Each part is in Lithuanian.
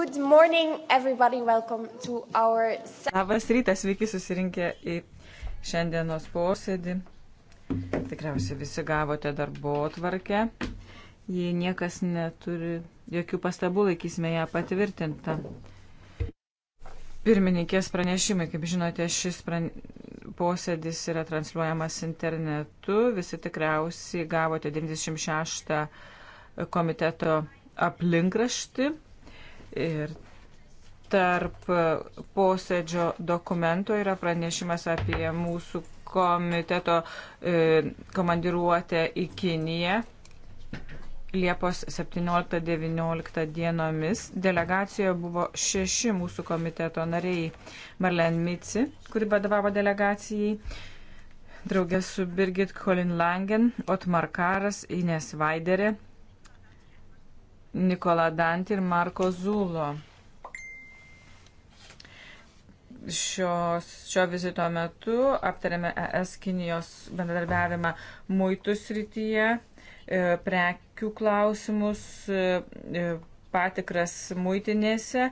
Good morning, everybody. Welcome to our. Labas rytas, sveiki susirinkę į šiandienos posėdį. Tikriausiai visi gavote darbo tvarkę. Jei niekas neturi jokių pastabų, laikysime ją patvirtintą. Pirmininkės pranešimai, kaip žinote, šis pran... posėdis yra transliuojamas internetu. Visi tikriausiai gavote 96 komiteto aplinkrašti Ir tarp posėdžio dokumento yra pranešimas apie mūsų komiteto e, komandiruotę į Kiniją Liepos 17-19 dienomis. Delegacijoje buvo šeši mūsų komiteto nariai. Marlen Mici, kuri vadovavo delegacijai, draugė su Birgit Kolin Langen, Otmar Karas, Ines Vaiderė, Nikola Dantį ir Marko Zulo. Šios, šio vizito metu aptarėme ES Kinijos bendradarbiavimą muitų srityje, e, prekių klausimus, e, e, patikras muitinėse,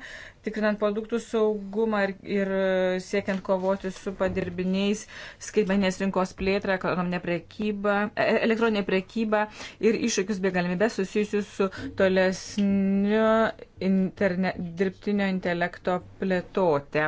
tikrinant produktų saugumą ir, ir e, siekiant kovoti su padirbiniais, skaitmenės rinkos plėtrą, ekonominę prekybą, e, elektroninę prekybą ir iššūkius bei galimybės susijusius su tolesniu interne, dirbtinio intelekto plėtotė.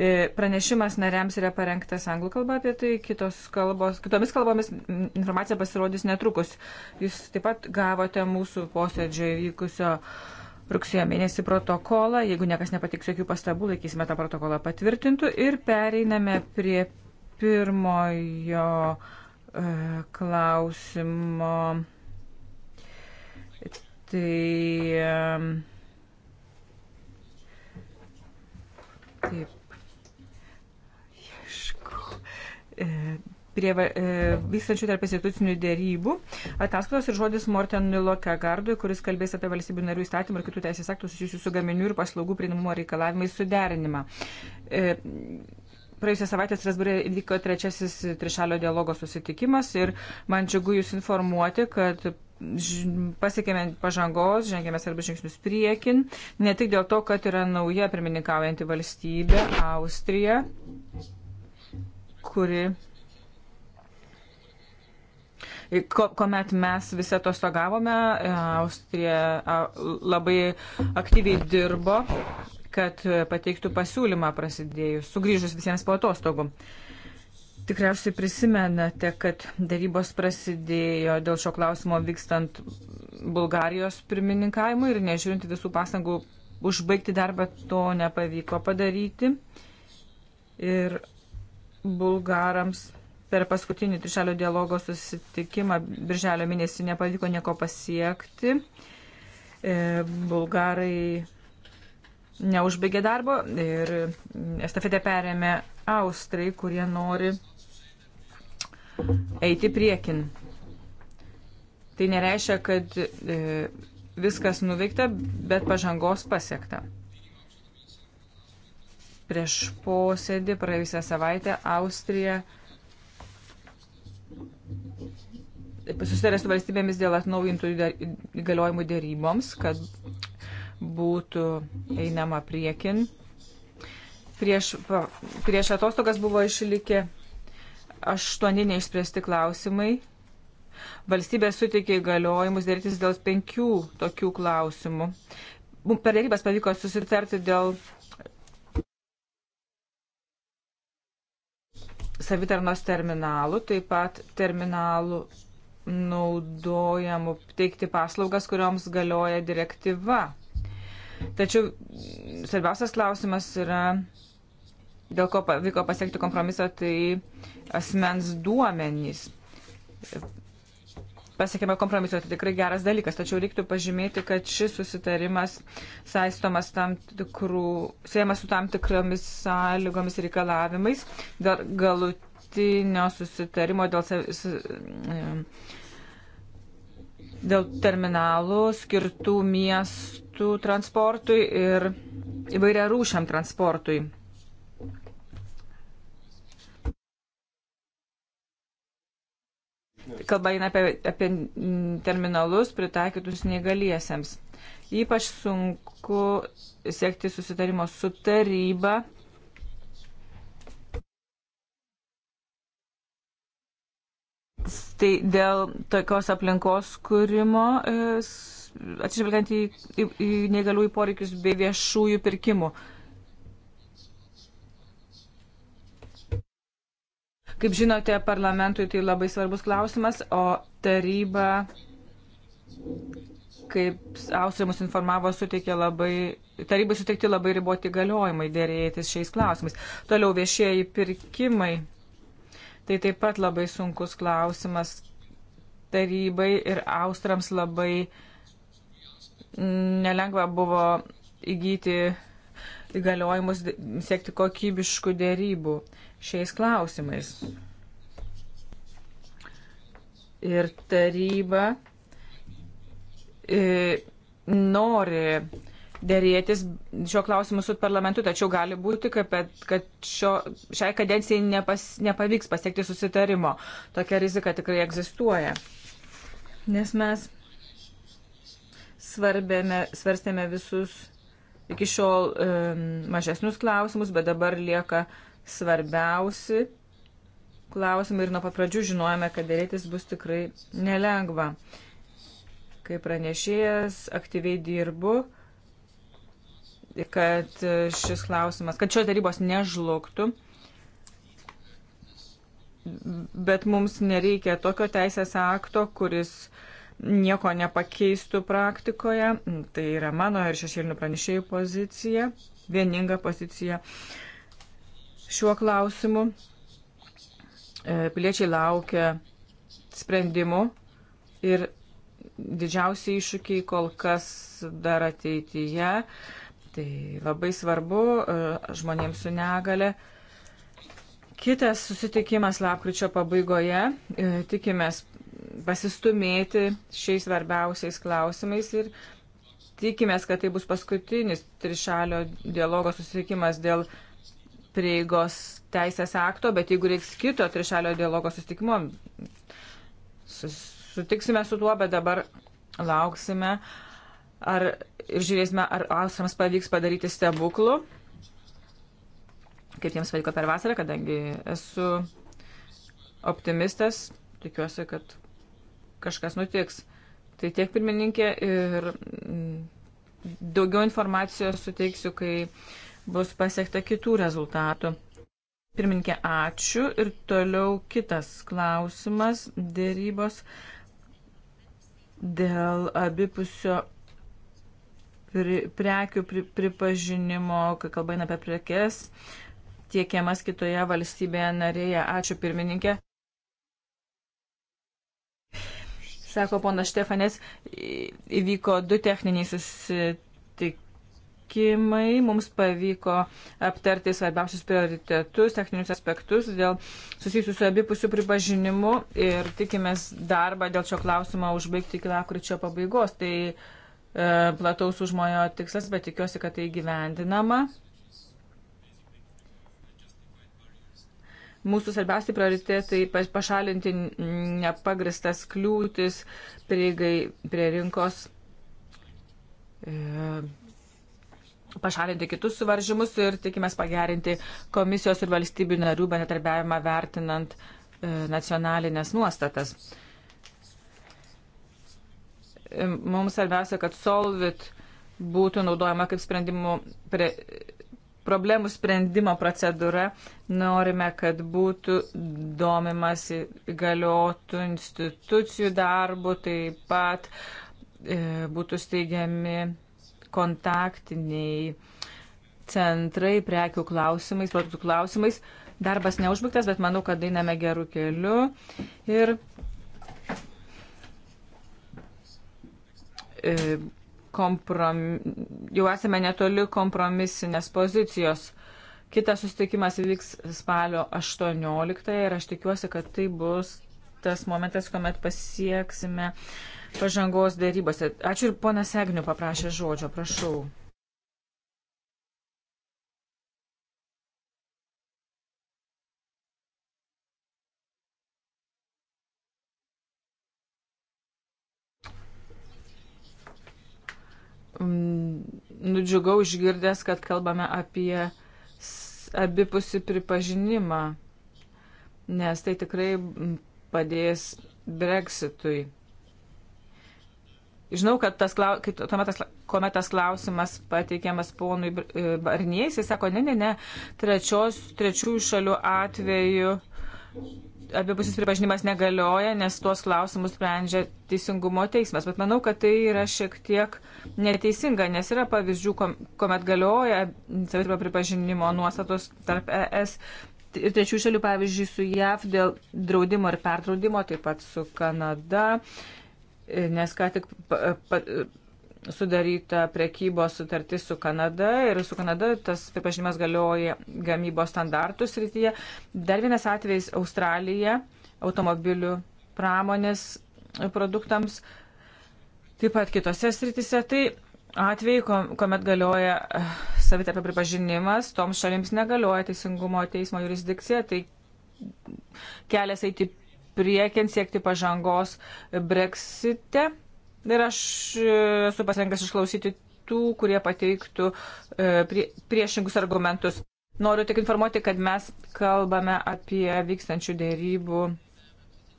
E, pranešimas nariams yra parengtas anglų kalba apie tai, kitos kalbos, kitomis kalbomis informacija pasirodys netrukus. Jūs taip pat gavote mūsų posėdžio įvykusio uh, rugsėjo mėnesį protokolą. Jeigu niekas nepatiks jokių pastabų, laikysime tą protokolą patvirtintų ir pereiname prie pirmojo e, klausimo. Tai. E, taip. Ieškau. E, prie e, vykstančių tarp institucinių dėrybų. Ataskaitos ir žodis Mortenilo Kagardui, kuris kalbės apie valstybių narių įstatymų ir kitų teisės aktų susijusių su gaminių ir paslaugų prieinamumo reikalavimais suderinimą. E, Praėjusią savaitę Strasbūrė vyko trečiasis trišalio dialogo susitikimas ir man džiugu Jūs informuoti, kad pasiekėme pažangos, žengėme svarbius žingsnius priekin, ne tik dėl to, kad yra nauja pirmininkaujanti valstybė, Austrija, kuri kuomet mes visi atostogavome, e, Austrija labai aktyviai dirbo, kad pateiktų pasiūlymą prasidėjus, sugrįžus visiems po atostogų. Tikriausiai prisimenate, kad darybos prasidėjo dėl šio klausimo vykstant Bulgarijos pirmininkavimui ir nežiūrint visų pasangų užbaigti darbą, to nepavyko padaryti. Ir bulgarams per paskutinį trišalio dialogo susitikimą birželio mėnesį nepavyko nieko pasiekti. E, bulgarai neužbaigė darbo ir estafetę perėmė Austrai, kurie nori eiti priekin. Tai nereiškia, kad e, viskas nuveikta, bet pažangos pasiekta prieš posėdį praėjusią savaitę Austrija susitarė su valstybėmis dėl atnaujintų įgaliojimų dėryboms, kad būtų einama priekin. Prieš, prieš atostogas buvo išlikę aštuoni neišspręsti klausimai. Valstybė suteikė įgaliojimus dėrytis dėl penkių tokių klausimų. Per dėrybas pavyko susitarti dėl savitarnos terminalų, taip pat terminalų naudojamų teikti paslaugas, kurioms galioja direktyva. Tačiau svarbiausias klausimas yra, dėl ko pavyko pasiekti kompromisą, tai asmens duomenys pasiekėme kompromiso, tai tikrai geras dalykas, tačiau reiktų pažymėti, kad šis susitarimas saistomas tam tikrų, siejamas su tam tikromis sąlygomis ir reikalavimais dėl galutinio susitarimo dėl, e, dėl terminalų skirtų miestų transportui ir įvairia rūšiam transportui. Kalba eina apie, apie terminalus pritaikytus neįgaliesiems. Ypač sunku siekti susitarimo su taryba. Tai dėl tokios aplinkos kūrimo, e, atsižvelgiant į, į, į negaliųjų poreikius bei viešųjų pirkimų. E, Kaip žinote, parlamentui tai labai svarbus klausimas, o taryba, kaip Austrija mus informavo, suteikė labai, tarybai suteikti labai riboti galiojimai dėrėtis šiais klausimais. Toliau viešieji pirkimai. Tai taip pat labai sunkus klausimas tarybai ir Austrams labai nelengva buvo įgyti įgaliojimus siekti kokybiškų dėrybų šiais klausimais. Ir taryba e, nori dėrėtis šio klausimu su parlamentu, tačiau gali būti, kad, kad šio, šiai kadencijai nepas, nepavyks pasiekti susitarimo. Tokia rizika tikrai egzistuoja. Nes mes svarbėme, svarstėme visus iki šiol um, mažesnius klausimus, bet dabar lieka uh, svarbiausi klausimai ir nuo papradžių žinojame, kad dėrėtis bus tikrai nelengva. Kaip pranešėjas, aktyviai dirbu, kad šis klausimas, kad šios darybos nežlugtų, bet mums nereikia tokio teisės akto, kuris nieko nepakeistų praktikoje. Tai yra mano ir šešėlinių pranešėjų pozicija, vieninga pozicija. Uh, šiuo klausimu. E, piliečiai laukia sprendimų ir didžiausiai iššūkiai kol kas dar ateityje. Tai labai svarbu e, žmonėms su negale. Kitas susitikimas lapkričio pabaigoje. E, tikimės pasistumėti šiais svarbiausiais klausimais ir tikimės, kad tai bus paskutinis trišalio dialogo susitikimas dėl prieigos teisės akto, bet jeigu reiks kito trišalio dialogo sustikimo, sutiksime su tuo, bet dabar lauksime ar, ir žiūrėsime, ar Austrams pavyks padaryti stebuklų, kaip jiems pavyko per vasarą, kadangi esu optimistas, tikiuosi, kad kažkas nutiks. Tai tiek pirmininkė ir mm, daugiau informacijos suteiksiu, kai bus pasiekta kitų rezultatų. Pirminkė, ačiū. Ir toliau kitas klausimas - dėrybos dėl abipusio pri, prekių pri, pripažinimo, kai kalba eina apie prekes, tiekiamas kitoje valstybėje narėje. Ačiū pirmininkė. Sako pona Štefanės, įvyko du techniniai susitikimai rinkimai. Mums pavyko aptarti svarbiausius prioritetus, techninius aspektus dėl susijusių su abipusių pripažinimu ir tikimės darbą dėl šio klausimo užbaigti iki lakryčio pabaigos. Tai e, plataus užmojo tikslas, bet tikiuosi, kad tai gyvendinama. mūsų svarbiausi prioritetai - pašalinti nepagristas kliūtis prieigai prie rinkos, e, pašalinti kitus suvaržymus ir tikimės pagerinti komisijos ir valstybių narių bendradarbiavimą vertinant e, nacionalinės nuostatas. E, mums svarbiausia, kad Solvit būtų naudojama kaip sprendimų pre, problemų sprendimo procedūra. Norime, kad būtų domimas įgaliotų institucijų darbų, taip pat e, būtų steigiami kontaktiniai centrai prekių klausimais, produktų klausimais. Darbas neužbaigtas, bet manau, kad einame gerų kelių. Ir e, komprom, jau esame netoli kompromisinės pozicijos. Kitas susitikimas vyks spalio 18 ir aš tikiuosi, kad tai bus tas momentas, kuomet pasieksime uh, pažangos dėrybose. Ačiū ir ponas Egniu paprašė žodžio, prašau. Mm, nudžiugau išgirdęs, kad kalbame apie abipusi pripažinimą, nes tai tikrai padės Brexitui. Žinau, kad tas, kai, tuomet tas, kuomet tas klausimas pateikiamas ponui e, Barnie, jis sako, ne, ne, ne, trečios, trečiųjų šalių atveju abipusis pripažinimas negalioja, nes tuos klausimus sprendžia teisingumo teismas. Bet manau, kad tai yra šiek tiek neteisinga, nes yra pavyzdžių, kuomet galioja savitarpio pripažinimo nuostatos tarp ES ir trečių šalių, pavyzdžiui, su JAV dėl draudimo ir perdraudimo, taip pat su Kanada. Uh, nes ką tik pa, pa, sudaryta prekybos sutartis su Kanada ir su Kanada tas pripažinimas galioja gamybos standartų srityje. Dar vienas atvejis - Australija automobilių pramonės produktams, taip pat kitose srityse. Tai atvejai, kuomet galioja eh, savitarpio pripažinimas, toms šalims negalioja teisingumo teismo jurisdikcija, tai kelias eiti priekin siekti pažangos Brexite. Ir aš e, esu pasirengęs išklausyti tų, kurie pateiktų e, prie, priešingus argumentus. Noriu tik informuoti, kad mes kalbame apie vykstančių dėrybų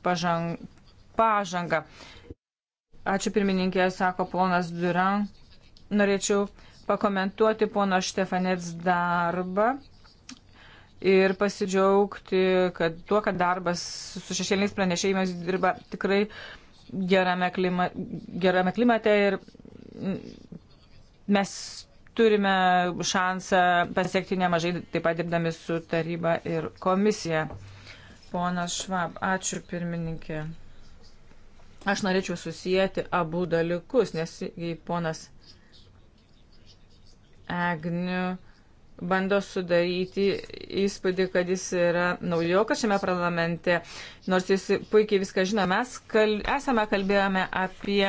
pažang, pažangą. Ačiū pirmininkė, sako ponas Duran. Norėčiau pakomentuoti pono Štefanets darbą ir pasidžiaugti, kad tuo, kad darbas su šešėliniais pranešėjimais dirba tikrai gerame, klima, gerame klimate ir mes turime šansą pasiekti nemažai, taip pat dirbdami su taryba ir komisija. Ponas Švab, ačiū pirmininkė. Aš norėčiau susijęti abu dalykus, nes jei ponas Agniu bando sudaryti įspūdį, kad jis yra naujokas šiame parlamente, nors jis puikiai viską žino. Mes kal esame kalbėjome apie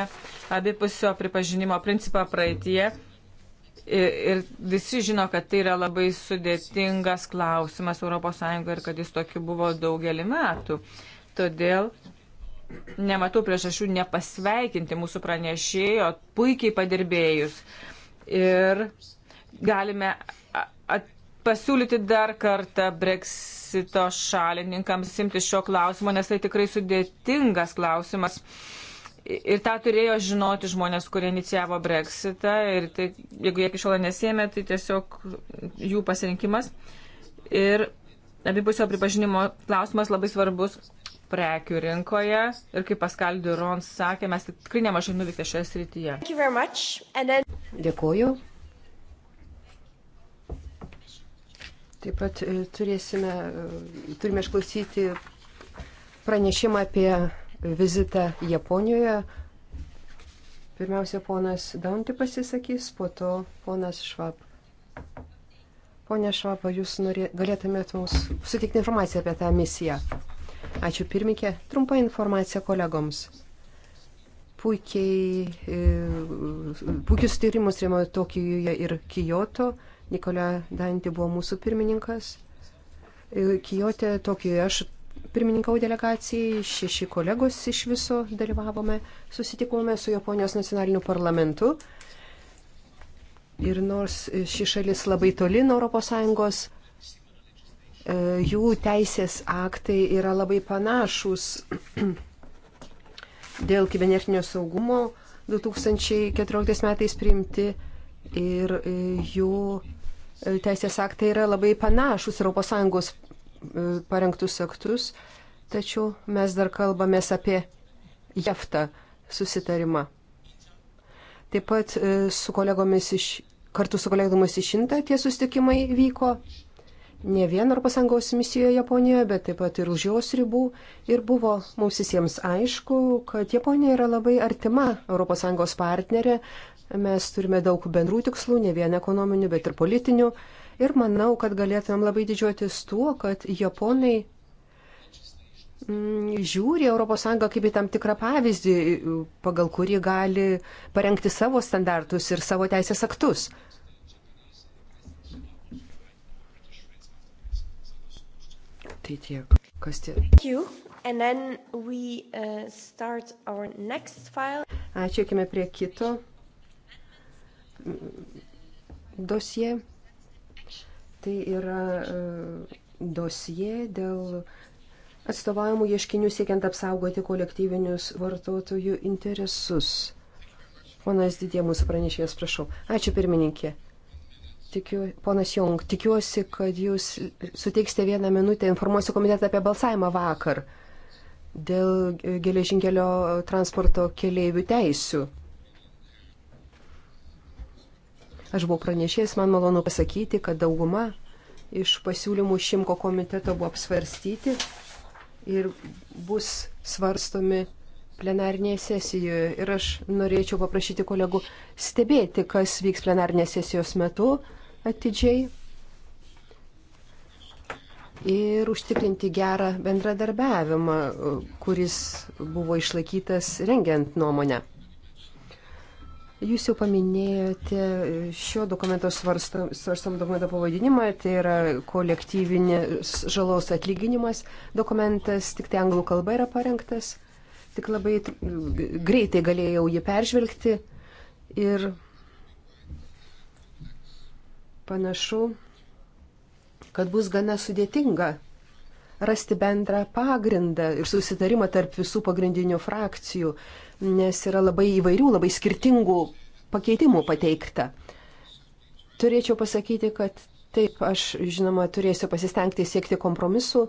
abipusio pripažinimo principą praeitie. Ir, ir visi žino, kad tai yra labai sudėtingas klausimas ES ir kad jis tokiu buvo daugelį metų. Todėl nematau priešašių nepasveikinti mūsų pranešėjo puikiai padirbėjus. Ir galime pasiūlyti dar kartą breksito šalininkams simti šio klausimo, nes tai tikrai sudėtingas klausimas. Ir tą turėjo žinoti žmonės, kurie inicijavo breksitą ir tai, jeigu jie iki šiol nesėmė, tai tiesiog jų pasirinkimas. Ir abipusio pripažinimo klausimas labai svarbus prekių rinkoje ir kaip Paskal Durons sakė, mes tikrai nemažai nuveikėme šioje srityje. Then... Dėkuoju. Taip pat e, turėsime, e, turime išklausyti pranešimą apie vizitą Japonijoje. Pirmiausia, ponas Daunti pasisakys, po to ponas Švab. Pone Švaba, jūs norė, galėtumėt mums sutikti informaciją apie tą misiją. Ačiū pirmikė. Trumpa informacija kolegoms puikiai, e, puikius tyrimus rėmė Tokijoje ir Kijoto. Nikola Dantį buvo mūsų pirmininkas. Kijotė, Tokijoje aš pirmininkau delegacijai, šeši kolegos iš viso dalyvavome, susitikome su Japonijos nacionaliniu parlamentu. Ir nors ši šalis labai toli nuo ES, e, jų teisės aktai yra labai panašus dėl kibernetinio saugumo 2014 metais priimti ir e, jų teisės aktai yra labai panašus ES e, parengtus aktus, tačiau mes dar kalbamės apie jeftą susitarimą. Taip pat e, su kolegomis iš, kartu su kolegomis iš Inta tie susitikimai vyko ne vien ES misijoje Japonijoje, bet taip pat ir už jos ribų. Ir buvo mums visiems aišku, kad Japonija yra labai artima ES partnerė, Mes turime daug bendrų tikslų, ne vien ekonominių, bet ir politinių. Ir manau, kad galėtumėm labai didžiuotis tuo, kad japonai mm, žiūri ES kaip į tam tikrą pavyzdį, pagal kurį gali parengti savo standartus ir savo teisės aktus. Tai tiek. Kas tiek? Uh, Ačiū, kime prie kito dosie. Tai yra e, dosie dėl atstovavimų ieškinių siekiant apsaugoti kolektyvinius vartotojų interesus. Ponas Didė, mūsų pranešėjas, prašau. Ačiū pirmininkė. Tikiu, ponas Jong, tikiuosi, kad jūs suteiksite vieną minutę, informuosiu komitetą apie balsavimą vakar dėl geležinkelio transporto keleivių teisių. Aš buvau pranešėjęs, man malonu pasakyti, kad dauguma iš pasiūlymų šimko komiteto buvo apsvarstyti ir bus svarstomi plenarnėje sesijoje. Ir aš norėčiau paprašyti kolegų stebėti, kas vyks plenarnės sesijos metu atidžiai ir užtikrinti gerą bendradarbiavimą, kuris buvo išlaikytas rengiant nuomonę. Jūs jau paminėjote šio dokumento svarstam dokumento pavadinimą, tai yra kolektyvinis žalos atlyginimas. Dokumentas tik tai anglų kalba yra parengtas, tik labai greitai galėjau jį peržvelgti ir panašu, kad bus gana sudėtinga rasti bendrą pagrindą ir susitarimą tarp visų pagrindinių frakcijų nes yra labai įvairių, labai skirtingų pakeitimų pateikta. Turėčiau pasakyti, kad taip, aš žinoma turėsiu pasistengti siekti kompromisų,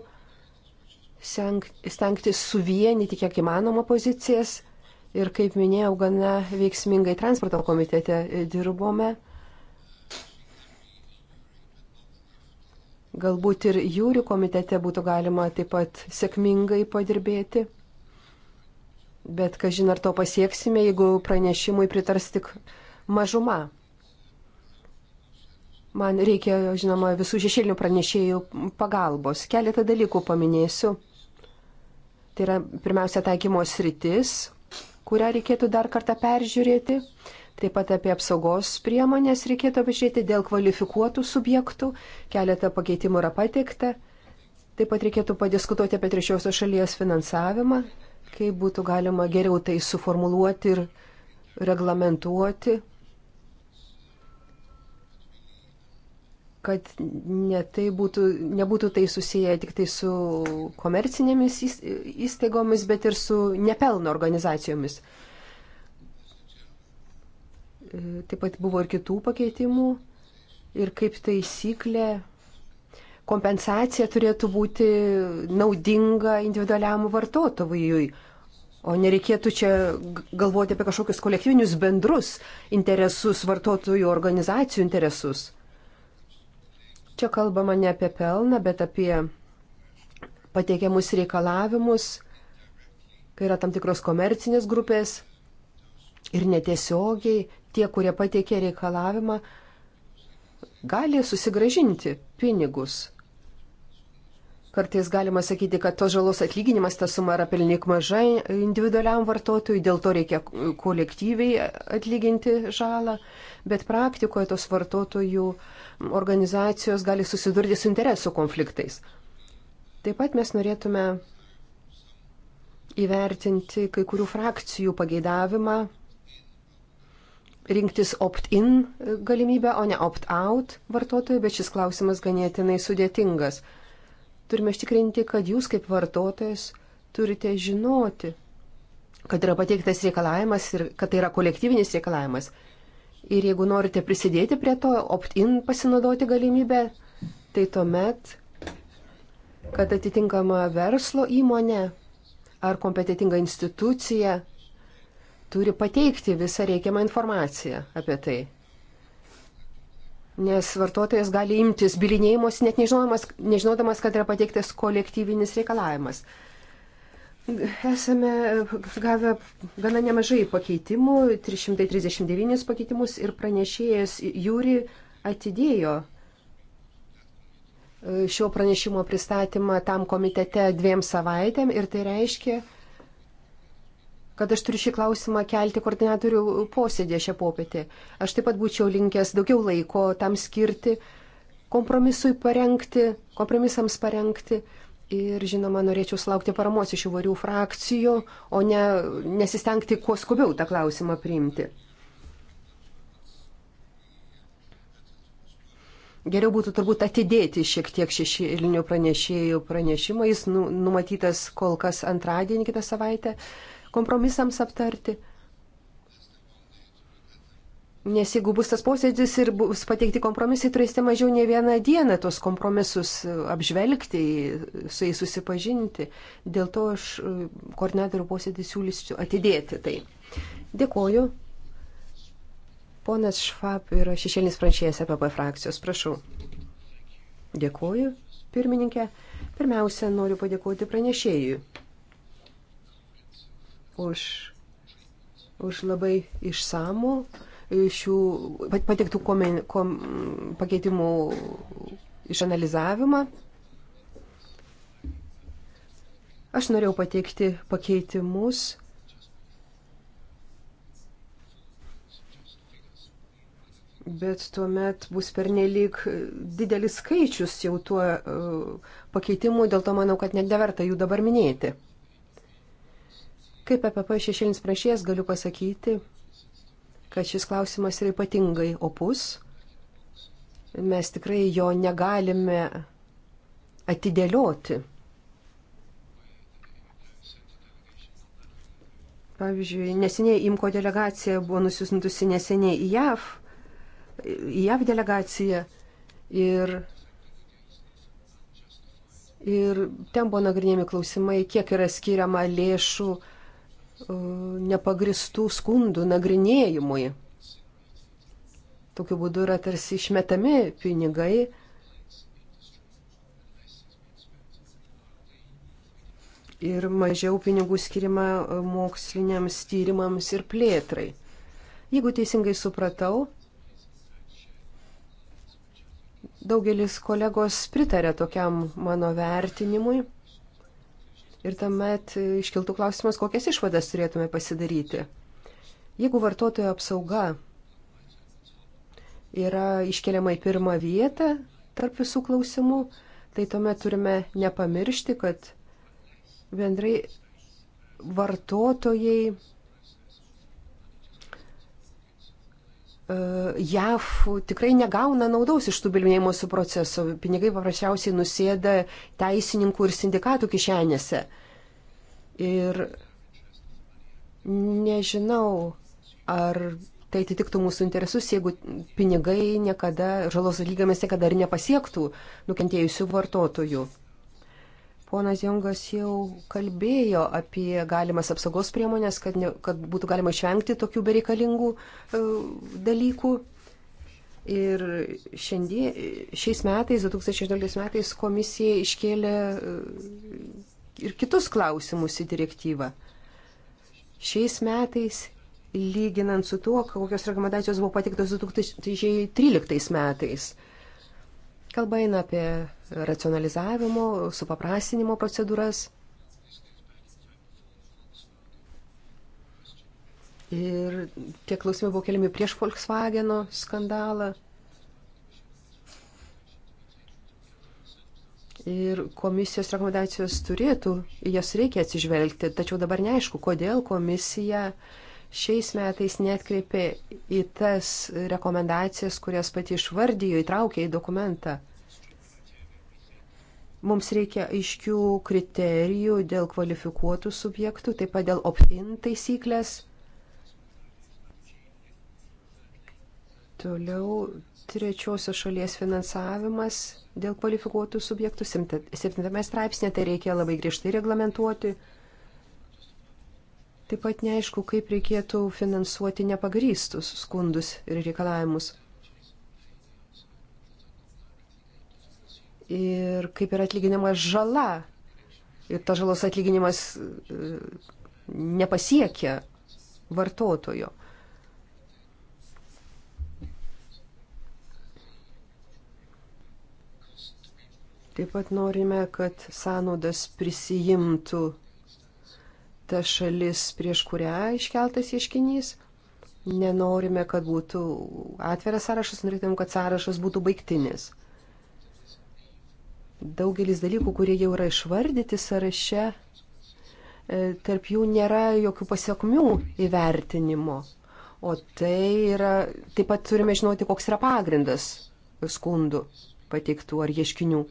stengtis suvienyti kiek įmanoma pozicijas ir, kaip minėjau, gana veiksmingai transporto komitete dirbome. Galbūt ir jūrių komitete būtų galima taip pat sėkmingai padirbėti. Bet kažin ar to pasieksime, jeigu pranešimui pritars tik mažuma. Man reikia, žinoma, visų šešėlinių pranešėjų pagalbos. Keletą dalykų paminėsiu. Tai yra pirmiausia taikymo sritis, kurią reikėtų dar kartą peržiūrėti. Taip pat apie apsaugos priemonės reikėtų apžiūrėti dėl kvalifikuotų subjektų. Keletą pakeitimų yra pateikta. Taip pat reikėtų padiskutuoti apie trečiosios šalies finansavimą kaip būtų galima geriau tai suformuluoti ir reglamentuoti, kad ne tai būtų, nebūtų tai susiję tik tai su komercinėmis įstaigomis, bet ir su nepelno organizacijomis. Taip pat buvo ir kitų pakeitimų ir kaip taisyklė kompensacija turėtų būti naudinga individualiam vartotojui, o nereikėtų čia galvoti apie kažkokius kolektyvinius bendrus interesus, vartotojų organizacijų interesus. Čia kalbama ne apie pelną, bet apie pateikiamus reikalavimus, kai yra tam tikros komercinės grupės ir netiesiogiai tie, kurie pateikė reikalavimą, gali susigražinti pinigus. Kartais galima sakyti, kad tos žalos atlyginimas, ta suma yra pelnik maža individualiam vartotojui, dėl to reikia kolektyviai atlyginti žalą, bet praktikoje tos vartotojų organizacijos gali susidurti su interesų konfliktais. Taip pat mes norėtume įvertinti kai kurių frakcijų pageidavimą rinktis opt-in galimybę, o ne opt-out vartotojų, bet šis klausimas ganėtinai sudėtingas turime ištikrinti, kad jūs kaip vartotojas turite žinoti, kad yra pateiktas reikalavimas ir kad tai yra kolektyvinis reikalavimas. Ir jeigu norite prisidėti prie to, opt-in pasinaudoti galimybę, tai tuomet, kad atitinkama verslo įmonė ar kompetitinga institucija turi pateikti visą reikiamą informaciją apie tai nes vartotojas gali imtis bilinėjimus, net nežinodamas, nežinodamas, kad yra pateiktas kolektyvinis reikalavimas. Esame gavę gana nemažai pakeitimų, 339 pakeitimus ir pranešėjas Jūri atidėjo e, šio pranešimo pristatymą tam komitete dviem savaitėm ir tai reiškia, kad aš turiu šį klausimą kelti koordinatorių posėdė šią popietę. Aš taip pat būčiau linkęs daugiau laiko tam skirti, kompromisui parengti, kompromisams parengti. Ir žinoma, norėčiau sulaukti paramos iš įvairių frakcijų, o ne nesistengti kuo skubiau tą klausimą priimti. Geriau būtų turbūt atidėti šiek tiek šešėlinių pranešėjų pranešimą. Jis nu, numatytas kol kas antradienį kitą savaitę. Uh, kompromisams aptarti. Nes jeigu bus tas posėdis ir bus pateikti kompromisai, turėsite mažiau ne vieną dieną tos kompromisus apžvelgti, su jais susipažinti. Dėl to aš e, koordinatorių posėdį siūlysiu atidėti tai. Dėkoju. Ponas Švab yra šešėlinis pranešėjas apie frakcijos. Prašau. Dėkoju, pirmininkė. Pirmiausia, noriu padėkoti pranešėjui už, už labai išsamų šių patiktų komen, kom, pakeitimų išanalizavimą. Aš norėjau pateikti pakeitimus Bet tuomet bus pernelyg didelis skaičius jau tuo uh, pakeitimu, dėl to manau, kad net neverta jų dabar minėti. Kaip EPP šešėlinis pranešėjas galiu pasakyti, kad šis klausimas yra ypatingai opus. Mes tikrai jo negalime atidėlioti. Pavyzdžiui, neseniai Imko delegacija buvo nusiusnusi neseniai į JAV, į JAV delegaciją ir, ir ten buvo nagrinėjami klausimai, kiek yra skiriama lėšų uh, nepagristų skundų nagrinėjimui. Tokiu būdu yra tarsi išmetami pinigai. Ir mažiau pinigų skirima moksliniams tyrimams ir plėtrai. Jeigu teisingai supratau, daugelis kolegos pritarė tokiam mano vertinimui. Ir tuomet iškiltų klausimas, kokias išvadas turėtume pasidaryti. Jeigu vartotojo apsauga yra iškeliama į pirmą vietą tarp visų klausimų, tai tuomet turime nepamiršti, kad bendrai vartotojai E, JAV tikrai negauna naudos iš tų bilinėjimosi procesų. Pinigai paprasčiausiai nusėda teisininkų ir sindikatų kišenėse. Ir nežinau, ar tai atitiktų mūsų interesus, jeigu pinigai niekada, žalos lygomis niekada ir nepasiektų nukentėjusių vartotojų. Ponas Jongas jau kalbėjo apie galimas apsaugos priemonės, kad, ne, kad būtų galima išvengti tokių bereikalingų e, dalykų. Ir šiandie, šiais metais, 2016 metais, komisija iškėlė e, ir kitus klausimus į direktyvą. Šiais metais, lyginant su tuo, kokios rekomendacijos buvo patiktos 2013 metais, Kalba eina apie racionalizavimo, supaprastinimo procedūras. Ir tie klausimai buvo keliami prieš Volkswageno skandalą. Ir komisijos rekomendacijos turėtų, jas reikia atsižvelgti, tačiau dabar neaišku, kodėl komisija uh, šiais metais netkreipė į tas rekomendacijas, kurias pati išvardijo, įtraukė į dokumentą. Mums reikia aiškių kriterijų dėl kvalifikuotų subjektų, taip pat dėl opt-in taisyklės. Toliau trečiosios šalies finansavimas dėl kvalifikuotų subjektų. Septintame straipsnė tai reikia labai griežtai reglamentuoti. Taip pat neaišku, kaip reikėtų finansuoti nepagrystus skundus ir reikalavimus. Ir kaip yra atlyginama žala. Ir ta žalos atlyginimas e, nepasiekia vartotojo. Taip pat norime, kad sąnaudas prisijimtų ta šalis, prieš kurią iškeltas ieškinys. Nenorime, kad būtų atviras sąrašas, norėtumėm, kad sąrašas būtų baigtinis. Daugelis dalykų, kurie jau yra išvardyti sąraše, e, tarp jų nėra jokių pasiekmių įvertinimo. O tai yra, taip pat turime žinoti, koks yra pagrindas skundų pateiktų ar ieškinių.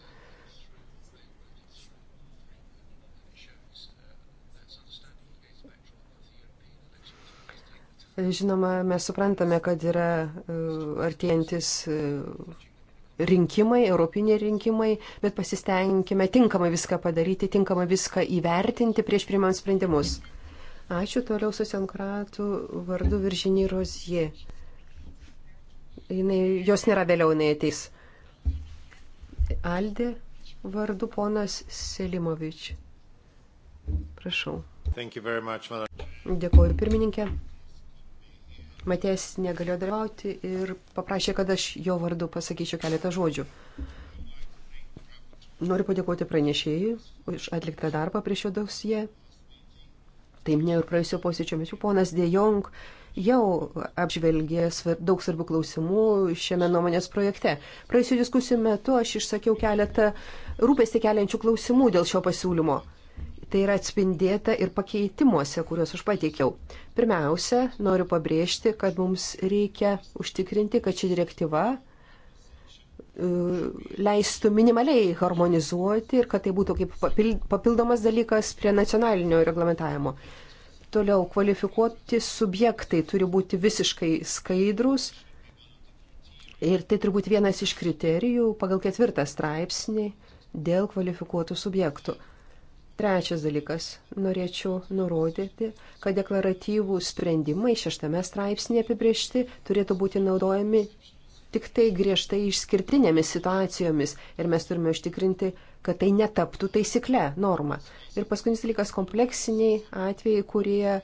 Žinoma, mes suprantame, kad yra e, artėjantis e, rinkimai, europiniai rinkimai, bet pasistengime tinkamai viską padaryti, tinkamai viską įvertinti prieš priimant sprendimus. Ačiū toliau socialdemokratų vardu Viržinį Rozie. Jos nėra vėliau, jinai ateis. Aldi vardu ponas Selimovič. Prašau. Much, Dėkuoju pirmininkė. Matės negalėjo dalyvauti ir paprašė, kad aš jo vardu pasakyčiau keletą žodžių. Noriu padėkoti pranešėjai už atliktą darbą prie šio dausie. Taip ne ir praėjusio posėdžio mečių ponas Dejong jau apžvelgė svar, daug svarbių klausimų šiame nuomonės projekte. Praėjusio diskusijų metu aš išsakiau keletą rūpestį keliančių klausimų dėl šio pasiūlymo. Tai yra atspindėta ir pakeitimuose, kuriuos aš pateikiau. Pirmiausia, noriu pabrėžti, kad mums reikia užtikrinti, kad ši direktyva e, leistų minimaliai harmonizuoti ir kad tai būtų kaip papildomas dalykas prie nacionalinio reglamentavimo. Toliau kvalifikuoti subjektai turi būti visiškai skaidrus ir tai turbūt vienas iš kriterijų pagal ketvirtą straipsnį dėl kvalifikuotų subjektų. Trečias dalykas, norėčiau nurodyti, kad deklaratyvų sprendimai šeštame straipsnėje apibriešti turėtų būti naudojami tik tai griežtai išskirtinėmis situacijomis ir mes turime užtikrinti, kad tai netaptų taisykle, norma. Ir paskutinis dalykas - kompleksiniai atvejai, kurie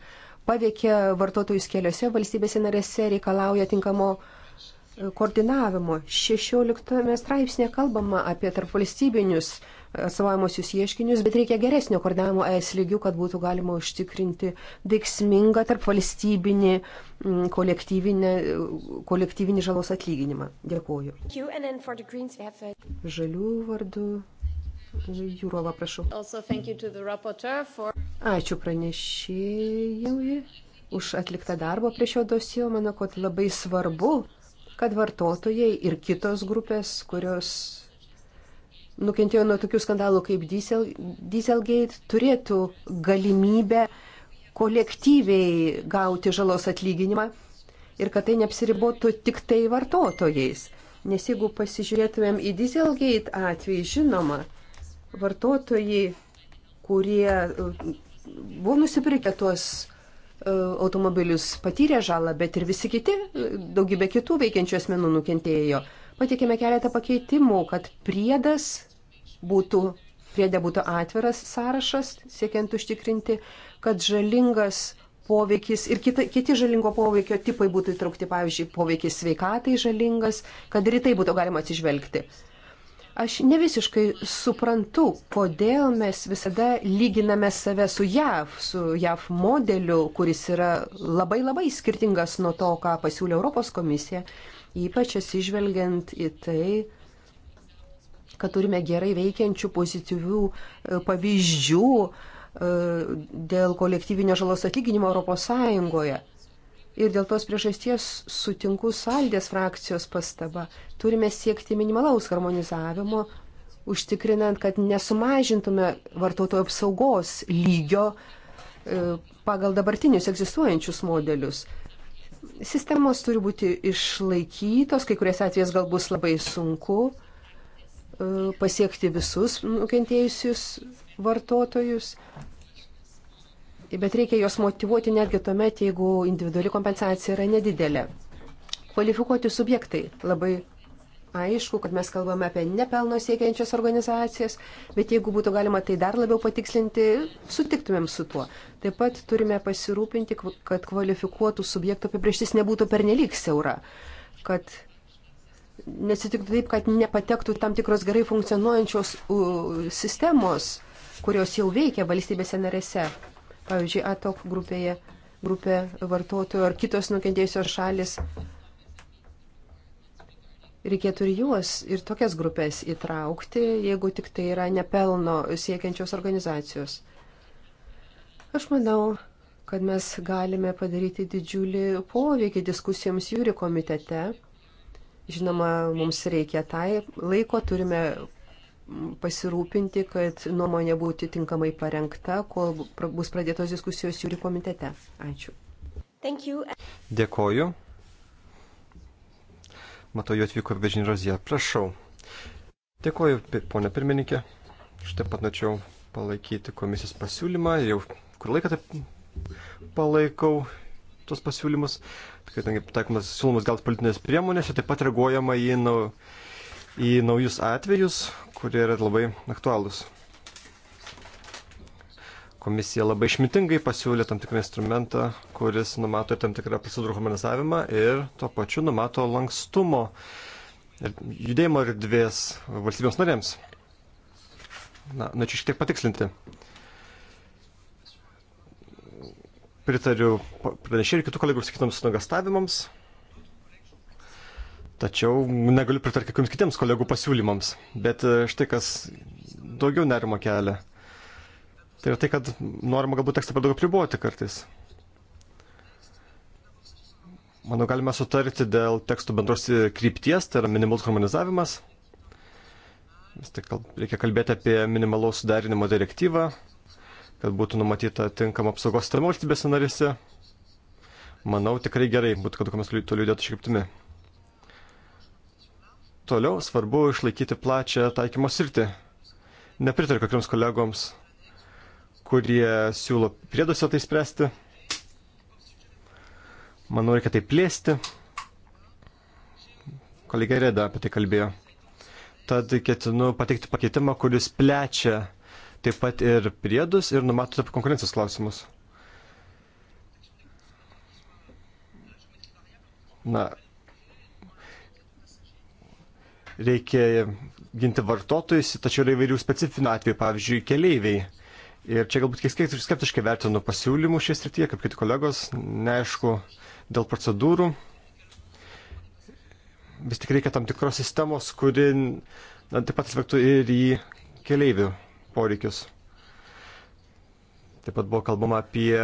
paveikia vartotojus keliose valstybėse narėse, reikalauja tinkamo e, koordinavimo. 16 straipsnėje kalbama apie tarpvalstybinius valstybinius atstovavimuosius ieškinius, bet reikia geresnio koordinavimo ES lygių, kad būtų galima užtikrinti veiksmingą tarp valstybinį mm, kolektyvinį, kolektyvinį žalos atlyginimą. Dėkuoju. Žalių vardu. Jūrova, prašau. Ačiū pranešėjui už atliktą darbą prie šio dosijo. Manau, kad labai svarbu, kad vartotojai ir kitos grupės, kurios nukentėjo nuo tokių skandalų kaip diesel, Dieselgate, turėtų galimybę kolektyviai gauti žalos atlyginimą ir kad tai neapsiribotų tik tai vartotojais. Nes jeigu pasižiūrėtumėm į Dieselgate atvejį, žinoma, vartotojai, kurie e, buvo nusipirkę tuos e, automobilius, patyrė žalą, bet ir visi kiti, e, daugybė kitų veikiančių asmenų nukentėjo. Patikėme keletą pakeitimų, kad priedas būtų, priede būtų atviras sąrašas, siekiant užtikrinti, kad žalingas poveikis ir kita, kiti žalingo poveikio tipai būtų įtraukti, pavyzdžiui, poveikis sveikatai žalingas, kad ir į tai būtų galima atsižvelgti. Aš ne visiškai suprantu, kodėl mes visada lyginame save su JAV, su JAV modeliu, kuris yra labai labai skirtingas nuo to, ką pasiūlė Europos komisija, ypač atsižvelgiant į tai, kad turime gerai veikiančių pozityvių e, pavyzdžių e, dėl kolektyvinio žalos atlyginimo ES. Ir dėl tos priežasties sutinku saldės frakcijos pastaba. Turime siekti minimalaus harmonizavimo, užtikrinant, kad nesumažintume vartotojų apsaugos lygio e, pagal dabartinius egzistuojančius modelius. Sistemos turi būti išlaikytos, kai kuriais atvejais gal bus labai sunku, E, pasiekti visus nukentėjusius vartotojus, bet reikia juos motivuoti netgi tuomet, jeigu individuali kompensacija yra nedidelė. Kvalifikuoti subjektai labai aišku, kad mes kalbame apie nepelno siekiančias organizacijas, bet jeigu būtų galima tai dar labiau patikslinti, sutiktumėm su tuo. Taip pat turime pasirūpinti, kad kvalifikuotų subjektų apibrieštis nebūtų pernelyg siaura, kad nesitiktų taip, kad nepatektų tam tikros gerai funkcionuojančios sistemos, kurios jau veikia valstybėse narėse. Pavyzdžiui, ATOK grupėje, grupė vartotojų ar kitos nukentėjusios šalis. Reikėtų ir juos, ir tokias grupės įtraukti, jeigu tik tai yra nepelno siekiančios organizacijos. Aš manau, kad mes galime padaryti didžiulį poveikį diskusijoms jūri komitete Žinoma, mums reikia tai laiko, turime pasirūpinti, kad nuomonė būtų tinkamai parengta, kol bus pradėtos diskusijos jūri komitete. Ačiū. Dėkoju. Matau, jau atvyko Bežinė Rozija. Prašau. Dėkoju, ponė pirmininkė. Štai pat norėčiau palaikyti komisijos pasiūlymą. Jau kur laiką taip palaikau tos pasiūlymus, kadangi taikomas siūlomas gal politinės priemonės, taip pat reaguojama į, nau, į naujus atvejus, kurie yra labai aktualūs. Komisija labai išmitingai pasiūlė tam tikrą instrumentą, kuris numato ir tam tikrą procedūrų harmonizavimą ir tuo pačiu numato lankstumo ir judėjimo erdvės valstybėms narėms. Na, norėčiau nu, šiek tiek patikslinti. pritariu pranešėjų ir kitų kolegų sakytams nuogastavimams, tačiau negaliu pritarti kai kuriems kitiems kolegų pasiūlymams. Bet e, štai kas daugiau nerimo kelia. Tai yra tai, kad norima galbūt tekstą per daug apriboti kartais. Manau, galime sutarti dėl tekstų bendros e, krypties, tai yra minimalus harmonizavimas. Vis tik reikia kalbėti apie minimalaus suderinimo direktyvą, kad būtų numatyta tinkama apsaugos tarp valstybėse narėse. Manau, tikrai gerai būtų, kad dokumentas toliau judėtų šį kryptimį. Toliau svarbu išlaikyti plačią taikymo sritį. Nepritariu kokiams kolegoms, kurie siūlo prieduose tai spręsti. Manau, reikia tai plėsti. Kolegė Reda apie tai kalbėjo. Tad ketinu pateikti pakeitimą, kuris plečia taip pat ir priedus ir numatote apie konkurencijos klausimus. Na, reikia ginti vartotojus, tačiau yra įvairių specifinių atvejų, pavyzdžiui, keleiviai. Ir čia galbūt kiek skeptiškai vertinu pasiūlymų šioje srityje, kaip kiti kolegos, neaišku, dėl procedūrų. Vis tik reikia tam tikros sistemos, kuri na, taip pat atsvektų ir į keleivių poreikius. Taip pat buvo kalbama apie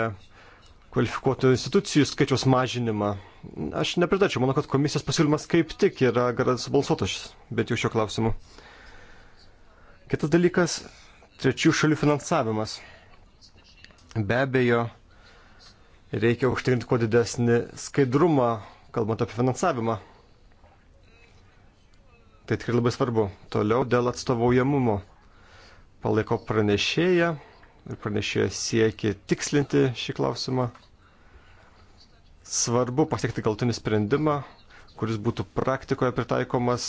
kvalifikuotų institucijų skaičiaus mažinimą. Aš nepritačiau, manau, kad komisijos pasiūlymas kaip tik yra gerai subalsuotas, bet jau šio klausimu. Kitas dalykas - trečių šalių finansavimas. Be abejo, reikia užtikrinti kuo didesnį skaidrumą, kalbant apie finansavimą. Tai tikrai labai svarbu. Toliau dėl atstovaujamumo palaiko pranešėją ir pranešėja siekia tikslinti šį klausimą. Svarbu pasiekti galtinį sprendimą, kuris būtų praktikoje pritaikomas.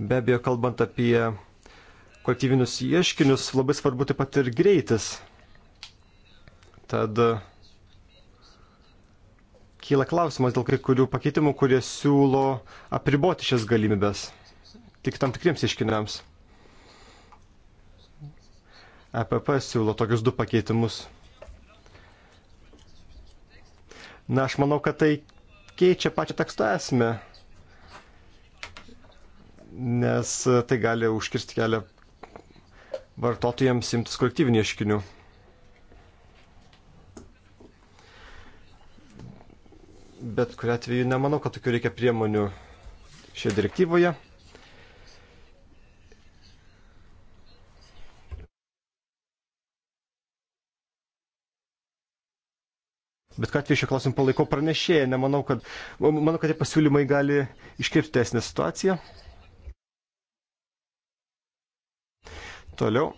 Be abejo, kalbant apie kolektyvinius ieškinius, labai svarbu taip pat ir greitis. Tad kyla klausimas dėl kai kurių pakeitimų, kurie siūlo apriboti šias galimybės tik tam tikriems iškiniams. EPP siūlo tokius du pakeitimus. Na, aš manau, kad tai keičia pačią teksto esmę, nes tai gali užkirsti kelią vartotojams imtis kolektyvinių ieškinių. Bet kuriu atveju nemanau, kad tokių reikia priemonių šioje direktyvoje. Bet ką atveju šio klausimu palaikau pranešėją, nemanau, kad, manau, kad tie pasiūlymai gali iškirpti esnę situaciją. Toliau.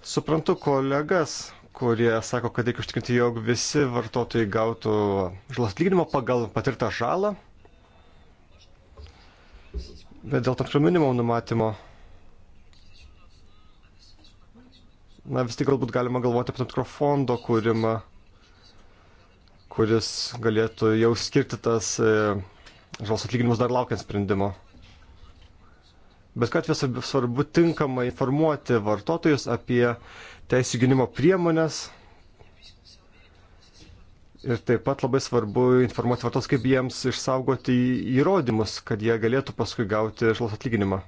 Suprantu kolegas, kurie sako, kad reikia užtikrinti, jog visi vartotojai gautų žalos atlyginimą pagal patirtą žalą. Bet dėl tam tikro minimumo numatymo na vis tik galbūt galima galvoti apie tam tikro fondo kūrimą, kuris galėtų jau skirti tas e, žalos atlyginimus dar laukiant sprendimo. Bet kad vis svarbu tinkamai informuoti vartotojus apie teisų gynimo priemonės ir taip pat labai svarbu informuoti vartotojus, kaip jiems išsaugoti įrodymus, kad jie galėtų paskui gauti žalos atlyginimą.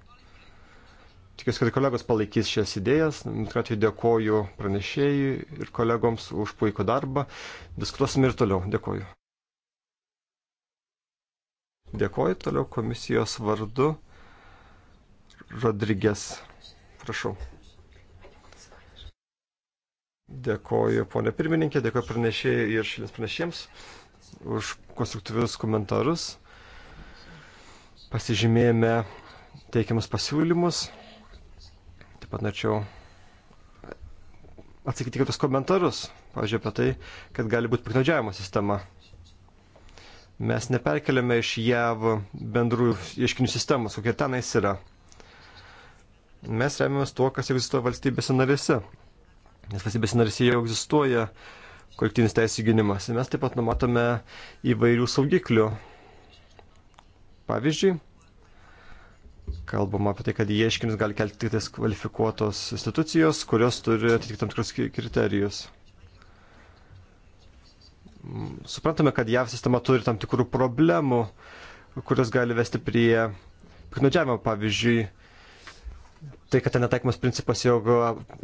Tikiuosi, kad kolegos palaikys šias idėjas. Tuo atveju dėkoju pranešėjui ir kolegoms už puikų darbą. Diskutuosime ir toliau. Dėkoju. Dėkoju toliau komisijos vardu. Rodrygės. Prašau. Dėkoju, ponė pirmininkė, dėkoju pranešėjai ir šilins pranešėjams už konstruktyvius komentarus. Pasižymėjome teikiamus pasiūlymus. Taip pat norėčiau atsakyti kitus komentarus, pavyzdžiui, apie tai, kad gali būti piknaudžiavimo sistema. Mes neperkeliame iš JAV bendrųjų ieškinių sistemos, kokie tenais yra. Mes remiamės tuo, kas egzistuoja valstybėse narėse. Nes valstybėse narėse jau egzistuoja kolektyvinis teisų gynimas. Ir mes taip pat numatome įvairių saugiklių. Pavyzdžiui, kalbama apie tai, kad ieškinius gali kelti tik tais kvalifikuotos institucijos, kurios turi atitikti tam tikrus kriterijus. Suprantame, kad JAV sistema turi tam tikrų problemų, kurios gali vesti prie piknodžiavimo. Pavyzdžiui, tai, kad ten netaikomas principas, jog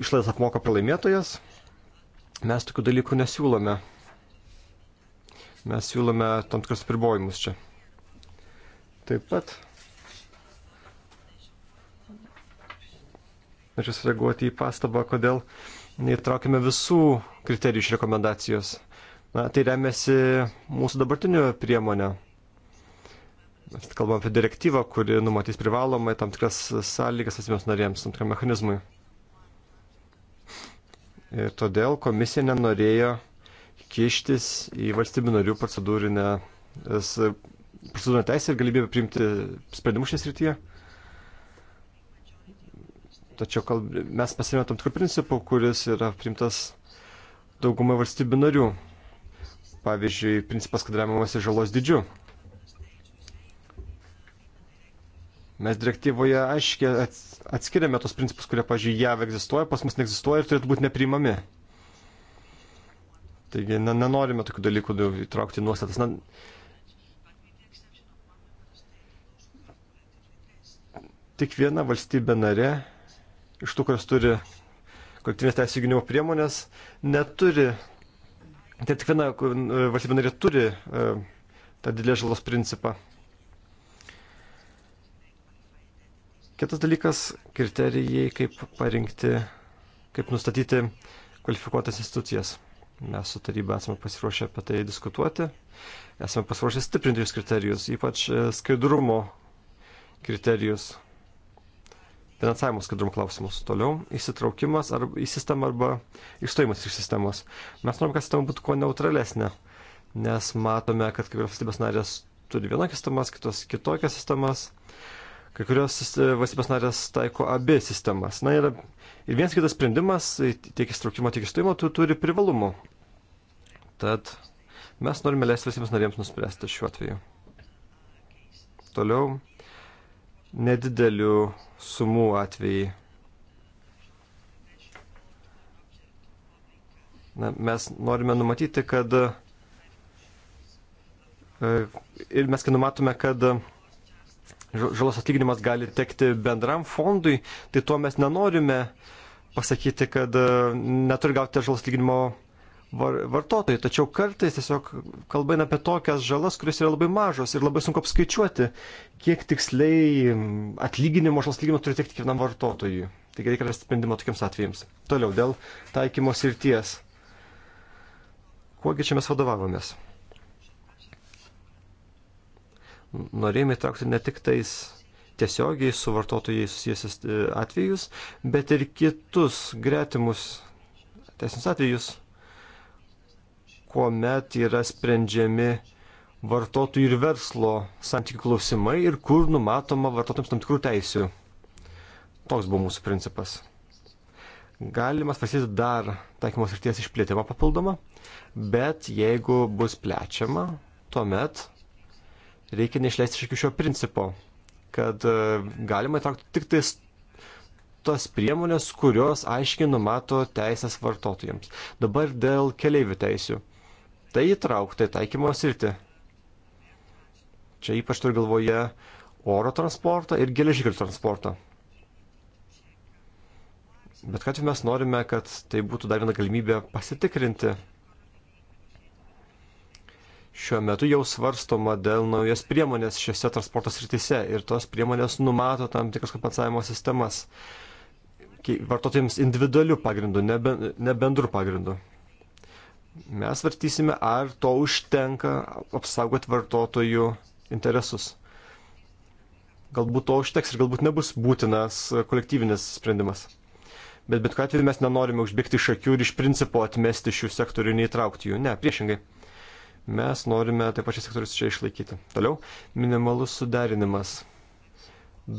išlaidas apmoka pralaimėtojas, mes tokių dalykų nesiūlome. Mes siūlome tam tikrus apribojimus čia. Taip pat Norėčiau sureaguoti į pastabą, kodėl neįtraukime visų kriterijų iš rekomendacijos. Na, tai remiasi mūsų dabartiniu priemonė. Mes kalbam apie direktyvą, kuri numatys privalomai tam tikras sąlygas asmens narėms, tam tikram mechanizmui. Ir todėl komisija nenorėjo kištis į valstybių narių procedūrinę, procedūrinę teisę ir galimybę priimti sprendimus šią srityje. Tačiau kal... mes pasirėmėm tam tikrų principų, kuris yra primtas daugumai valstybių narių. Pavyzdžiui, principas, kad remiamasi žalos dydžiu. Mes direktyvoje aiškiai atskiriame tos principus, kurie, pažiūrėjau, jav egzistuoja, pas mus neegzistuoja ir turėtų būti nepriimami. Taigi na, nenorime tokių dalykų įtraukti į nuostatas. Na, tik viena valstybė narė iš tų, kurios turi kolektyvinės teisų gynimo priemonės, neturi, tai tik viena valstybė narė turi e, tą didelės žalos principą. Kitas dalykas - kriterijai, kaip parinkti, kaip nustatyti kvalifikuotas institucijas. Mes su taryba esame pasiruošę apie tai diskutuoti, esame pasiruošę stiprinti jūs kriterijus, ypač e, skaidrumo kriterijus, finansavimo skaidrumo klausimus. Toliau įsitraukimas ar, į sistemą arba išstojimas iš sistemos. Mes norime, kad sistema būtų kuo neutralesnė, nes matome, kad kai kurios valstybės narės turi vienokias sistemas, kitos kitokias sistemas. Kai kurios valstybės narės taiko abi sistemas. Na ir, ir vienas kitas sprendimas, tai tiek įstraukimo, tiek išstojimo, tu turi privalumų. Tad mes norime leisti visiems narėms nuspręsti šiuo atveju. Toliau nedidelių sumų atvejai. Na, mes norime numatyti, kad e, ir mes kai numatome, kad žalos atlyginimas gali tekti bendram fondui, tai tuo mes nenorime pasakyti, kad e, neturi gauti žalos atlyginimo var, vartotojai. Tačiau kartais tiesiog kalba eina apie tokias žalas, kuris yra labai mažos ir labai sunku apskaičiuoti, kiek tiksliai atlyginimo, žalos atlyginimo turi tekti kiekvienam vartotojui. Taigi reikia rasti sprendimą tokiems atvejams. Toliau, dėl taikymo srities. Kuogi čia mes vadovavomės? Norėjome įtraukti ne tik tais tiesiogiai su vartotojai susijusius e, atvejus, bet ir kitus gretimus teisinius atvejus, kuomet yra sprendžiami vartotojų ir verslo santykių klausimai ir kur numatoma vartotojams tam tikrų teisių. Toks buvo mūsų principas. Galimas pasėti dar taikymos ryties išplėtimą papildomą, bet jeigu bus plečiama, tuomet reikia neišleisti iš akių šio principo, kad e, galima įtraukti tik tais tos priemonės, kurios aiškiai numato teisės vartotojams. Dabar dėl keliaivių teisių tai įtraukta į taikymo sritį. Čia ypač turiu galvoje oro transportą ir geležikelių transportą. Bet kad mes norime, kad tai būtų dar viena galimybė pasitikrinti. Šiuo metu jau svarstoma dėl naujas priemonės šiuose transporto srityse ir tos priemonės numato tam tikras kompensavimo sistemas vartotojams individualių pagrindų, ne, ne bendrų pagrindų. Mes svartysime, ar to užtenka apsaugoti vartotojų interesus. Galbūt to užteks ir galbūt nebus būtinas kolektyvinis sprendimas. Bet bet kokiu atveju mes nenorime užbėgti iš akių ir iš principo atmesti šių sektorių ir neįtraukti jų. Ne, priešingai. Mes norime taip pat šis sektorius čia išlaikyti. Toliau, minimalus suderinimas.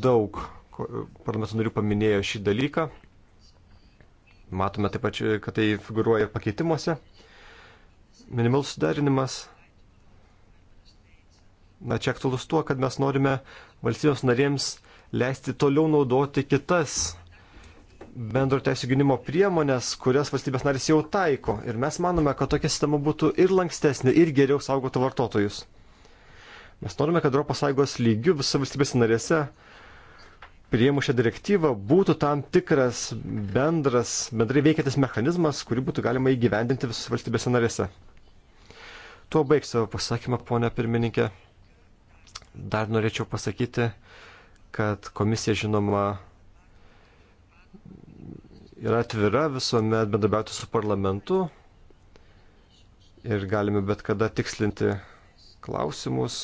Daug parlamento narių paminėjo šį dalyką. Matome taip pat, kad tai figuruoja pakeitimuose minimalus sudarinimas, na čia aktualus tuo, kad mes norime valstybės narėms leisti toliau naudoti kitas bendro teisų gynimo priemonės, kurias valstybės narys jau taiko. Ir mes manome, kad tokia sistema būtų ir lankstesnė, ir geriau saugotų vartotojus. Mes norime, kad ES lygių visose valstybės narėse prieimu šią direktyvą būtų tam tikras bendras, bendrai veikiantis mechanizmas, kurį būtų galima įgyvendinti visose valstybėse narėse. Tuo baig savo pasakymą, ponia pirmininkė. Dar norėčiau pasakyti, kad komisija žinoma yra atvira visuomet bendrabiauti su parlamentu ir galime bet kada tikslinti klausimus,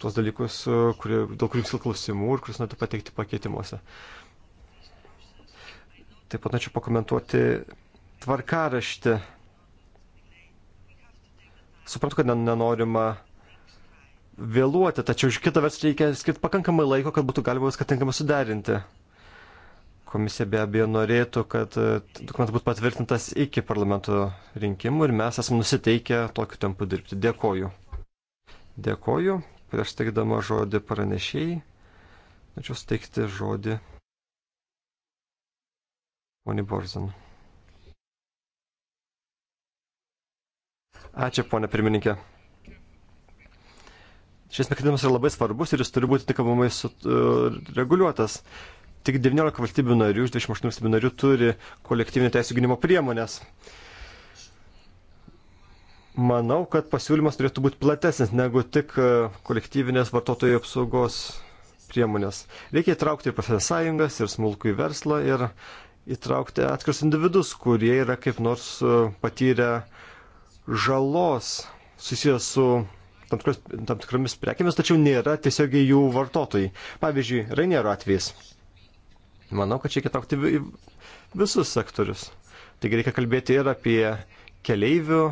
tuos dalykus, kurie, dėl kurių kil klausimų ir kuriuos norite pateikti pakeitimuose. Taip pat norėčiau pakomentuoti tvarkaraštį suprantu, kad nenorima vėluoti, tačiau iš kitą vers reikia skirti pakankamai laiko, kad būtų galima viską tinkamai suderinti. Komisija be abejo norėtų, kad e, dokumentas būtų patvirtintas iki parlamento rinkimų ir mes esame nusiteikę tokiu tempu dirbti. Dėkoju. Dėkoju. Prieš teikdama žodį pranešėjai, norėčiau suteikti žodį Moni Borzan. Ačiū, ponė pirmininkė. Šis mechanizmas yra labai svarbus ir jis turi būti tikamai e, reguliuotas. Tik 19 valstybių narių iš 28 valstybių narių turi kolektyvinio teisų gynimo priemonės. Manau, kad pasiūlymas turėtų būti platesnis negu tik e, kolektyvinės vartotojų apsaugos priemonės. Reikia įtraukti ir profesinės sąjungas, ir smulkų į verslą, ir įtraukti atskirus individus, kurie yra kaip nors e, patyrę žalos susijęs su tam, tikros, tam tikromis prekėmis, tačiau nėra tiesiogiai jų vartotojai. Pavyzdžiui, Rainiero atvejais. Manau, kad čia reikia traukti visus sektorius. Taigi reikia kalbėti ir apie keleivių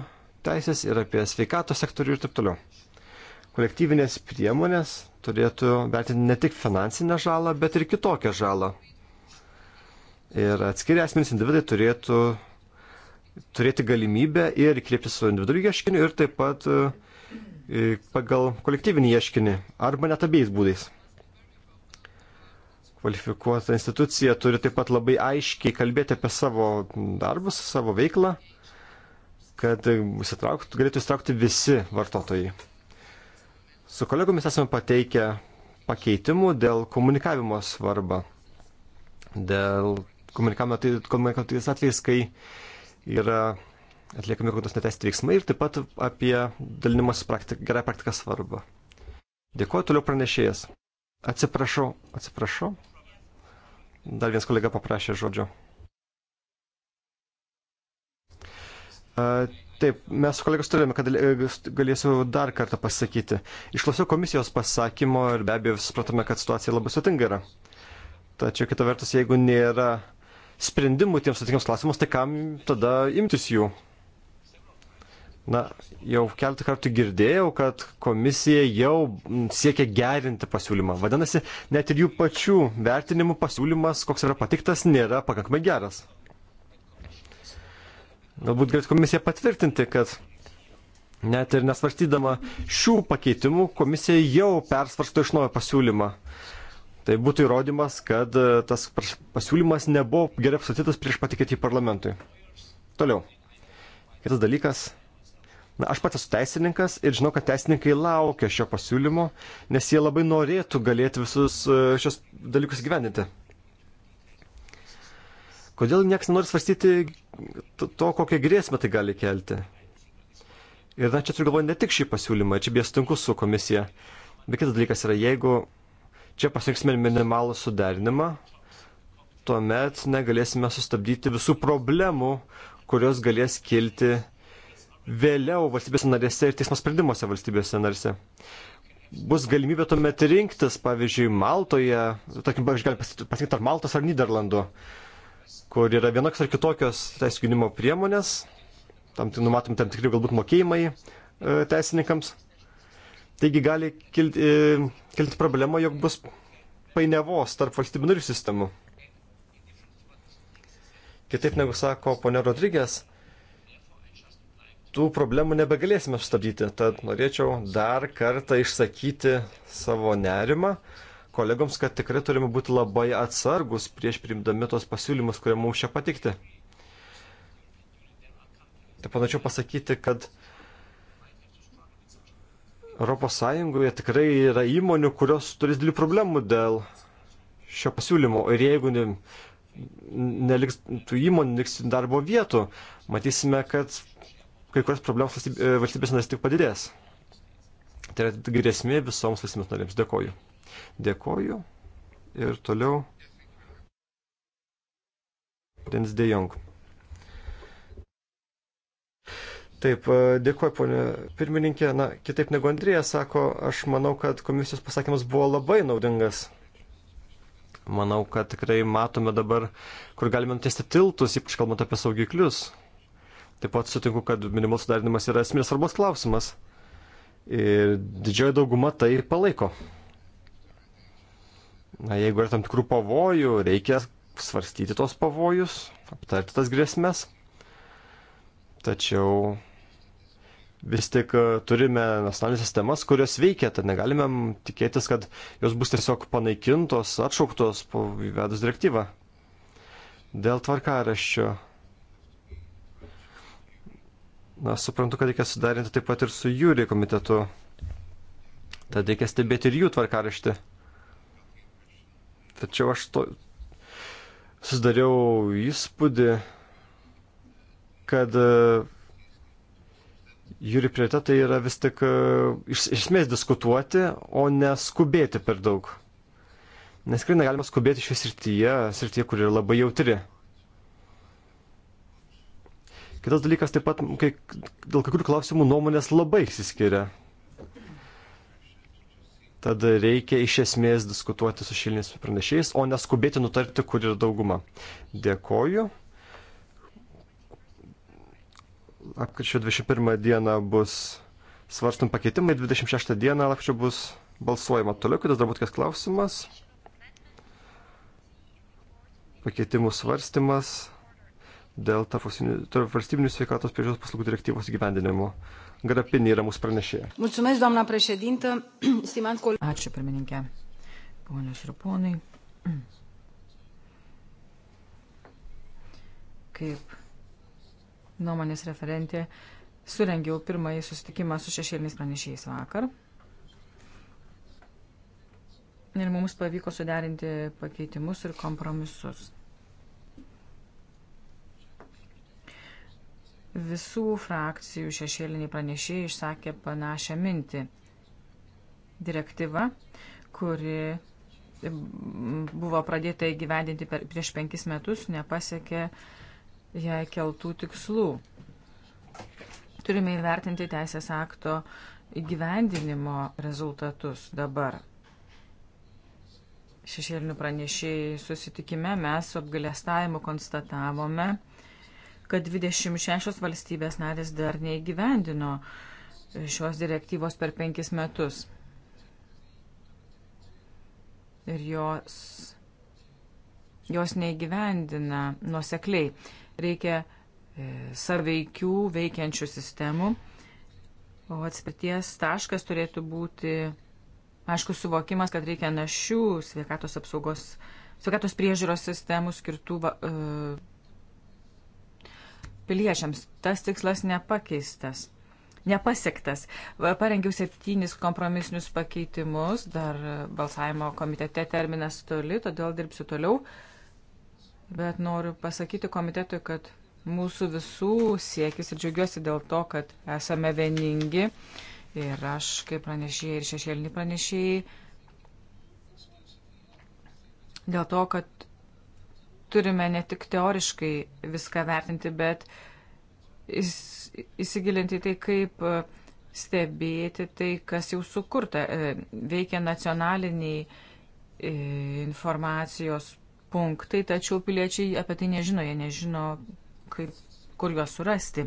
teisės, ir apie sveikato sektorių ir taip toliau. Kolektyvinės priemonės turėtų vertinti ne tik finansinę žalą, bet ir kitokią žalą. Ir atskiri asmenys individai turėtų turėti galimybę ir kreiptis su individualiu ieškiniu ir taip pat e, e, pagal kolektyvinį ieškinį arba net abiejais būdais. Kvalifikuota institucija turi taip pat labai aiškiai kalbėti apie savo darbus, savo veiklą, kad galėtų įstraukti visi vartotojai. Su kolegomis esame pateikę pakeitimų dėl komunikavimo svarbą, dėl komunikavimo tai, komunikavimo tais atvejais, kai yra atliekami kokios netesti veiksmai ir taip pat apie dalinimas praktik, gerą praktiką svarbą. Dėkuoju toliau pranešėjas. Atsiprašau, atsiprašau. Dar vienas kolega paprašė žodžio. Taip, mes su kolegos turėjome, kad e, galėsiu dar kartą pasakyti. Išklausiau komisijos pasakymo ir be abejo supratome, kad situacija labai sutinga yra. Tačiau kita vertus, jeigu nėra sprendimų tiems atitikiams klausimus, tai kam tada imtis jų? Na, jau keltą kartų girdėjau, kad komisija jau siekia gerinti pasiūlymą. Vadinasi, net ir jų pačių vertinimų pasiūlymas, koks yra patiktas, nėra pakankamai geras. Galbūt galėtų komisija patvirtinti, kad net ir nesvarstydama šių pakeitimų, komisija jau persvarsto iš naujo pasiūlymą. Tai būtų įrodymas, kad e, tas pasiūlymas nebuvo gerai apsatytas prieš patikėti į parlamentui. Toliau. Kitas dalykas. Na, aš pats esu teisininkas ir žinau, kad teisininkai laukia šio pasiūlymo, nes jie labai norėtų galėti visus e, šios dalykus gyveninti. Kodėl niekas nenori svarstyti to, kokią grėsmę tai gali kelti? Ir na, čia turiu galvoje ne tik šį pasiūlymą, čia beje sutinku su komisija. Bet kitas dalykas yra, jeigu čia pasirinksime minimalų suderinimą, tuomet negalėsime sustabdyti visų problemų, kurios galės kilti vėliau valstybės narėse ir teismo sprendimuose valstybėse narėse. Bus galimybė tuomet rinktis, pavyzdžiui, Maltoje, tarkim, pavyzdžiui, gali pasirinkti ar Maltos ar Niderlandų, kur yra vienoks ar kitokios teisų gynimo priemonės, tam tai numatom tam tikri galbūt mokėjimai e, teisininkams. Taigi gali kilti, e, kilti problema, jog bus painiavos tarp valstybių narių sistemų. Kitaip negu sako ponė Rodrygės, tų problemų nebegalėsime sustabdyti. Tad norėčiau dar kartą išsakyti savo nerimą kolegoms, kad tikrai turime būti labai atsargus prieš priimdami tos pasiūlymus, kurie mums čia patikti. Taip panašiau pasakyti, kad ES tikrai yra įmonių, kurios turi didelių problemų dėl šio pasiūlymo. Ir jeigu ne, neliks tų įmonių, neliks darbo vietų, matysime, kad kai kurios problemos e, valstybės narės tik padidės. Tai yra grėsmė visoms valstybės narėms. Dėkoju. Dėkoju. Ir toliau. Denis De Jong. Taip, e, dėkuoju, ponė pirmininkė. Na, kitaip negu Andrėja sako, aš manau, kad komisijos pasakymas buvo labai naudingas. Manau, kad tikrai matome dabar, kur galime nutiesti tiltus, ypač kalbant apie saugiklius. Taip pat sutinku, kad minimalus sudarinimas yra esminės svarbos klausimas. Ir didžioji dauguma tai palaiko. Na, jeigu yra tam tikrų pavojų, reikia svarstyti tos pavojus, aptarti tas grėsmės. Tačiau vis tik e, turime nacionalinės sistemas, kurios veikia, tad negalime tikėtis, kad jos bus tiesiog panaikintos, atšauktos po įvedus direktyvą. Dėl tvarkaraščio. Na, suprantu, kad reikia sudarinti taip pat ir su jūri komitetu. Tad reikia stebėti ir jų tvarkaraštį. Tačiau aš to susidariau įspūdį, kad uh, Jūri prioritetai yra vis tik e, iš esmės diskutuoti, o neskubėti per daug. Nes tikrai negalima skubėti šioje srityje, srityje, kur yra labai jautri. Kitas dalykas taip pat, kai, dėl kai kurių klausimų nuomonės labai išsiskiria. Tad reikia iš esmės diskutuoti su šiliniais pranešėjais, o neskubėti nutarti, kur yra dauguma. Dėkoju lapkričio 21 dieną bus svarstum pakeitimai, 26 dieną lapkričio bus balsuojama. Toliau kitas darbotkas klausimas. Pakeitimų svarstymas dėl tarp valstybinių sveikatos priežiūros paslaugų direktyvos įgyvendinimo. Grapinė yra mūsų pranešėja. Mulțumesc, doamna președintă, stimați colegi. Ačiū, pirmininkė. Ponios ir ponai. Kaip nuomonės referentė, surengiau pirmąjį susitikimą su šešėliniais pranešėjais vakar. Ir mums pavyko suderinti pakeitimus ir kompromisus. Visų frakcijų šešėliniai pranešėjai išsakė panašią mintį. Direktyva, kuri buvo pradėta įgyvendinti per, prieš penkis metus, nepasiekė uh, jai keltų tikslų. Turime įvertinti teisės akto įgyvendinimo rezultatus dabar. Šešėlinių pranešėjai susitikime mes su apgalėstavimu konstatavome, kad 26 valstybės narės dar neįgyvendino šios direktyvos per penkis metus. Ir jos, jos neįgyvendina nuosekliai. Reikia e, saveikių veikiančių sistemų, o atspirties taškas turėtų būti, aišku, suvokimas, kad reikia našių sveikatos apsaugos, sveikatos priežiūros sistemų skirtų uh, piliečiams. Tas tikslas nepakeistas nepasiektas. Parengiau septynis kompromisinius pakeitimus, dar balsavimo komitete terminas toli, todėl dirbsiu toliau bet noriu pasakyti komitetui, kad mūsų visų siekis ir džiaugiuosi dėl to, kad esame vieningi ir aš kaip pranešėjai ir šešėlinį pranešėjai dėl to, kad turime ne tik teoriškai viską vertinti, bet įsigilinti tai, kaip e, stebėti tai, kas jau sukurta. E, veikia nacionaliniai e, informacijos punktai, tačiau piliečiai apie tai nežino, jie nežino, kaip, kur juos surasti.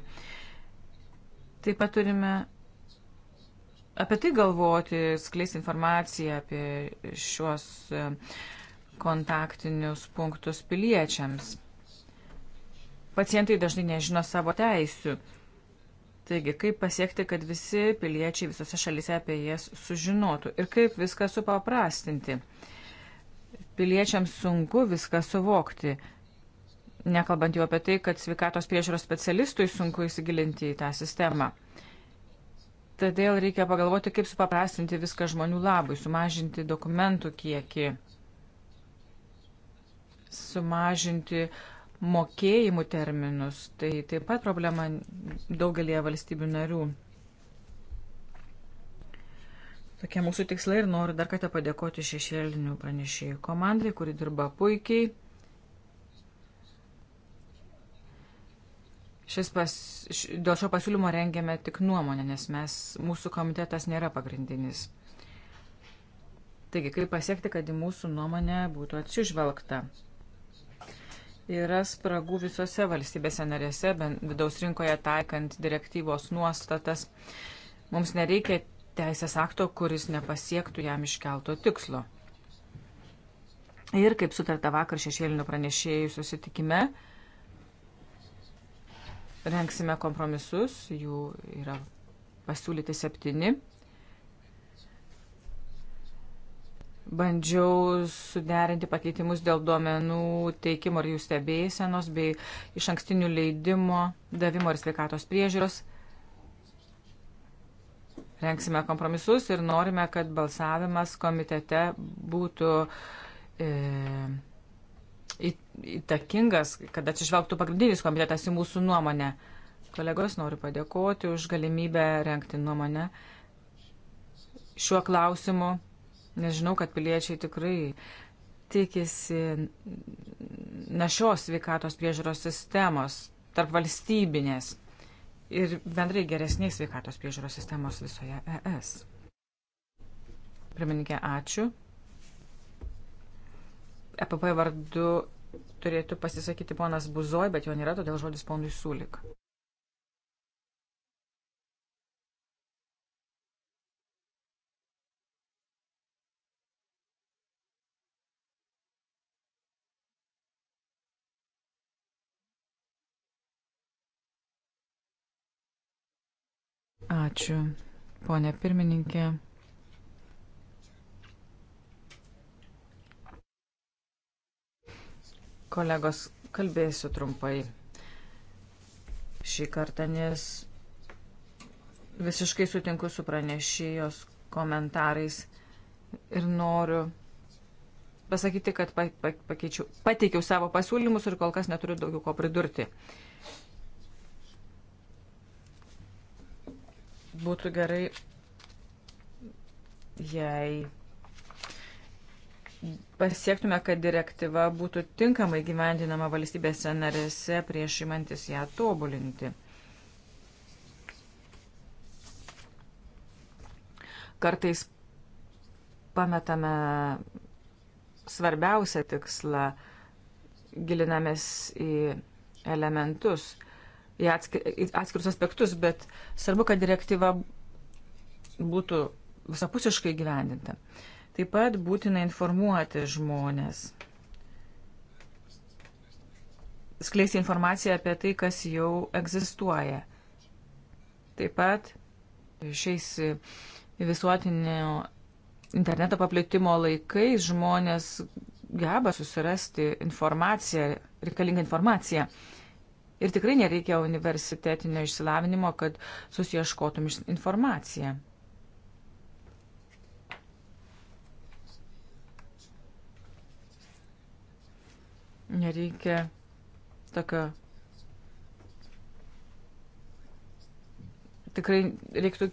Taip pat turime apie tai galvoti, skleisti informaciją apie šiuos e, kontaktinius punktus piliečiams. Pacientai dažnai nežino savo teisių. Taigi, kaip pasiekti, kad visi piliečiai visose šalise apie jas sužinotų ir kaip viską supaprastinti piliečiams sunku viską suvokti. Nekalbant jau apie tai, kad sveikatos priežiūros specialistui sunku įsigilinti į tą sistemą. Todėl reikia pagalvoti, kaip supaprastinti viską žmonių labui, sumažinti dokumentų kiekį, sumažinti mokėjimų terminus. Tai taip pat problema daugelie valstybių narių. Tokie mūsų tikslai ir noriu dar kartą padėkoti šešėlinių pranešėjų komandai, kuri dirba puikiai. Šis pas, š, dėl šio pasiūlymo rengėme tik nuomonę, nes mes, mūsų komitetas nėra pagrindinis. Taigi, kaip pasiekti, kad į mūsų nuomonę būtų atsižvelgta? Yra spragų visose valstybėse narėse, vidaus rinkoje taikant direktyvos nuostatas. Mums nereikia teisės akto, kuris nepasiektų jam iškelto tikslo. Ir kaip sutarta vakar šešėlinių pranešėjų susitikime, rengsime kompromisus, jų yra pasiūlyti septyni. Bandžiau suderinti pakeitimus dėl duomenų teikimo ir jų stebėsenos bei iš ankstinių leidimo, davimo ir sveikatos priežiūros Renksime kompromisus ir norime, kad balsavimas komitete būtų e, įtakingas, kad atsižvelgtų pagrindinis komitetas į mūsų nuomonę. Kolegos, noriu padėkoti už galimybę renkti nuomonę šiuo klausimu, nes žinau, kad piliečiai tikrai tikisi našios sveikatos priežiūros sistemos tarp valstybinės ir bendrai geresnės sveikatos priežiūros sistemos visoje ES. Pirmininkė, ačiū. EPP vardu turėtų pasisakyti ponas Buzoj, bet jo nėra, todėl žodis ponui Sulik. Ačiū, ponė pirmininkė. Kolegos, kalbėsiu trumpai šį kartą, nes visiškai sutinku su pranešėjos komentarais ir noriu pasakyti, kad pa, pa, pakeičiau, pateikiau savo pasiūlymus ir kol kas neturiu daugiau ko pridurti. Uh, būtų gerai, jei pasiektume, kad direktyva būtų tinkamai gyvendinama valstybėse narėse prieš imantis ją tobulinti. Kartais pametame svarbiausią tikslą, gilinamės į elementus – į atskirus aspektus, bet svarbu, kad direktyva būtų visapusiškai gyvendinta. Taip pat būtina informuoti žmonės, skleisti informaciją apie tai, kas jau egzistuoja. Taip pat šiais visuotinio interneto paplitimo laikais žmonės geba susirasti informaciją, reikalingą informaciją ir tikrai nereikia universitetinio išsilavinimo, kad susieškotum informaciją. Nereikia tokio. Tikrai reiktų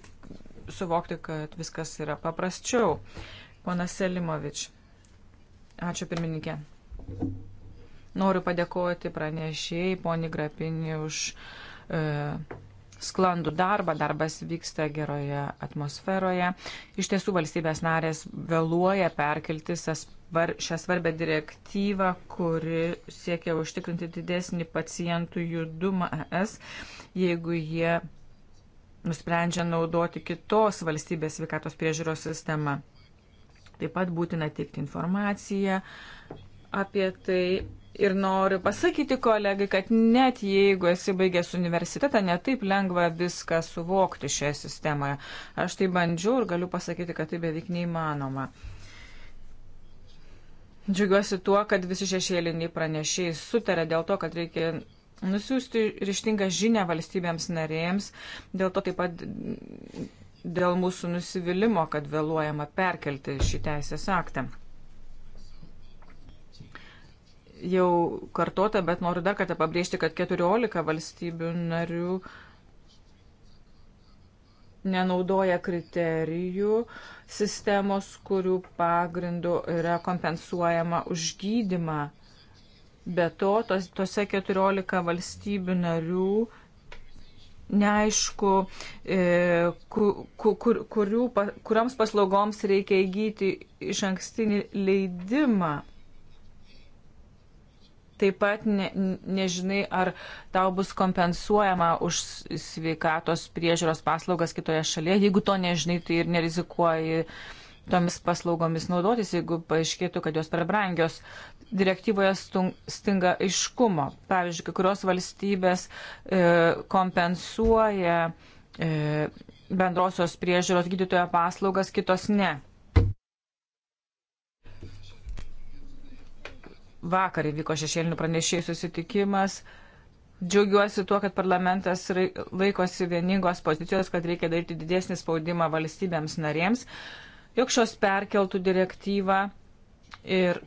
suvokti, kad viskas yra paprasčiau. Ponas Selimovič. Ačiū pirmininkė. Noriu padėkoti pranešėjai, poni Grapinį, už e, sklandų darbą. Darbas vyksta geroje atmosferoje. Iš tiesų valstybės narės vėluoja perkelti šią svarbę direktyvą, kuri siekia užtikrinti didesnį pacientų judumą ES, jeigu jie nusprendžia naudoti kitos valstybės sveikatos priežiūros sistemą. Taip pat būtina teikti informaciją apie tai, Ir noriu pasakyti kolegai, kad net jeigu esi baigęs universitetą, netaip lengva viską suvokti šioje sistemoje. Aš tai bandžiau ir galiu pasakyti, kad tai beveik neįmanoma. Džiugiuosi tuo, kad visi šešėliniai pranešėjai sutarė dėl to, kad reikia nusiųsti ryštingą žinę valstybėms narėjams, dėl to taip pat dėl mūsų nusivylimo, kad vėluojama perkelti šį teisės aktą jau kartuota, bet noriu dar kartą pabrėžti, kad 14 valstybių narių nenaudoja kriterijų sistemos, kurių pagrindu yra kompensuojama užgydymą. Be to, tos, tose 14 valstybių narių neaišku, e, kur, kur, kurių, kurioms paslaugoms reikia įgyti iš ankstinį leidimą taip pat ne, nežinai, ar tau bus kompensuojama už sveikatos priežiūros paslaugas kitoje šalyje. Jeigu to nežinai, tai ir nerizikuoji tomis paslaugomis naudotis, jeigu paaiškėtų, kad jos per brangios. Direktyvoje stinga aiškumo. Pavyzdžiui, kai kurios valstybės e, kompensuoja e, bendrosios priežiūros gydytojo paslaugas, kitos ne. Vakar įvyko šešėlinių pranešėjų susitikimas. Džiaugiuosi tuo, kad parlamentas laikosi vieningos pozicijos, kad reikia daryti didesnį spaudimą valstybėms narėms, jog šios perkeltų direktyvą ir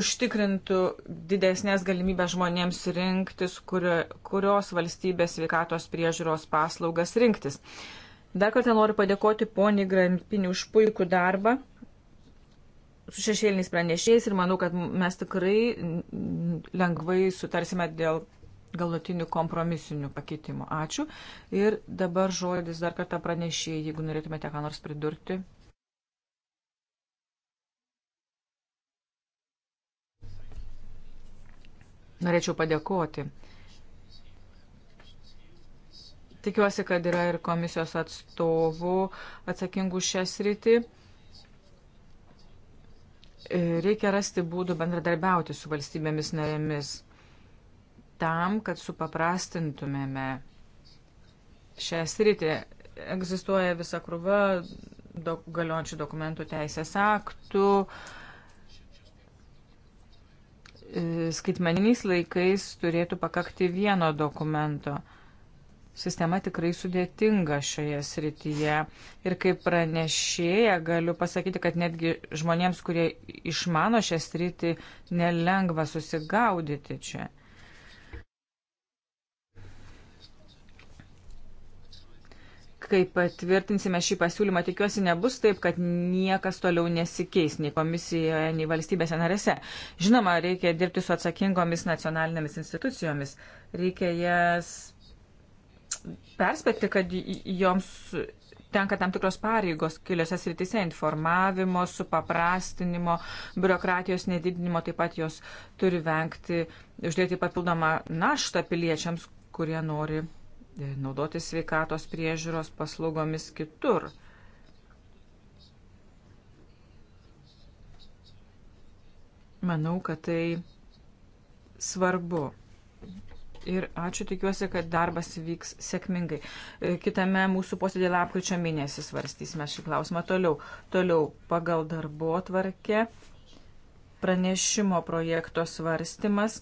užtikrintų didesnės galimybės žmonėms rinktis, kurio, kurios valstybės sveikatos priežiūros paslaugas rinktis. Dar kartą noriu padėkoti poniai Grampinį už puikų darbą su šešėliniais pranešėjais ir manau, kad mes tikrai lengvai sutarsime dėl galutinių kompromisinių pakeitimų. Ačiū. Ir dabar žodis dar kartą pranešėjai, jeigu norėtumėte ką nors pridurti. Norėčiau padėkoti. Tikiuosi, kad yra ir komisijos atstovų atsakingų šią sritį. Reikia rasti būdų bendradarbiauti su valstybėmis narėmis tam, kad supaprastintumėme šią sritį. Egzistuoja visa krūva dok, galiojančių dokumentų teisės aktų. E, skaitmeniniais laikais turėtų pakakti vieno dokumento. Sistema tikrai sudėtinga šioje srityje. Ir kaip pranešėja galiu pasakyti, kad netgi žmonėms, kurie išmano šią sritį, nelengva susigaudyti čia. kai patvirtinsime šį pasiūlymą, tikiuosi nebus taip, kad niekas toliau nesikeis nei komisijoje, nei valstybėse narėse. Žinoma, reikia dirbti su atsakingomis nacionalinėmis institucijomis, reikia jas perspėti, kad joms tenka tam tikros pareigos keliose sritise - informavimo, supaprastinimo, biurokratijos nedidinimo, taip pat jos turi vengti, uždėti papildomą naštą piliečiams, kurie nori e, naudotis sveikatos priežiūros paslaugomis kitur. Manau, kad tai svarbu ir ačiū, tikiuosi, kad darbas vyks sėkmingai. E, kitame mūsų posėdėje lapkričio mėnesį svarstysime šį klausimą toliau. Toliau pagal darbo tvarkę pranešimo projekto svarstymas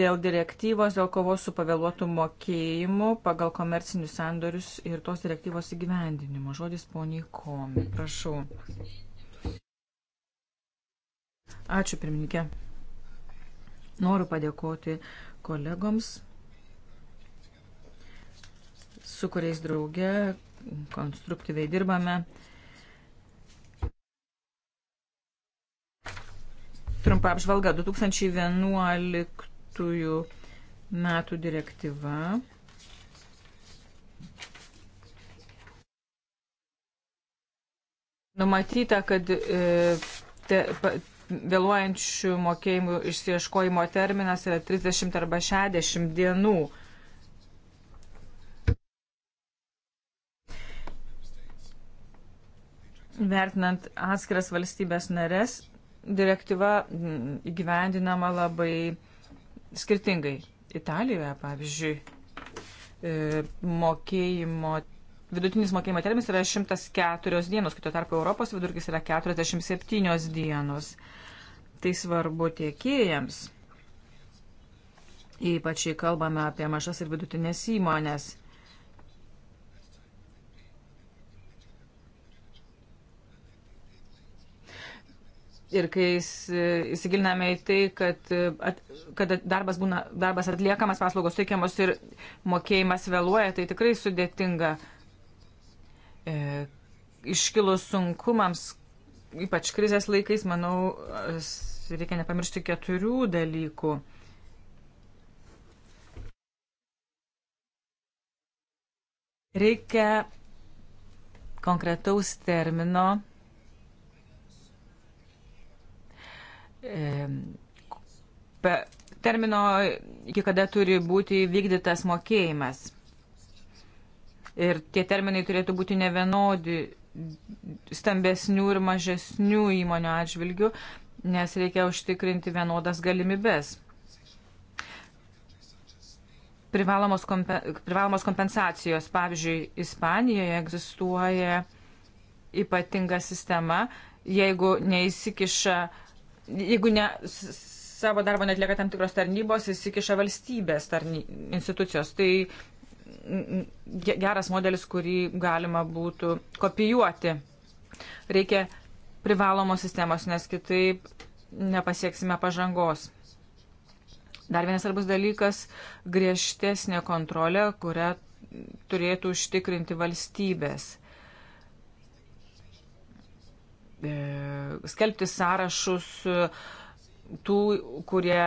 dėl direktyvos dėl kovos su pavėluotų mokėjimu pagal komercinius sandorius ir tos direktyvos įgyvendinimo. Žodis poniai Komi, prašau. Ačiū, pirmininkė. Noriu padėkoti kolegoms, su kuriais drauge konstruktyviai dirbame. Trumpa apžvalga 2011 metų direktyva. Numatyta, kad e, te, pa, vėluojančių mokėjimų išsieškojimo terminas yra 30 arba 60 dienų. Vertinant atskiras valstybės narės, direktyva mm, įgyvendinama labai skirtingai. Italijoje, pavyzdžiui, e, mokėjimo vidutinis mokėjimo terminas yra 104 dienos, kai tuo tarpu Europos vidurkis yra 47 dienos. Tai svarbu tiekėjams, ypač jei kalbame apie mažas ir vidutinės įmonės. ir kai įsigiliname į tai, kad, at, kad darbas, būna, darbas atliekamas, paslaugos teikiamos ir mokėjimas vėluoja, tai tikrai sudėtinga e, iškilus sunkumams, ypač krizės laikais, manau, reikia nepamiršti keturių dalykų. Reikia konkretaus termino, termino, iki kada turi būti vykdytas mokėjimas. Ir tie terminai turėtų būti nevienodi stambesnių ir mažesnių įmonių atžvilgių, nes reikia užtikrinti vienodas galimybės. Privalomos, kompen, privalomos kompensacijos, pavyzdžiui, Ispanijoje egzistuoja ypatinga sistema, jeigu neįsikiša, jeigu ne, savo darbo netlieka tam tikros tarnybos, įsikiša valstybės tarny, institucijos. Tai geras modelis, kurį galima būtų kopijuoti. Reikia privalomos sistemos, nes kitaip nepasieksime pažangos. Dar vienas svarbus dalykas - griežtesnė kontrolė, kurią turėtų užtikrinti valstybės. E, skelbti sąrašus e, tų, kurie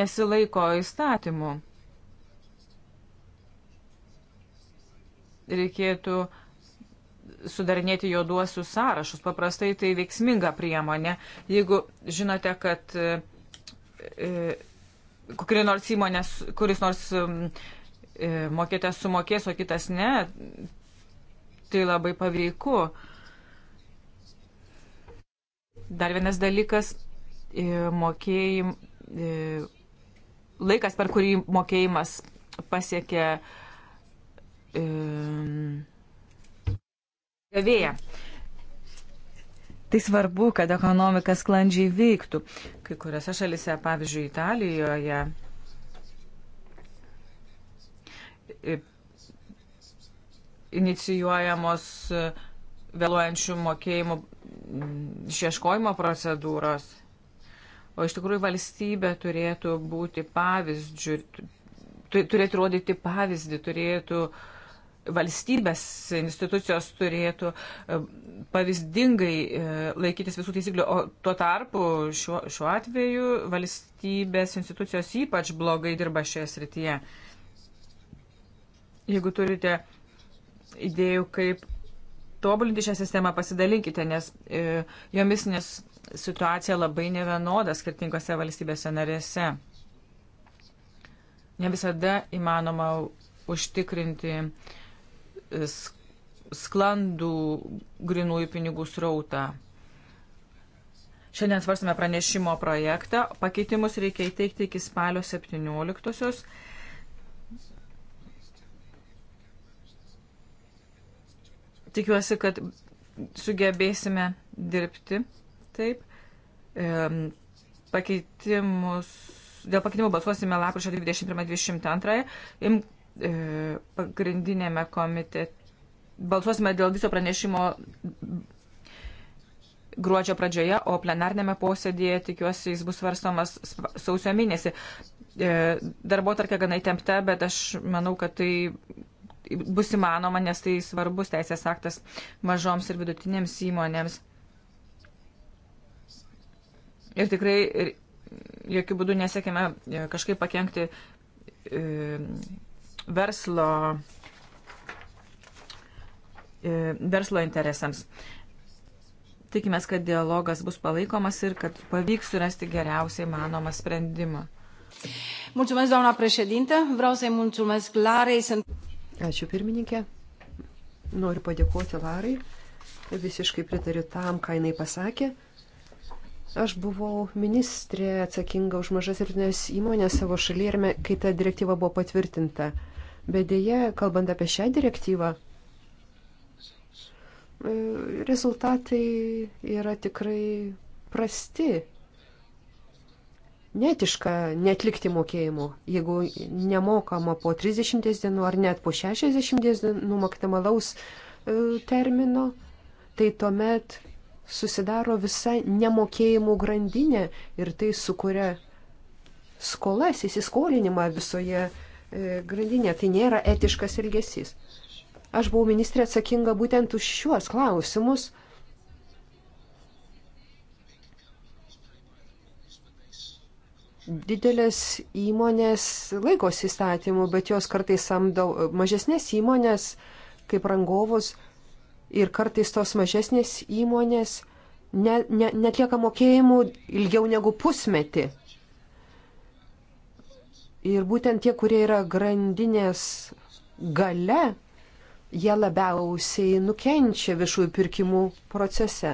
nesilaiko įstatymų. Reikėtų uh, sudarinėti juoduosius sąrašus. Paprastai tai veiksminga priemonė. Jeigu žinote, kad e, e kuri nors įmonės, kuris nors e, mokėtės sumokės, o kitas ne, tai labai paveiku. Dar vienas dalykas e, - mokėjim, e, laikas, per kurį mokėjimas pasiekia e, gavėją. Tai svarbu, kad ekonomika sklandžiai veiktų. Kai kuriuose šalise, pavyzdžiui, Italijoje, inicijuojamos vėluojančių mokėjimų išieškojimo procedūros. O iš tikrųjų valstybė turėtų būti pavyzdžių, turėtų rodyti pavyzdį, turėtų uh, valstybės institucijos turėtų e, pavyzdingai e, laikytis visų taisyklių, o tuo tarpu šiuo, šiuo atveju valstybės institucijos ypač blogai dirba šioje srityje. Jeigu turite idėjų, kaip tobulinti šią sistemą, pasidalinkite, nes e, jomis nes situacija labai nevienoda skirtingose valstybėse narėse. Ne visada įmanoma užtikrinti e, sklandų grinųjų pinigų srautą. Šiandien svarstame pranešimo projektą. Pakeitimus reikia įteikti iki spalio 17-osios. Tikiuosi, kad sugebėsime dirbti taip. Pakeitimus, dėl pakeitimų balsuosime lapkričio 21-22. E, pagrindinėme komitete. Balsuosime dėl viso pranešimo gruodžio pradžioje, o plenarnėme posėdėje tikiuosi jis bus svarstomas sausio mėnesį. E, darbo tarkia gana įtempta, bet aš manau, kad tai bus įmanoma, nes tai svarbus teisės aktas mažoms ir vidutinėms įmonėms. Ir tikrai jokių būdų nesiekime e, kažkaip pakengti verslo, e, verslo interesams. Tikimės, kad dialogas bus palaikomas ir kad pavyks surasti geriausiai manomą sprendimą. Mulțumesc, doamna președintă. Vreau să-i mulțumesc Larei. Sunt... Ačiū pirmininkė. Noriu padėkoti Larai. Visiškai pritariu tam, ką jinai pasakė. Aš buvau ministrė atsakinga už mažas ir nes įmonės savo šalyje ir kai ta direktyva buvo patvirtinta. Bet dėje, kalbant apie šią direktyvą, e, rezultatai yra tikrai prasti. Netiška netlikti mokėjimų, jeigu nemokama po 30 dienų ar net po 60 dienų maksimalaus e, termino, tai tuomet susidaro visa nemokėjimų grandinė ir tai sukuria skolas, įsiskolinimą visoje E, grandinė. Tai nėra etiškas elgesys. Aš buvau ministrė atsakinga būtent už šiuos klausimus. Didelės įmonės laikos įstatymų, bet jos kartais samdo mažesnės įmonės kaip rangovus ir kartais tos mažesnės įmonės netlieka ne, ne mokėjimų ilgiau negu pusmetį. Ir būtent tie, kurie yra grandinės gale, jie labiausiai nukenčia viešųjų pirkimų procese.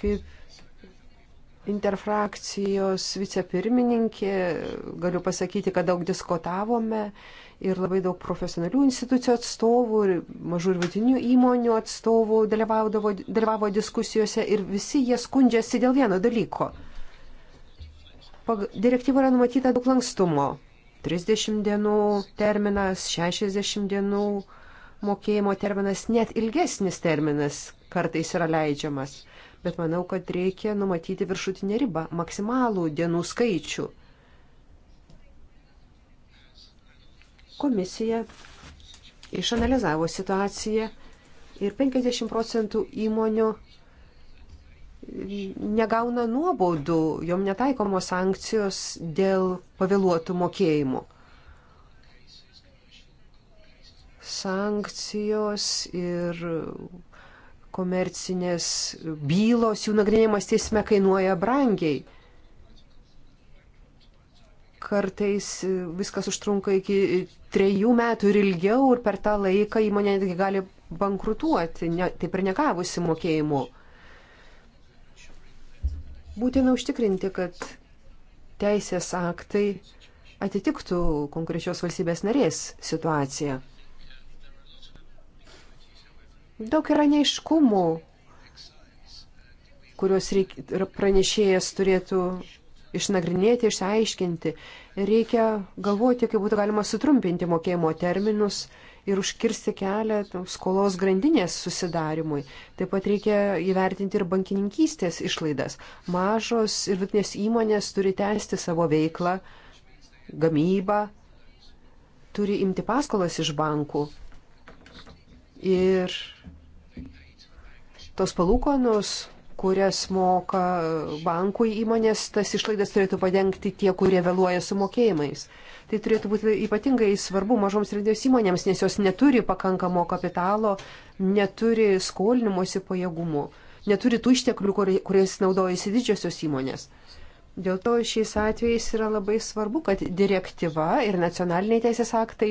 Kaip interfrakcijos vicepirmininkė, galiu pasakyti, kad daug diskutavome ir labai daug profesionalių institucijų atstovų ir mažų ir vidutinių įmonių atstovų dalyvavo diskusijose ir visi jie skundžiasi dėl vieno dalyko – Direktyva yra numatyta daug lankstumo. 30 dienų terminas, 60 dienų mokėjimo terminas, net ilgesnis terminas kartais yra leidžiamas. Bet manau, kad reikia numatyti viršutinę ribą, maksimalų dienų skaičių. Komisija išanalizavo situaciją ir 50 procentų įmonių negauna nuobaudų, jom netaikomos sankcijos dėl pavėluotų mokėjimų. Sankcijos ir komercinės bylos, jų nagrinėjimas teisme kainuoja brangiai. Kartais viskas užtrunka iki trejų metų ir ilgiau ir per tą laiką įmonė netgi gali bankrutuoti, ne, taip ir negavusi mokėjimų. Būtina užtikrinti, kad teisės aktai atitiktų konkrečios valstybės narės situaciją. Daug yra neiškumų, kuriuos reik, pranešėjas turėtų išnagrinėti, išsiaiškinti. Reikia galvoti, kaip būtų galima sutrumpinti mokėjimo terminus ir užkirsti kelią skolos grandinės susidarimui. Taip pat reikia įvertinti ir bankininkystės išlaidas. Mažos ir vidutinės įmonės turi tęsti savo veiklą, gamybą, turi imti paskolas iš bankų. Ir tos palūkonos, kurias moka bankui įmonės, tas išlaidas turėtų padengti tie, kurie vėluoja su mokėjimais. Tai turėtų būti ypatingai svarbu mažoms ir didės įmonėms, nes jos neturi pakankamo kapitalo, neturi skolinimuose pajėgumų, neturi tų išteklių, kuriais naudojasi didžiosios įmonės. Dėl to šiais atvejais yra labai svarbu, kad direktyva ir nacionaliniai teisės aktai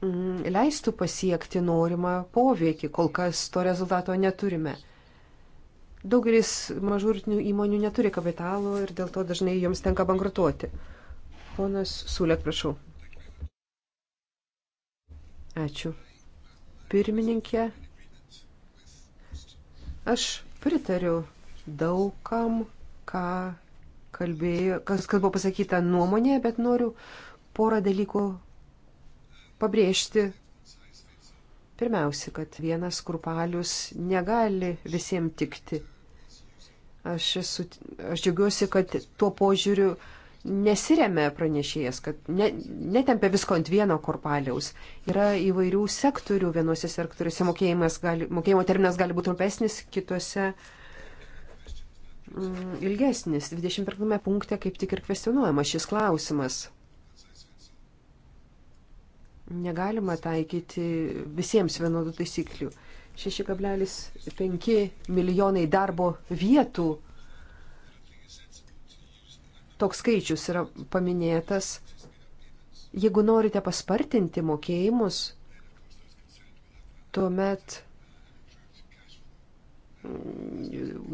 mm, leistų pasiekti norimą poveikį. Kol kas to rezultato neturime. Daugelis mažų rytinių įmonių neturi kapitalo ir dėl to dažnai joms tenka bankrutuoti. Ponas Sulėk, prašau. Ačiū. Pirmininkė, aš pritariu daugam, ką kalbėjo, kas, kas buvo pasakyta nuomonė, bet noriu porą dalykų pabrėžti, Pirmiausia, kad vienas kurpalius negali visiems tikti. Aš, esu, aš džiaugiuosi, kad tuo požiūriu nesiremia pranešėjas, kad ne, netempia visko ant vieno korpaliaus. Yra įvairių sektorių, vienuose sektoriuose gali, mokėjimo terminas gali būti trumpesnis, kitose mm, ilgesnis. 21 punkte kaip tik ir kvestionuojamas šis klausimas negalima taikyti visiems vienodų taisyklių. 6,5 milijonai darbo vietų. Toks skaičius yra paminėtas. Jeigu norite paspartinti mokėjimus, tuomet,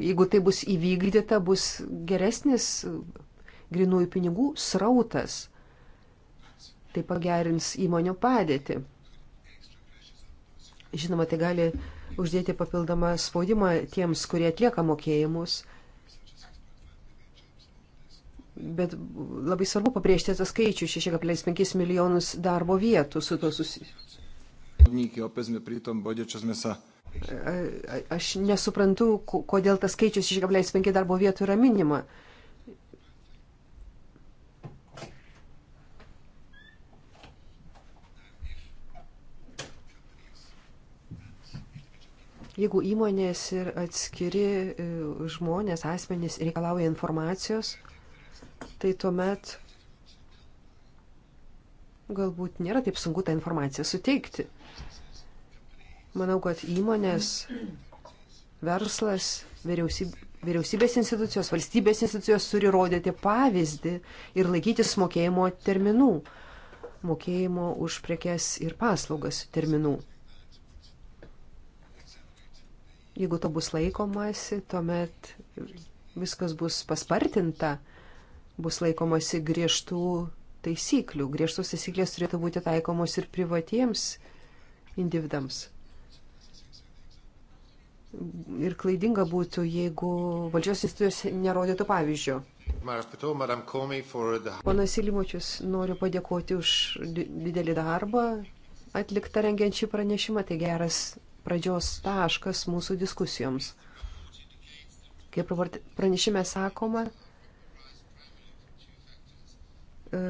jeigu tai bus įvykdyta, bus geresnis grinųjų pinigų srautas tai pagerins įmonių padėtį. Žinoma, tai gali uždėti papildomą spaudimą tiems, kurie atlieka mokėjimus. Bet labai svarbu pabrėžti tą skaičių 6,5 milijonus darbo vietų su to susijusiu. Aš nesuprantu, kodėl tas skaičius 6,5 darbo vietų yra minima. Jeigu įmonės ir atskiri e, žmonės, asmenys reikalauja informacijos, tai tuomet galbūt nėra taip sunku tą informaciją suteikti. Manau, kad įmonės, verslas, vyriausybė, vyriausybės institucijos, valstybės institucijos turi rodyti pavyzdį ir laikytis mokėjimo terminų, mokėjimo už prekes ir paslaugas terminų. Jeigu to bus laikomasi, tuomet viskas bus paspartinta, bus laikomasi griežtų taisyklių. Griežtos taisyklės turėtų būti taikomos ir privatiems individams. Ir klaidinga būtų, jeigu valdžios institucijos nerodytų pavyzdžio. Ponas Ilimučius, noriu padėkoti už didelį darbą atliktą rengiant šį pranešimą. Tai geras pradžios taškas mūsų diskusijoms. Kaip pranešime sakoma, e,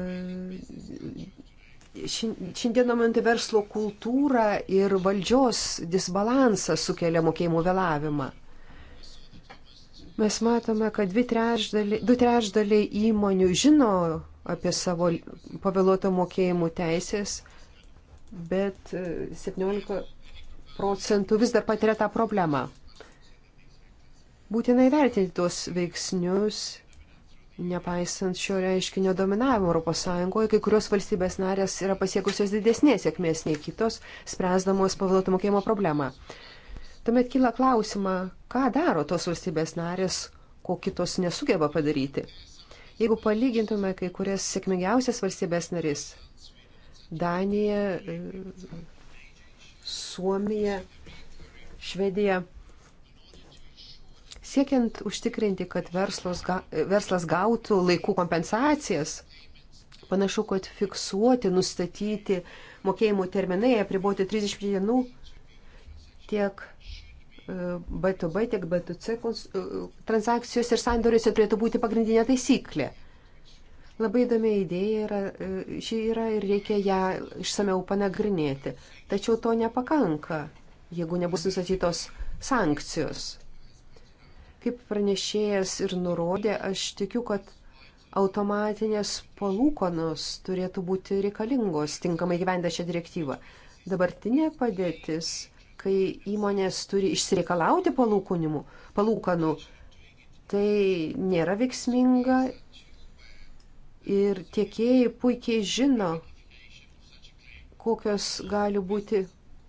šiandieną mantai verslo kultūra ir valdžios disbalansas sukelia mokėjimų vėlavimą mes matome, kad trešdaliai, du trešdaliai įmonių žino apie savo pavėluoto mokėjimų teisės, bet 17 e, procentų vis dar patiria tą problemą. Būtinai vertinti tuos veiksnius, nepaisant šio reiškinio dominavimo ES, kai kurios valstybės narės yra pasiekusios didesnės sėkmės nei kitos, spręsdamos pavaduotų mokėjimo problemą. Tuomet kyla klausima, ką daro tos valstybės narės, ko kitos nesugeba padaryti. Jeigu palygintume kai kurias sėkmingiausias valstybės narys, Danija Suomija, Švedija. Siekiant užtikrinti, kad verslas, ga, verslas gautų laikų kompensacijas, panašu, kad fiksuoti, nustatyti mokėjimų terminai, apriboti 30 dienų tiek B2B, e, tiek B2C e, transakcijos ir sandoriuose turėtų būti pagrindinė taisyklė. Labai įdomi idėja yra, e, ši yra ir reikia ją išsameu panagrinėti. Tačiau to nepakanka, jeigu nebus nusatytos sankcijos. Kaip pranešėjas ir nurodė, aš tikiu, kad automatinės palūkonos turėtų būti reikalingos tinkamai gyvendę šią direktyvą. Dabartinė padėtis, kai įmonės turi išsireikalauti palūkanų, tai nėra veiksminga ir tiekėjai puikiai žino, kokios gali būti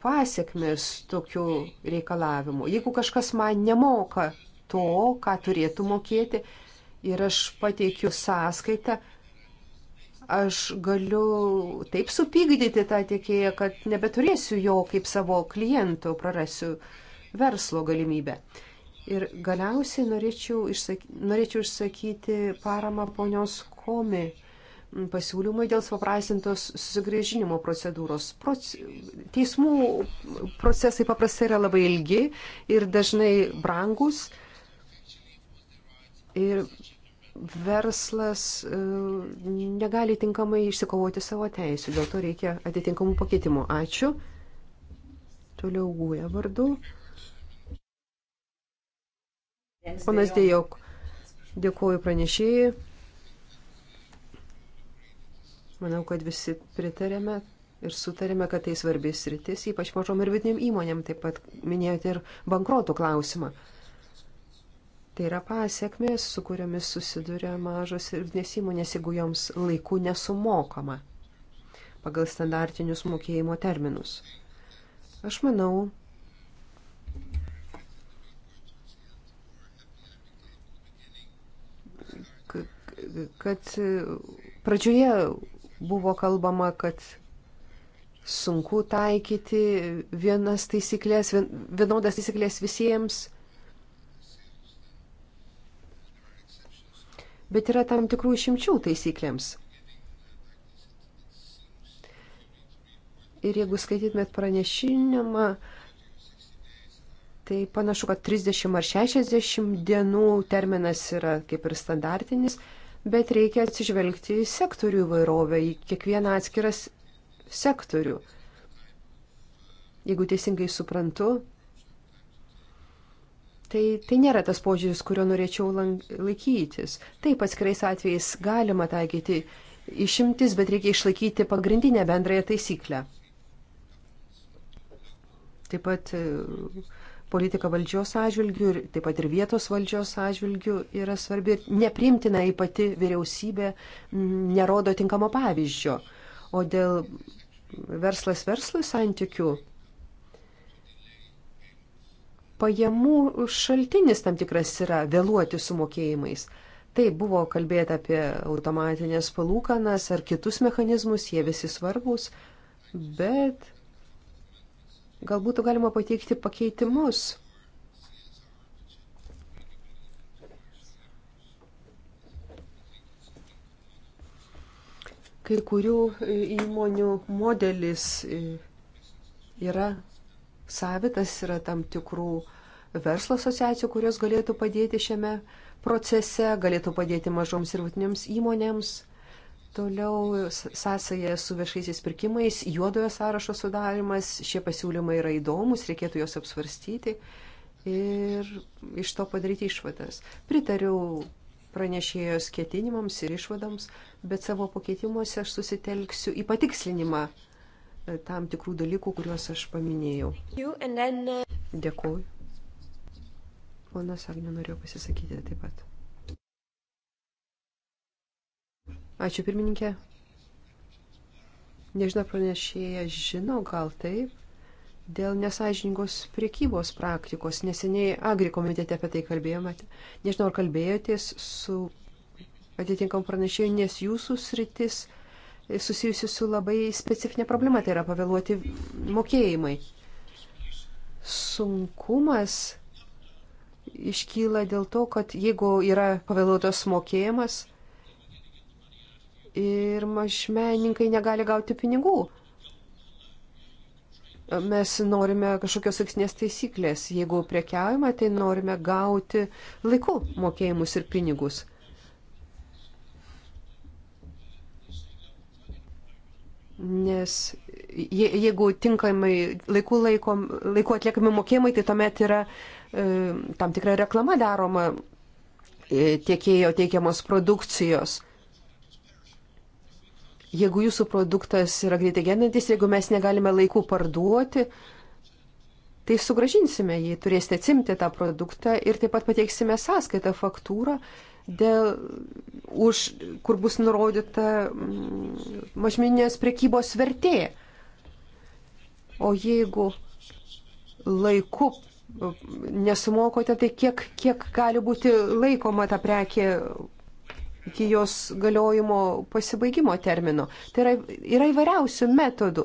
pasiekmes tokių reikalavimų. Jeigu kažkas man nemoka to, ką turėtų mokėti, ir aš pateikiu sąskaitą, aš galiu taip supykdyti tą tiekėją, kad nebeturėsiu jo kaip savo kliento, prarasiu verslo galimybę. Ir galiausiai norėčiau, išsaky, norėčiau išsakyti paramą ponios komi pasiūlymai dėl supaprastintos susigrėžinimo procedūros. Proce... Teismų procesai paprastai yra labai ilgi ir dažnai brangus. Ir verslas e, negali tinkamai išsikovoti savo teisų, dėl to reikia atitinkamų pakeitimų. Ačiū. Toliau guja vardu. Ponas Dėjok, dėkuoju pranešėjai. Manau, kad visi pritarėme ir sutarėme, kad tai svarbis rytis, ypač mažom ir vidiniam įmonėm, taip pat minėjote ir bankrotų klausimą. Tai yra pasiekmės, su kuriomis susiduria mažos ir vidinės įmonės, jeigu joms laiku nesumokama pagal standartinius mokėjimo terminus. Aš manau, kad pradžioje buvo kalbama, kad sunku taikyti vienas taisyklės, vienodas taisyklės visiems. Bet yra tam tikrų išimčių taisyklėms. Ir jeigu skaitytumėt pranešinimą, tai panašu, kad 30 ar 60 dienų terminas yra kaip ir standartinis, bet reikia atsižvelgti į sektorių įvairovę, į kiekvieną atskiras sektorių. Jeigu teisingai suprantu, Tai, tai nėra tas požiūris, kurio norėčiau laikytis. Taip, atskirais atvejais galima taikyti išimtis, bet reikia išlaikyti pagrindinę bendrąją taisyklę. Taip pat politika valdžios atžvilgių ir taip pat ir vietos valdžios atžvilgių yra svarbi. Neprimtina į pati vyriausybė nerodo tinkamo pavyzdžio. O dėl verslas verslui santykių pajamų šaltinis tam tikras yra vėluoti su mokėjimais. Taip buvo kalbėta apie automatinės palūkanas ar kitus mechanizmus, jie visi svarbus, bet Galbūt galima pateikti pakeitimus. Kai kurių įmonių modelis yra savitas, yra tam tikrų verslo asociacijų, kurios galėtų padėti šiame procese, galėtų padėti mažoms ir vidutinėms įmonėms. Toliau sąsaja su viešaisiais pirkimais, juodojo sąrašo sudarimas, šie pasiūlymai yra įdomus, reikėtų juos apsvarstyti ir iš to padaryti išvadas. Pritariau pranešėjos ketinimams ir išvadams, bet savo pakeitimuose aš susitelksiu į patikslinimą e, tam tikrų dalykų, kuriuos aš paminėjau. Uh, Dėkuoju. Ponas Agnė norėjo pasisakyti taip pat. Ačiū pirmininkė. Nežinau, pranešėja žino, gal taip, dėl nesažiningos priekybos praktikos. Neseniai Agri komitete apie tai kalbėjome. Nežinau, ar kalbėjotės su atitinkam pranešėjų, nes jūsų sritis susijusi su labai specifinė problema, tai yra pavėluoti mokėjimai. Sunkumas iškyla dėl to, kad jeigu yra pavėluotas mokėjimas, ir mažmenininkai negali gauti pinigų. Mes norime kažkokios aksnės taisyklės. Jeigu prekiaujame, tai norime gauti laiku mokėjimus ir pinigus. Nes je, jeigu tinkamai laiku, laikom, laiku atliekami mokėjimai, tai tuomet yra e, tam tikra reklama daroma e, tiekėjo teikiamos produkcijos. Jeigu jūsų produktas yra greitai gendantis, jeigu mes negalime laiku parduoti, tai sugražinsime jį, turėsite atsimti tą produktą ir taip pat pateiksime sąskaitą, faktūrą, dėl, už, kur bus nurodyta mm, mažminės prekybos vertė. O jeigu laiku mm, nesumokote, tai kiek, kiek gali būti laikoma ta prekė iki jos galiojimo pasibaigimo termino. Tai yra, yra įvairiausių metodų.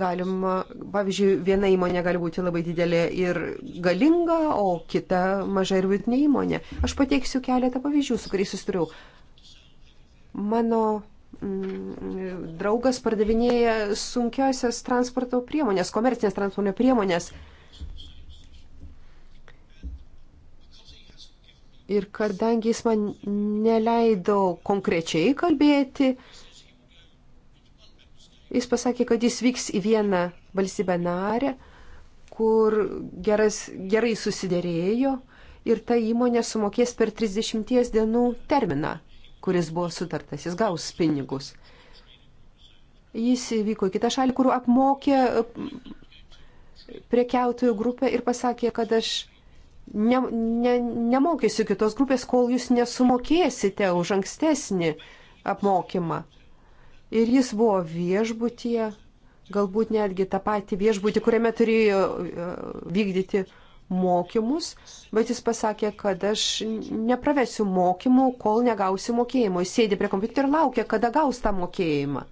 Galima, pavyzdžiui, viena įmonė gali būti labai didelė ir galinga, o kita maža ir vidutinė įmonė. Aš pateiksiu keletą pavyzdžių, su kuriais susituriu. Mano mm, draugas pardavinėja sunkiasias transporto priemonės, komercinės transporto priemonės Ir kadangi jis man neleido konkrečiai kalbėti, jis pasakė, kad jis vyks į vieną valstybę narę, kur geras, gerai susidėrėjo ir ta įmonė sumokės per 30 dienų terminą, kuris buvo sutartas, jis gaus pinigus. Jis vyko į kitą šalį, kur apmokė prekiautojų grupę ir pasakė, kad aš ne, ne, nemokysiu kitos grupės, kol jūs nesumokėsite už ankstesnį apmokymą. Ir jis buvo viešbutyje, galbūt netgi tą patį viešbutį, kuriame turėjo e, vykdyti mokymus, bet jis pasakė, kad aš nepravesiu mokymų, kol negausiu mokėjimo. Jis sėdi prie kompiuterio ir laukia, kada gaus tą mokėjimą.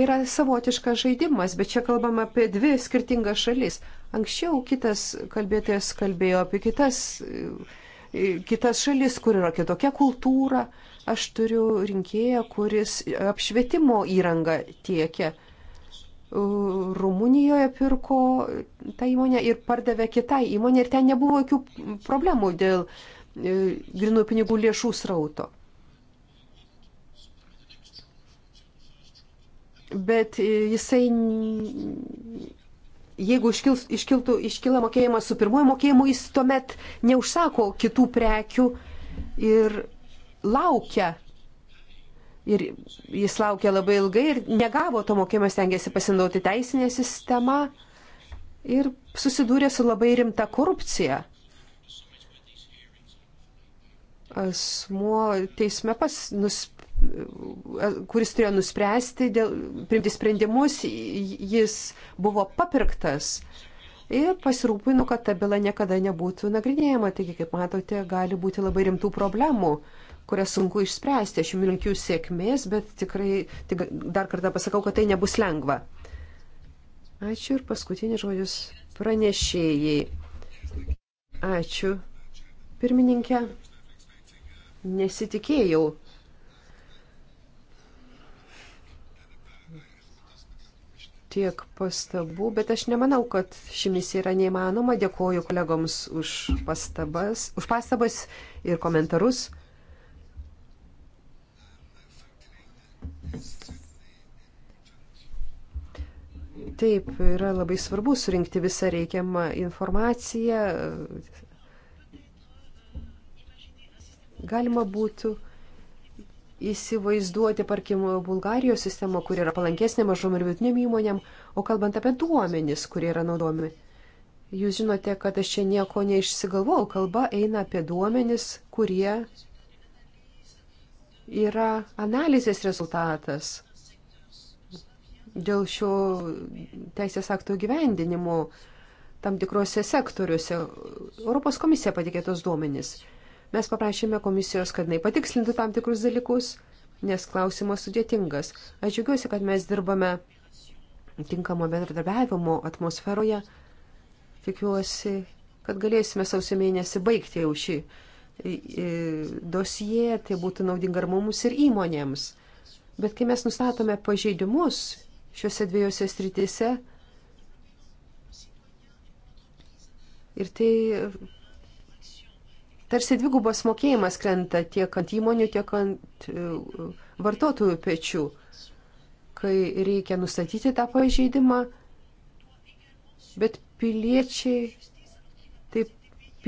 Tai yra savotiškas žaidimas, bet čia kalbam apie dvi skirtingas šalis. Anksčiau kitas kalbėtojas kalbėjo apie kitas, e, kitas šalis, kur yra kitokia kultūra. Aš turiu rinkėją, kuris apšvietimo įrangą tiekia. Rumunijoje pirko tą įmonę ir pardavė kitai įmonė ir ten nebuvo jokių problemų dėl e, grinų pinigų lėšų srauto. bet e, jisai, jeigu iškils, iškiltų, iškila mokėjimas su pirmuoju mokėjimu, jis tuomet neužsako kitų prekių ir laukia. Ir jis laukia labai ilgai ir negavo to mokėjimo, stengiasi pasinaudoti teisinę sistemą ir susidūrė su labai rimta korupcija. Asmuo teisme pas, nus, kuris turėjo nuspręsti, dėl, priimti sprendimus, jis buvo papirktas ir pasirūpino, kad ta byla niekada nebūtų nagrinėjama. Taigi, kaip matote, gali būti labai rimtų problemų, kurias sunku išspręsti. Aš jums linkiu sėkmės, bet tikrai tik dar kartą pasakau, kad tai nebus lengva. Ačiū ir paskutinis žodis pranešėjai. Ačiū. Pirmininkė, nesitikėjau tiek pastabų, bet aš nemanau, kad ši misija yra neįmanoma. Dėkuoju kolegoms už pastabas, už pastabas ir komentarus. Taip, yra labai svarbu surinkti visą reikiamą informaciją. Galima būtų įsivaizduoti, tarkim, Bulgarijos sistemą, kur yra palankesnė mažom ir vidutiniam įmonėm, o kalbant apie duomenis, kurie yra naudojami. Jūs žinote, kad aš čia nieko neišsigalvau, kalba eina apie duomenis, kurie yra analizės rezultatas dėl šio teisės akto gyvendinimo tam tikrose sektoriuose. Europos komisija patikė tos duomenys. Mes paprašėme komisijos, kad jinai patikslintų tam tikrus dalykus, nes klausimas sudėtingas. Aš džiaugiuosi, kad mes dirbame tinkamo bendradarbiavimo atmosferoje. Tikiuosi, kad galėsime sausio mėnesį baigti jau šį e, e, dosiją, tai būtų naudinga ir mums, ir įmonėms. Bet kai mes nustatome pažeidimus šiuose dviejose sritise, ir tai tarsi dvigubas mokėjimas krenta tiek ant įmonių, tiek ant e, vartotojų pečių, kai reikia nustatyti tą pažeidimą, bet piliečiai, taip,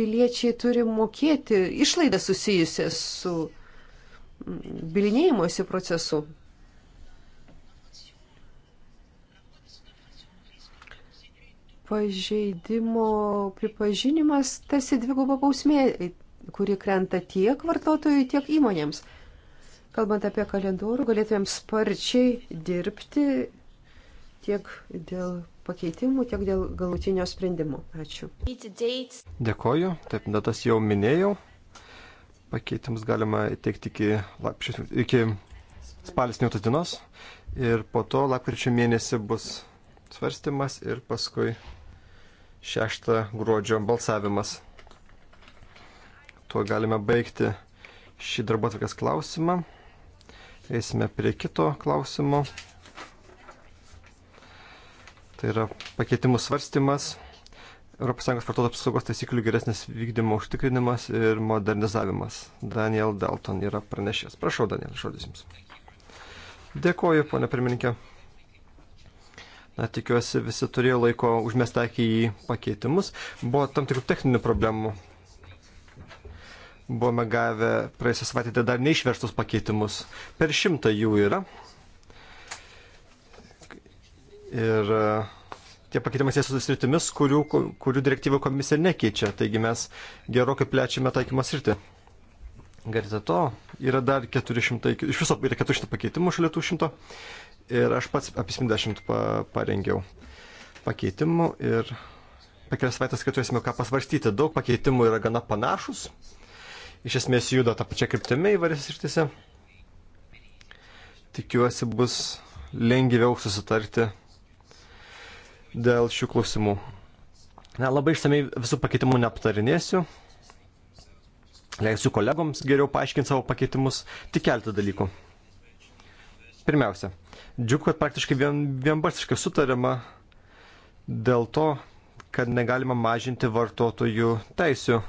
piliečiai turi mokėti išlaidą susijusią su mm, bilinėjimuose procesu. Pažeidimo pripažinimas tarsi dviguba bausmė kuri krenta tiek vartotojui, tiek įmonėms. Kalbant apie kalendorų, galėtumėm sparčiai dirbti tiek dėl pakeitimų, tiek dėl galutinio sprendimo. Ačiū. Dėkoju, taip, datas jau minėjau. Pakeitimus galima teikti iki, lapšis, iki spalis neutos dienos ir po to lapkričio mėnesį bus svarstymas ir paskui 6 gruodžio balsavimas. Tuo galime baigti šį darbo atvarkės klausimą. Eisime prie kito klausimo. Tai yra pakeitimų svarstymas, ES vartotojų apsaugos taisyklių geresnis vykdymo užtikrinimas ir modernizavimas. Daniel Dalton yra pranešęs. Prašau, Daniel, žodis jums. Dėkoju, ponė pirmininkė. Na, tikiuosi, visi turėjo laiko užmestakį į pakeitimus. Buvo tam tikrų techninių problemų Buvome gavę praėjusią savaitę dar neišverstus pakeitimus. Per šimtą jų yra. Ir e, tie pakeitimai sės su sritimis, kurių, kurių direktyvų komisija nekeičia. Taigi mes gerokai plečiame taikymą sritį. Garita to, yra dar 400, iš viso yra 400 pakeitimų šalia tų 100 ir aš pats apie 70 pa, parengiau pakeitimų ir per kelias savaitės turėsime ką pasvarstyti. Daug pakeitimų yra gana panašus, iš esmės juda tą pačią kryptimį įvairiose ištise. Tikiuosi bus lengviau susitarti dėl šių klausimų. Na, labai išsamei visų pakeitimų neaptarinėsiu. Leisiu kolegoms geriau paaiškinti savo pakeitimus. Tik keletą dalykų. Pirmiausia, džiugu, kad praktiškai vien, vienbarsiškai sutarima dėl to, kad negalima mažinti vartotojų teisių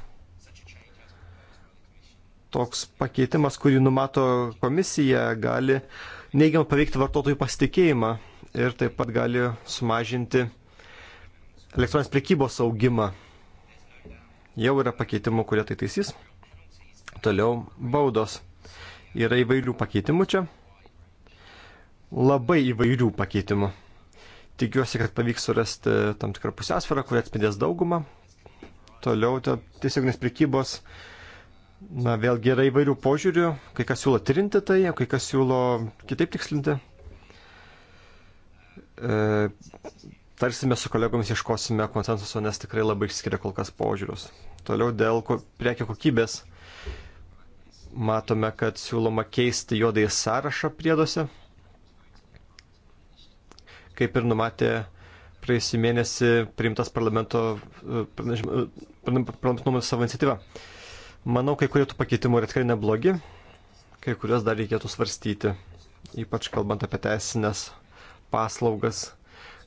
toks pakeitimas, kurį numato komisija, gali neigiamai paveikti vartotojų pasitikėjimą ir taip pat gali sumažinti elektroninės prekybos augimą. Jau yra pakeitimų, kurie tai taisys. Toliau baudos. Yra įvairių pakeitimų čia. Labai įvairių pakeitimų. Tikiuosi, kad pavyks surasti tam tikrą pusiausvyrą, kuri atspindės daugumą. Toliau tiesioginės prekybos uh, Na, vėlgi yra įvairių požiūrių, kai kas siūlo trinti tai, kai kas siūlo kitaip tikslinti. E, tarsime su kolegomis ieškosime konsensuso, nes tikrai labai išskiria kol kas požiūrius. Toliau dėl ko, priekio kokybės matome, kad siūloma keisti juodąjį sąrašą prieduose. Kaip ir numatė praėjusį mėnesį priimtas parlamento e, pranešimas e, savo iniciatyvą. E, Manau, kai kurie tų pakeitimų yra tikrai neblogi, kai kuriuos dar reikėtų svarstyti, ypač kalbant apie teisinės paslaugas,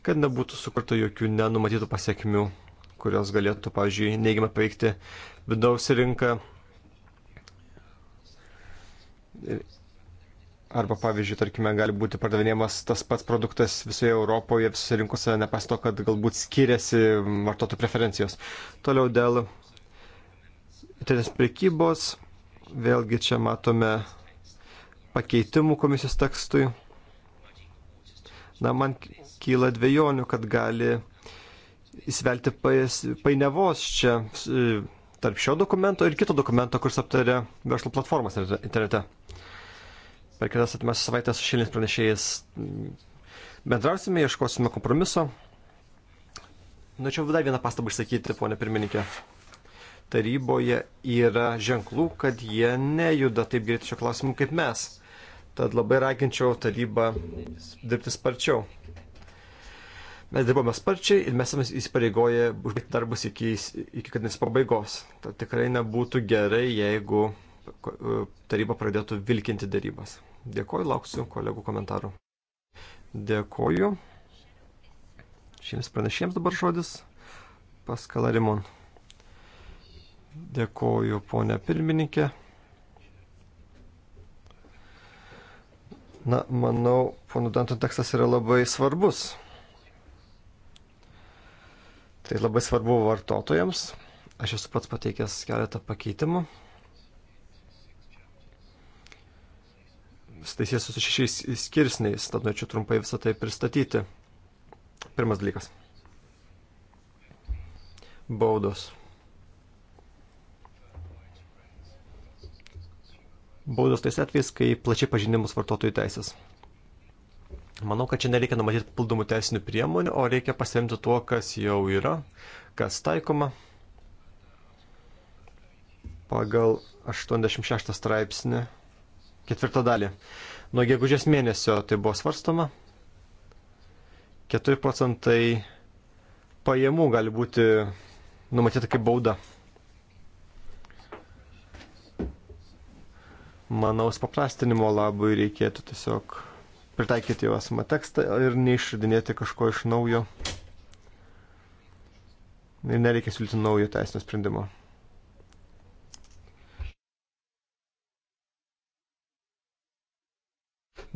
kad nebūtų sukurta jokių nenumatytų pasiekmių, kurios galėtų, pavyzdžiui, neigiamai paveikti vidaus rinką. Arba, pavyzdžiui, tarkime, gali būti pardavinėjamas tas pats produktas visoje Europoje, visose rinkose, nepasto, kad galbūt skiriasi vartotojų preferencijos. Toliau dėl internetinės prekybos. Vėlgi čia matome pakeitimų komisijos tekstui. Na, man kyla dviejonių, kad gali įsivelti painiavos čia e, tarp šio dokumento ir kito dokumento, kuris aptarė verslo platformas internete. Per kitas atmes savaitės su šiliniais pranešėjais bendrausime, ieškosime kompromiso. Norėčiau nu, dar vieną pastabą išsakyti, ponė pirmininkė taryboje yra ženklų, kad jie nejuda taip greit šio klausimu kaip mes. Tad labai raginčiau tarybą dirbti sparčiau. Mes dirbame sparčiai ir mes esame įsipareigoję užbaigti darbus iki, iki kadencijos pabaigos. Tad tikrai nebūtų gerai, jeigu e, taryba pradėtų vilkinti darybas. Dėkoju, lauksiu kolegų komentarų. Dėkoju. Šiems pranešėjams dabar žodis. Paskala Rimon. Dėkoju, ponė pirmininkė. Na, manau, pono Danton tekstas yra labai svarbus. Tai labai svarbu vartotojams. Aš esu pats pateikęs keletą pakeitimų. Staisės su šešiais skirsniais, tad norėčiau trumpai visą tai pristatyti. Pirmas dalykas. Baudos. baudos tais atvejais, kai plačiai pažinimus vartotojų teisės. Manau, kad čia nereikia numatyti papildomų teisinių priemonių, o reikia pasiremti tuo, kas jau yra, kas taikoma. Pagal 86 straipsnį, ketvirtą dalį. Nuo gegužės mėnesio tai buvo svarstama. 4 procentai pajamų gali būti numatyta kaip bauda. manau, paprastinimo labui reikėtų tiesiog pritaikyti jau esamą tekstą ir neišradinėti kažko iš naujo. Ir nereikia siūlyti naujo teisinio sprendimo.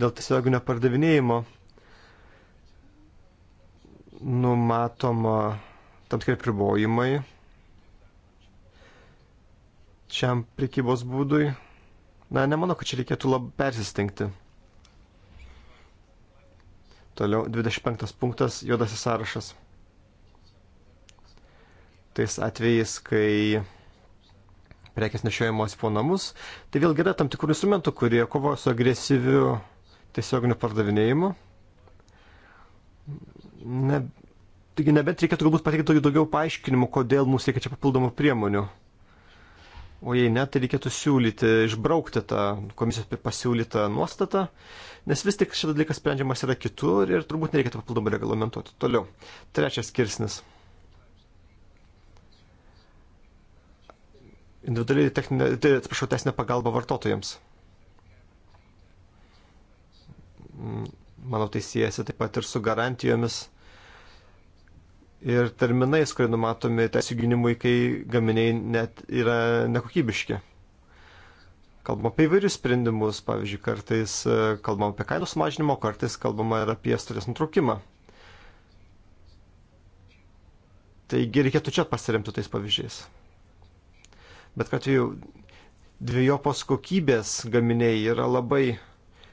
Dėl tiesioginio pardavinėjimo numatoma tam tikrai pribojimai šiam prikybos būdui Na, nemanau, kad čia reikėtų labai persistengti. Toliau 25 punktas, juodasis sąrašas. Tais atvejais, kai prekės nešiojamos po namus, tai vėlgi yra tam tikrų instrumentų, kurie kovoja su agresyviu tiesioginiu pardavinėjimu. Ne, taigi nebent reikėtų galbūt pateikti daugiau paaiškinimų, kodėl mums reikia čia papildomų priemonių. O jei ne, tai reikėtų siūlyti, išbraukti tą komisijos pasiūlytą nuostatą, nes vis tik šis dalykas sprendžiamas yra kitur ir turbūt nereikėtų papildomai reglamentuoti. Toliau. Trečias skirsnis. Individualiai techninė, tai atsiprašau, teisinė pagalba vartotojams. Mm, manau, tai siejasi taip pat ir su garantijomis ir terminais, kurie numatomi teisų gynimui, kai gaminiai net yra nekokybiški. Kalbam apie įvairius sprendimus, pavyzdžiui, kartais e, kalbam apie kainų sumažinimo, kartais kalbama ir apie stovės nutraukimą. Taigi reikėtų čia pasiremti tais pavyzdžiais. Bet kad jau dviejopos kokybės gaminiai yra labai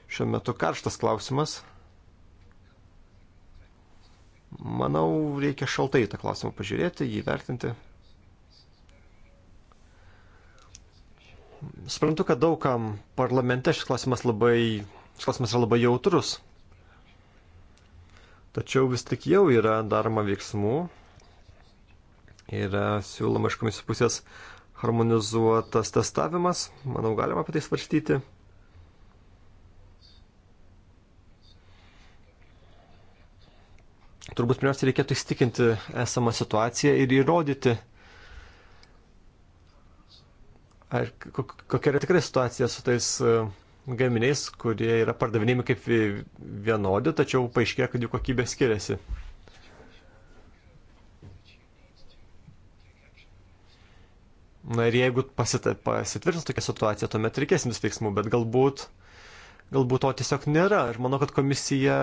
šiuo metu karštas klausimas. Manau, reikia šaltai tą klausimą pažiūrėti, jį vertinti. Suprantu, kad daugam parlamente šis klausimas, labai, šis klausimas yra labai jautrus. Tačiau vis tik jau yra daroma veiksmų. Yra siūloma iš komisijos pusės harmonizuotas testavimas. Manau, galima apie tai svarstyti. turbūt pirmiausia reikėtų įstikinti esamą situaciją ir įrodyti, ar kokia yra tikra situacija su tais e, gaminiais, kurie yra pardavinėjami kaip vienodi, tačiau paaiškėja, kad jų kokybė skiriasi. Na ir jeigu pasita, pasitvirtins tokia situacija, tuomet reikės imtis veiksmų, bet galbūt, galbūt to tiesiog nėra. Aš manau, kad komisija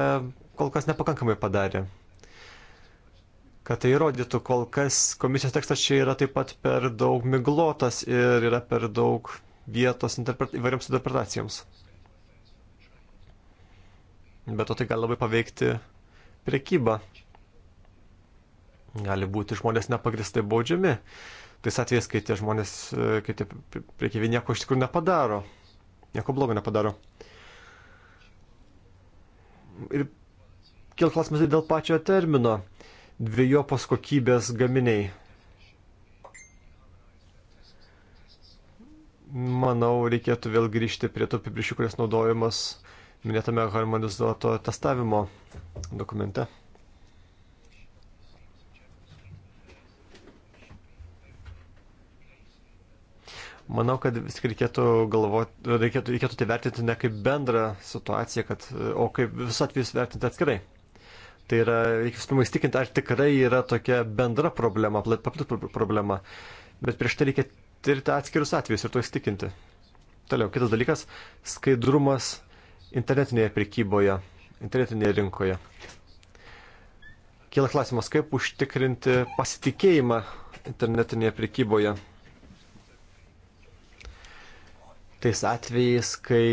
kol kas nepakankamai padarė kad tai įrodytų. Kol kas komisijos tekstas čia yra taip pat per daug miglotas ir yra per daug vietos interpret įvairioms interpretacijoms. Bet to tai gali labai paveikti priekybą. Gali būti žmonės nepagristai baudžiami. Tais atvejais, kai tie žmonės, kai tie priekyviai nieko iš tikrųjų nepadaro. Nieko blogo nepadaro. Ir kėl klausimas dėl pačio termino dviejopos kokybės gaminiai. Manau, reikėtų vėl grįžti prie to apibrišių, kurias naudojamas minėtame harmonizuoto testavimo dokumente. Manau, kad vis tik reikėtų galvoti, reikėtų, reikėtų tai vertinti ne kaip bendrą situaciją, kad, o kaip visą atvejus vertinti atskirai. Tai yra, reikia visų pirma įstikinti, ar tikrai yra tokia bendra problema, paplitus problema. Bet prieš tai reikia tirti atskirus atvejus ir to įstikinti. Toliau, kitas dalykas - skaidrumas internetinėje prekyboje, internetinėje rinkoje. Kila klausimas, kaip užtikrinti pasitikėjimą internetinėje prekyboje. Tais atvejais, kai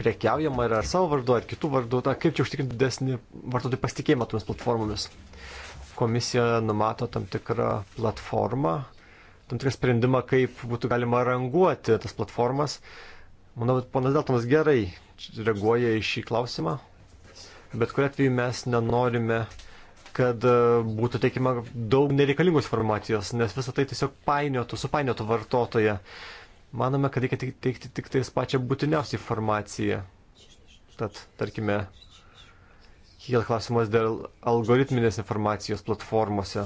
prekiaujama ir ar savo vardu, ar kitų vardu, na, kaip čia užtikrinti didesnį vartotojų pasitikėjimą tomis platformomis. Komisija numato tam tikrą platformą, tam tikrą sprendimą, kaip būtų galima ranguoti tas platformas. Manau, ponas Deltonas gerai reaguoja į šį klausimą, bet kuriu atveju mes nenorime kad e, būtų teikiama daug nereikalingos informacijos, nes visą tai tiesiog painiotų, supainiotų vartotoje. Uh, Manome, kad reikia teikti tik tais pačią būtiniausią informaciją. Tad, tarkime, kyla klausimas dėl algoritminės informacijos platformose.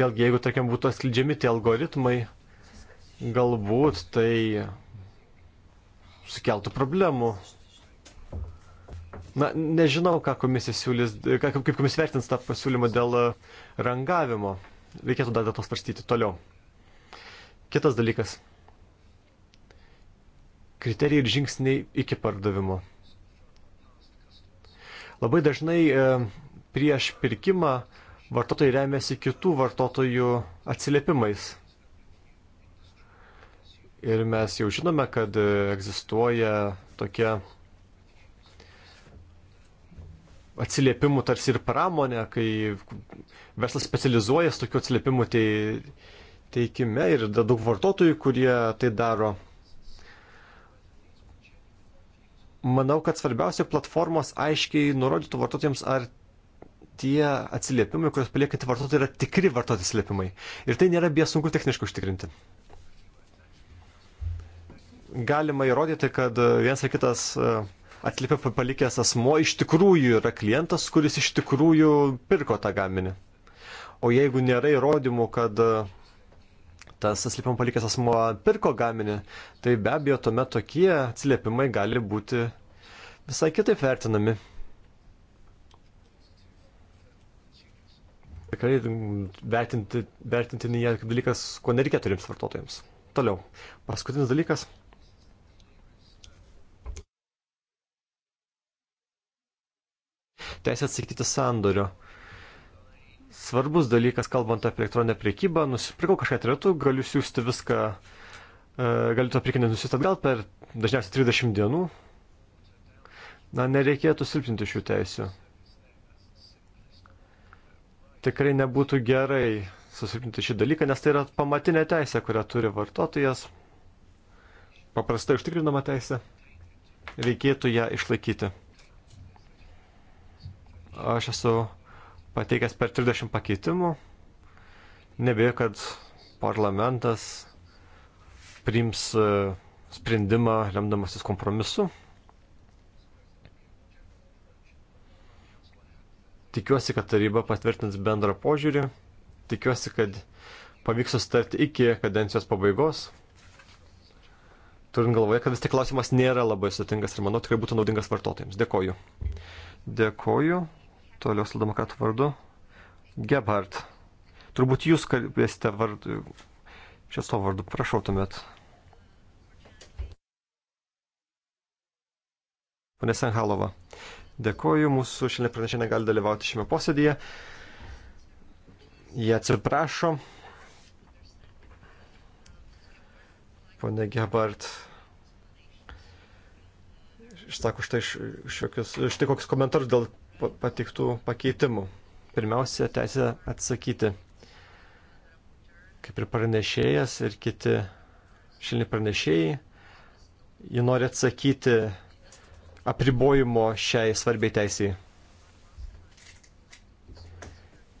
Vėlgi, jeigu, tarkim, būtų atskleidžiami tie algoritmai, galbūt tai sukeltų problemų. Na, nežinau, ką komisija siūlys, kaip komisija vertins tą pasiūlymą dėl rangavimo. Reikėtų dar dėl to svarstyti toliau. Kitas dalykas. Kriterijai ir žingsniai iki pardavimo. Labai dažnai e, prieš pirkimą vartotojai remiasi kitų vartotojų atsiliepimais. Ir mes jau žinome, kad e, egzistuoja tokia atsiliepimų tarsi ir pramonė, kai verslas specializuojas tokių atsiliepimų tei, teikime ir daug vartotojų, kurie tai daro. Manau, kad svarbiausia platformos aiškiai nurodytų vartotojams, ar tie atsiliepimai, kuriuos paliekanti vartotojai, yra tikri vartotojai atsiliepimai. Ir tai nėra bie sunku techniškai užtikrinti. Galima įrodyti, kad vienas ar kitas e, atsiliepimą palikęs asmo iš tikrųjų yra klientas, kuris iš tikrųjų pirko tą gaminį. O jeigu nėra įrodymų, kad tas atsiliepimą palikęs asmuo pirko gaminį, tai be abejo tuomet tokie atsiliepimai gali būti visai kitaip vertinami. Tikrai vertinti, vertintini jie kaip dalykas, ko nereikia turiems vartotojams. Toliau. Paskutinis dalykas. Teisė atsakyti sandorio svarbus dalykas, kalbant apie elektroninę priekybą. Nusipirkau kažką turėtų, galiu siūsti viską, e, galiu tą priekinį nusiųsti atgal per dažniausiai 30 dienų. Na, nereikėtų silpninti šių teisių. Tikrai nebūtų gerai susilpninti šį dalyką, nes tai yra pamatinė teisė, kurią turi vartotojas. Paprastai užtikrinama teisė. Reikėtų ją išlaikyti. Aš esu pateikęs per 30 pakeitimų. Nebėjau, kad parlamentas priims e, sprendimą remdamasis kompromisu. Tikiuosi, kad taryba patvirtins bendrą požiūrį. Tikiuosi, kad pavyks sustarti iki kadencijos pabaigos. Turint galvoje, kad vis tik klausimas nėra labai sutingas ir manau tikrai būtų naudingas vartotojams. Dėkoju. Dėkoju. Toliau Saldemokratų vardu. Gebhardt. Turbūt jūs kalbėsite vardu. Čia savo vardu. Prašau tuomet. Pane Senhalova. Dėkoju, mūsų šiandien pranešė negali dalyvauti šiame posėdėje. Jie atsiprašo. Pone Gebart. Išsako štai, šiokius, štai kokius komentarus dėl patiktų pakeitimų. Pirmiausia, teisė atsakyti. Kaip ir pranešėjas ir kiti šilni pranešėjai, ji nori atsakyti apribojimo šiai svarbiai teisiai.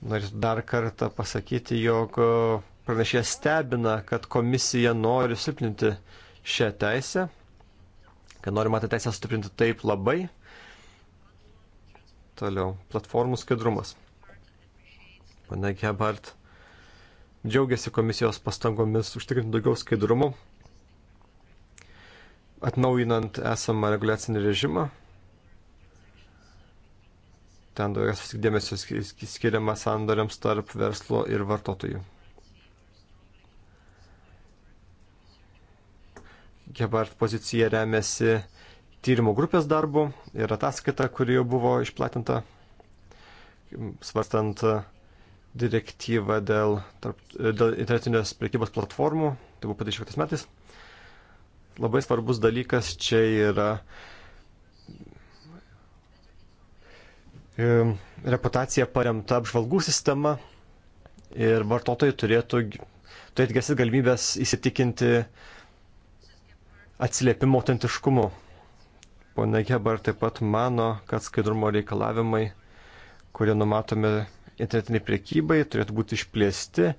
Noriu dar kartą pasakyti, jog pranešėjas stebina, kad komisija nori silpninti šią teisę, kad nori matyti teisę stiprinti taip labai, Toliau, platformų skaidrumas. Pane Gebhardt džiaugiasi komisijos pastangomis užtikrinti daugiau skaidrumo, atnaujinant esamą reguliacinį režimą. Ten daugiausiai dėmesio skiriama sandoriams tarp verslo ir vartotojų. Gebhardt pozicija remiasi tyrimo grupės darbu ir ataskaita, kuri jau buvo išplatinta, svarstant direktyvą dėl, tarp, dėl internetinės prekybos platformų, tai buvo padaryšiokas metais. Labai svarbus dalykas čia yra reputacija paremta apžvalgų sistema ir vartotojai turėtų turėti gestis galimybės įsitikinti atsiliepimo autentiškumu Pone Gebar taip pat mano, kad skaidrumo reikalavimai, kurie numatome internetiniai priekybai, turėtų būti išplėsti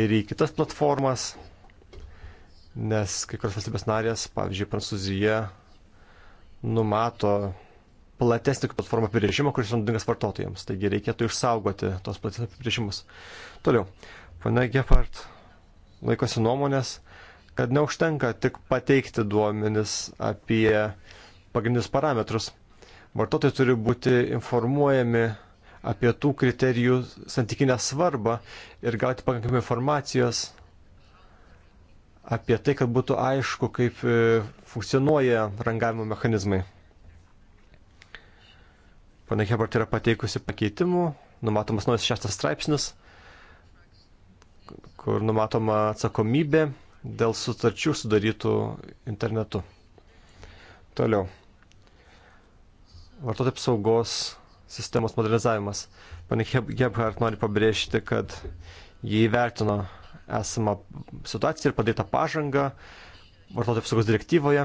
ir į kitas platformas, nes kai kurios valstybės narės, pavyzdžiui, Prancūzija, numato platesnį platformą apibrėžimą, kuris yra naudingas vartotojams. Taigi reikėtų išsaugoti tos platesnius apibrėžimus. Toliau, pane Gepard laikosi nuomonės, kad neužtenka tik pateikti duomenis apie pagrindinius parametrus. Vartotojai turi būti informuojami apie tų kriterijų santykinę svarbą ir gauti pakankamai informacijos apie tai, kad būtų aišku, kaip e, funkcionuoja rangavimo mechanizmai. Pane Hebert yra pateikusi pakeitimų, numatomas naujas šeštas straipsnis, kur numatoma atsakomybė dėl sutarčių sudarytų internetu. Toliau. Vartotojų apsaugos sistemos modernizavimas. Pane Gebhardt nori pabrėžti, kad jį įvertino esamą situaciją ir padarytą pažangą vartotojų apsaugos direktyvoje.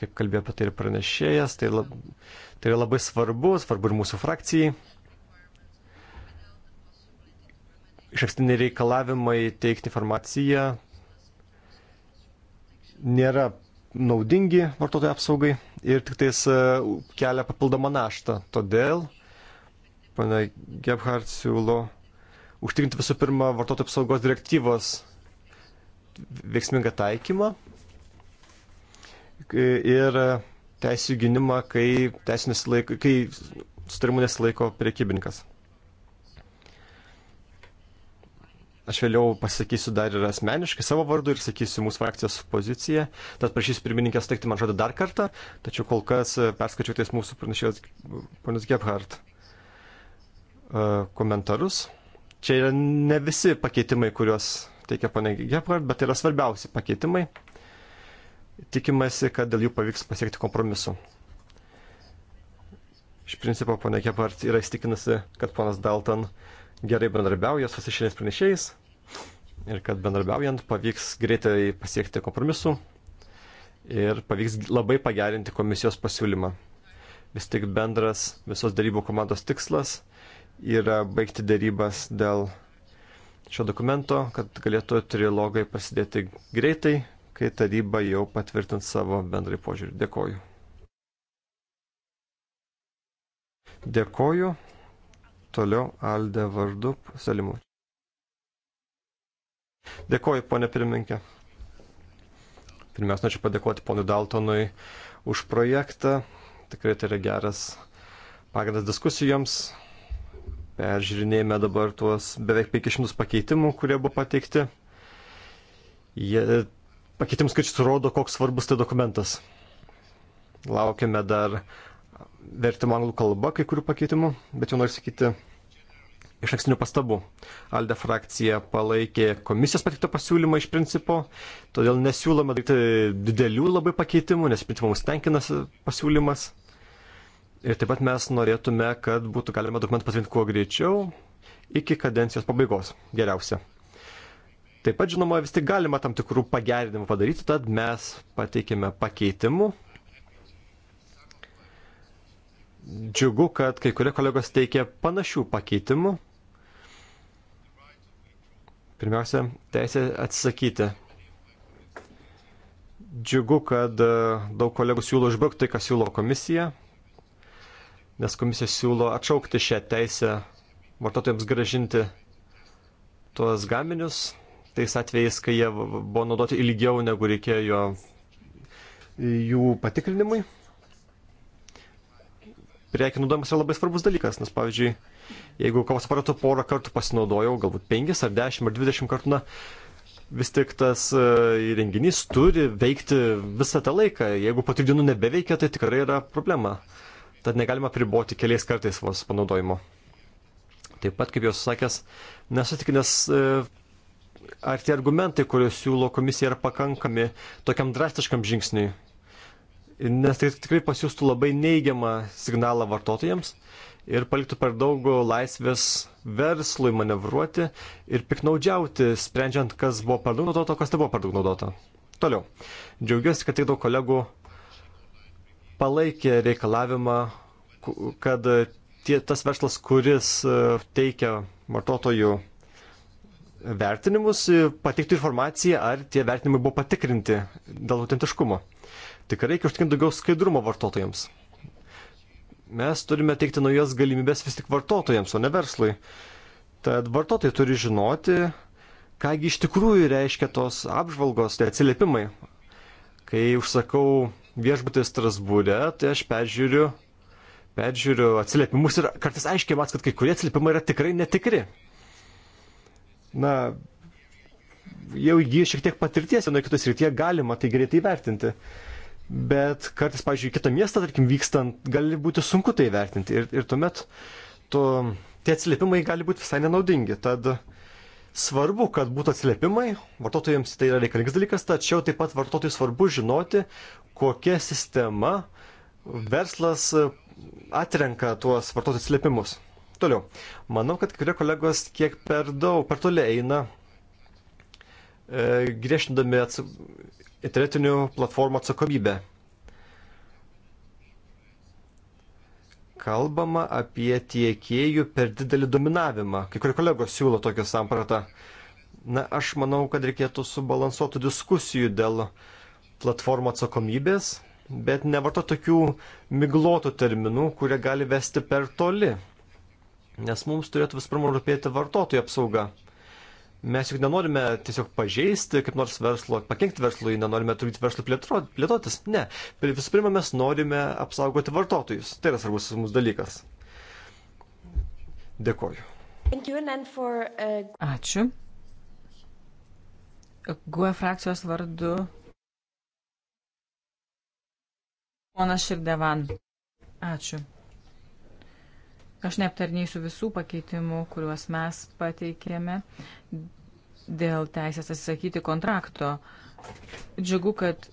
Kaip kalbėjo apie tai ir pranešėjas, tai, lab, tai yra labai svarbu, svarbu ir mūsų frakcijai. Išankstiniai reikalavimai teikti informaciją nėra naudingi vartotojų apsaugai ir tik tais e, kelia papildomą naštą. Todėl, pana Gebhardt siūlo užtikrinti visų pirma vartotojų apsaugos direktyvos veiksmingą taikymą ir teisų gynimą, kai, laiko, kai sutarimų nesilaiko priekybininkas. Aš vėliau pasakysiu dar ir asmeniškai savo vardu ir sakysiu mūsų frakcijos poziciją. Tad prašysiu pirmininkės sutikti man žodį dar kartą, tačiau kol kas e, perskačiau ties mūsų pranešėjos ponios Gebhardt e, komentarus. Čia yra ne visi pakeitimai, kuriuos teikia ponia Gebhardt, bet yra svarbiausi pakeitimai. Tikimasi, kad dėl jų pavyks pasiekti kompromisu. Iš principo, ponia Gebhardt yra įstikinusi, kad ponas Dalton uh, gerai bendarbiauja su šešėliais pranešėjais ir kad bendarbiaujant pavyks greitai pasiekti kompromisų ir pavyks labai pagerinti komisijos pasiūlymą. Vis tik bendras visos darybų komandos tikslas yra baigti darybas dėl šio dokumento, kad galėtų trilogai prasidėti greitai, kai taryba jau patvirtins savo bendrai požiūrį. Dėkoju. Dėkoju. Toliau Alde vardu Salimų. Dėkoju, ponė pirmininkė. Pirmiausia, norėčiau padėkoti ponui Daltonui už projektą. Tikrai tai yra geras pagrindas diskusijoms. Peržiūrinėjame dabar tuos beveik 500 pakeitimų, kurie buvo pateikti. Jie, pakeitimų skaičius rodo, koks svarbus tai dokumentas. Laukiame dar vertimo anglų kalba kai kurių pakeitimų, bet jau noriu sakyti iš ankstinių pastabų. Alde frakcija palaikė komisijos patiktą pasiūlymą iš principo, todėl nesiūlome daryti didelių labai pakeitimų, nes principo mums tenkina pasiūlymas. Ir taip pat mes norėtume, kad būtų galima dokumentą patvirtinti kuo greičiau, iki kadencijos pabaigos geriausia. Taip pat, žinoma, vis tik galima tam tikrų pagerinimų padaryti, tad mes pateikėme pakeitimų džiugu, kad kai kurie kolegos teikia panašių pakeitimų. Pirmiausia, teisė atsisakyti. Džiugu, kad e, daug kolegų siūlo išbraukti tai, ką siūlo komisija, nes komisija siūlo atšaukti šią teisę vartotojams gražinti tuos gaminius, tais atvejais, kai jie buvo naudoti ilgiau negu reikėjo jų patikrinimui prekių naudojimas yra labai svarbus dalykas, nes pavyzdžiui, jeigu kavos aparatu porą kartų pasinaudojau, galbūt 5 ar 10 ar 20 kartų, na, vis tik tas e, įrenginys turi veikti visą tą laiką. Jeigu po trijų dienų nebeveikia, tai tikrai yra problema. Tad negalima priboti keliais kartais vos panaudojimo. Taip pat, kaip jau sakęs, nesutikinęs, e, ar tie argumentai, kuriuos siūlo komisija, yra pakankami tokiam drastiškam žingsniui nes tai tikrai pasiūstų labai neigiamą signalą vartotojams ir paliktų per daug laisvės verslui manevruoti ir piknaudžiauti, sprendžiant, kas buvo per daug naudota, kas nebuvo per daug naudota. Toliau. Džiaugiuosi, kad tiek daug kolegų palaikė reikalavimą, kad tie, tas verslas, kuris e, teikia vartotojų vertinimus, e, pateiktų informaciją, ar tie vertinimai buvo patikrinti dėl autentiškumo. Tik reikia užtikrinti daugiau skaidrumo vartotojams. Mes turime teikti naujas galimybės vis tik vartotojams, o ne verslui. Tad vartotojai turi žinoti, kągi iš tikrųjų reiškia tos apžvalgos, tai atsiliepimai. Kai užsakau viešbutį Strasbūrė, tai aš peržiūriu, peržiūriu atsiliepimus ir kartais aiškiai matau, kad kai kurie atsiliepimai yra tikrai netikri. Na, jau įgyju šiek tiek patirties vienoje kitoje srityje, galima tai greitai vertinti bet kartais, pavyzdžiui, kitą miestą, tarkim, vykstant, gali būti sunku tai vertinti ir, ir tuomet to, tie atsiliepimai gali būti visai nenaudingi. Tad svarbu, kad būtų atsiliepimai, vartotojams tai yra reikalingas dalykas, tačiau taip pat vartotojui svarbu žinoti, kokia sistema verslas atrenka tuos vartotojų atsiliepimus. Toliau, manau, kad kai kurie kolegos kiek per daug, per toli eina, e, griežtindami ats internetinių platformų atsakomybę. Kalbama apie tiekėjų per didelį dominavimą. Kai kurie kolegos siūlo tokią sampratą. Na, aš manau, kad reikėtų subalansuotų diskusijų dėl platformų atsakomybės, bet nevarto tokių miglotų terminų, kurie gali vesti per toli. Nes mums turėtų vis pirma rūpėti vartotojų apsauga. Mes juk nenorime tiesiog pažeisti kaip nors verslo, pakengti verslui, nenorime trukdyti verslo plėtotis. Ne. Visų pirma, mes norime apsaugoti vartotojus. Tai yra svarbus mums dalykas. Dėkoju. Uh, Ačiū. GUE frakcijos vardu. Pona Širdevan. Ačiū. Aš neaptarnėsiu visų pakeitimų, kuriuos mes pateikėme dėl teisės atsisakyti kontrakto. Džiugu, kad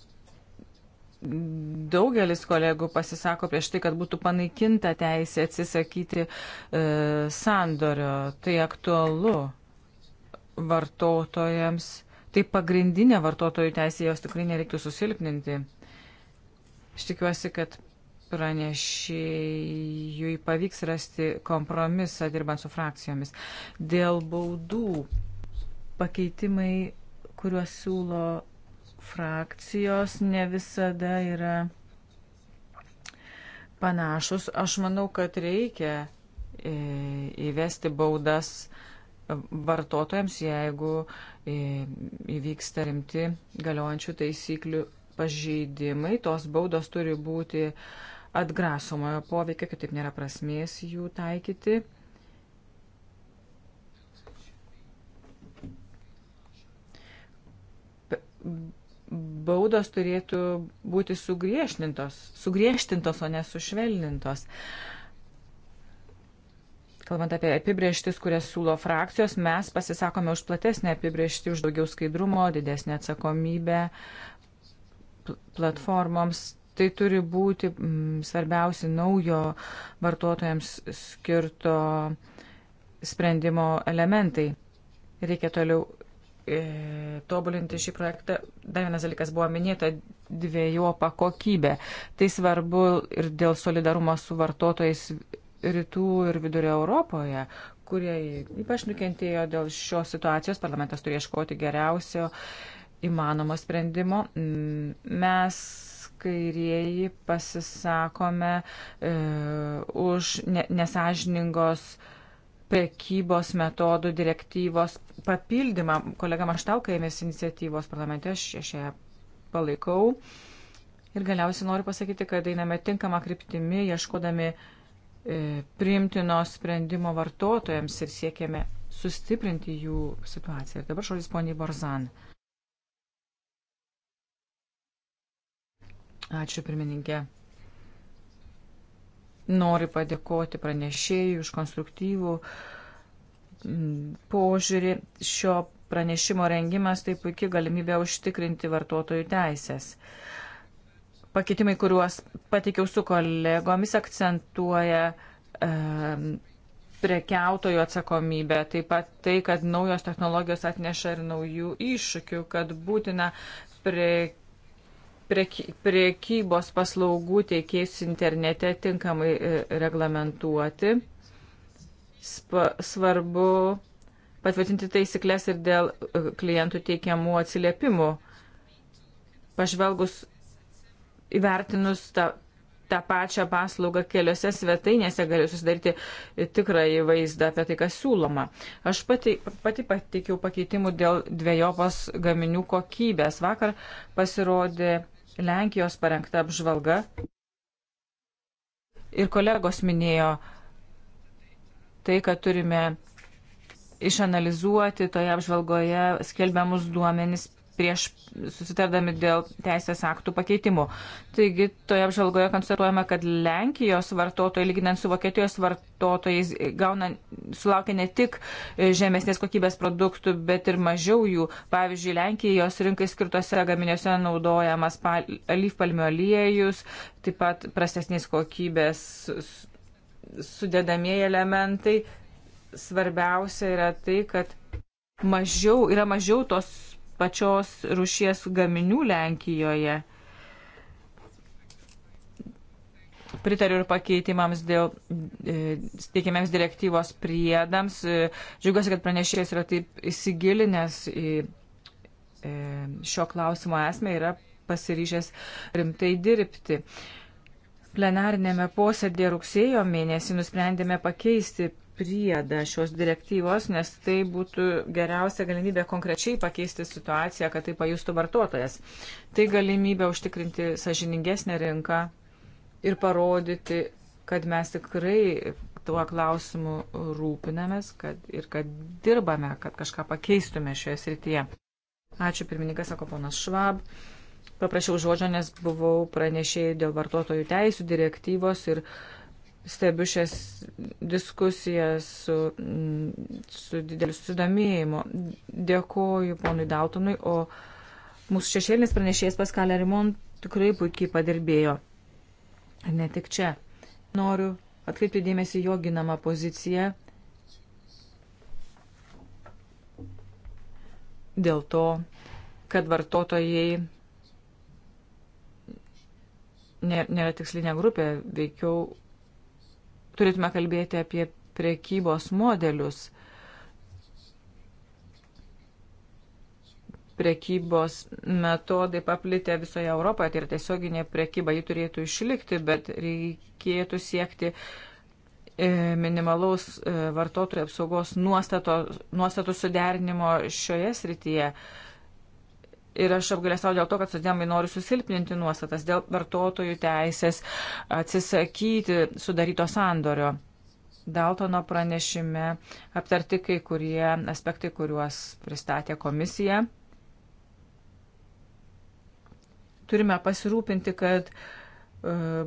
daugelis kolegų pasisako prieš tai, kad būtų panaikinta teisė atsisakyti e, sandorio. Tai aktualu vartotojams. Tai pagrindinė vartotojų teisė jos tikrai nereiktų susilpninti. Aš tikiuosi, kad pranešėjui pavyks rasti kompromisą dirbant su frakcijomis. Dėl baudų pakeitimai, kuriuos siūlo frakcijos, ne visada yra panašus. Aš manau, kad reikia e, įvesti baudas vartotojams, jeigu e, įvyksta rimti galiojančių taisyklių pažeidimai, tos baudos turi būti atgrasomojo poveikio, kitaip nėra prasmės jų taikyti. Baudos turėtų būti sugriežtintos, sugriežtintos, o ne sušvelnintos. Kalbant apie apibrieštis, kurias siūlo frakcijos, mes pasisakome už platesnį apibriešti, už daugiau skaidrumo, didesnį atsakomybę platformoms Tai turi būti mm, svarbiausi naujo vartotojams skirto sprendimo elementai. Reikia toliau e, tobulinti šį projektą. Dar vienas dalykas buvo minėta dviejopa kokybė. Tai svarbu ir dėl solidarumo su vartotojais rytų ir vidurio Europoje, kurie ypač nukentėjo dėl šios situacijos. Parlamentas turi ieškoti geriausio įmanomo sprendimo. Mm, mes kairieji pasisakome e, už ne, nesažiningos prekybos metodų direktyvos papildymą. Kolega Maštauka ėmėsi iniciatyvos parlamente, aš, aš ją palaikau. Ir galiausiai noriu pasakyti, kad einame tinkamą kryptimį, ieškodami e, priimtino sprendimo vartotojams ir siekiame sustiprinti jų situaciją. Ir dabar šalis poniai Borzan. E, Ačiū pirmininkė. Noriu padėkoti pranešėjui už konstruktyvų požiūrį. Šio pranešimo rengimas tai puikia galimybė užtikrinti vartotojų teisės. Pakeitimai, kuriuos patikiau su kolegomis, akcentuoja e, prekiautojų atsakomybę, taip pat tai, kad naujos technologijos atneša ir naujų iššūkių, kad būtina prekiautojų priekybos paslaugų teikėjus internete tinkamai e, reglamentuoti. Svarbu patvirtinti taisyklės ir dėl e, klientų teikiamų atsiliepimų. Pažvelgus įvertinus tą, tą pačią paslaugą keliose svetainėse galiu susidaryti e, tikrąjį vaizdą apie tai, kas siūloma. Aš pati, pati pateikiau pakeitimų dėl dviejopos gaminių kokybės. Vakar pasirodė Lenkijos parengta apžvalga ir kolegos minėjo tai, kad turime išanalizuoti toje apžvalgoje skelbiamus duomenis prieš susitardami dėl teisės aktų pakeitimų. Taigi toje apžvalgoje konstatuojama, kad Lenkijos vartotojai, lyginant su Vokietijos vartotojais, gauna, sulaukia ne tik žemesnės kokybės produktų, bet ir mažiau jų. Pavyzdžiui, Lenkijos rinkai skirtose gaminiuose naudojamas alyvpalmio aliejus, taip pat prastesnės kokybės sudėdamieji elementai. Svarbiausia yra tai, kad mažiau, yra mažiau tos pačios rušies gaminių Lenkijoje. Pritariu ir pakeitimams dėl e, teikiamiems direktyvos priedams. E, džiugiuosi, kad pranešėjas yra taip įsigilinęs į e, šio klausimo esmę, yra pasiryžęs rimtai dirbti. Plenarinėme posėdėje rugsėjo mėnesį nusprendėme pakeisti priedą šios direktyvos, nes tai būtų geriausia galimybė konkrečiai pakeisti situaciją, kad tai pajustų vartotojas. Tai galimybė užtikrinti sažiningesnę rinką ir parodyti, kad mes tikrai tuo klausimu rūpinamės kad, ir kad dirbame, kad kažką pakeistume šioje srityje. Ačiū pirmininkas, sako ponas Švab. Paprašiau žodžio, nes buvau pranešėjai dėl vartotojų teisų direktyvos ir uh, stebiu šias diskusijas su, mm, su dideliu susidomėjimu. Dėkoju ponui Dautonui, o mūsų šešėlinis pranešėjas Paskalė Rimon tikrai puikiai padirbėjo. Ne tik čia. Noriu atkreipti dėmesį jo ginamą poziciją. Dėl to, kad vartotojai nėra tikslinė grupė, veikiau turėtume kalbėti apie prekybos modelius. Prekybos metodai paplitę visoje Europoje, tai yra tiesioginė prekyba, ji turėtų išlikti, bet reikėtų siekti e, minimalaus e, vartotojų apsaugos nuostato, nuostatų suderinimo šioje srityje. Uh, ir aš apgalėstau dėl to, kad sudėmai nori susilpninti nuostatas dėl vartotojų teisės atsisakyti sudaryto sandorio. Daltono pranešime aptarti kai kurie aspektai, kuriuos pristatė komisija. Turime pasirūpinti, kad e,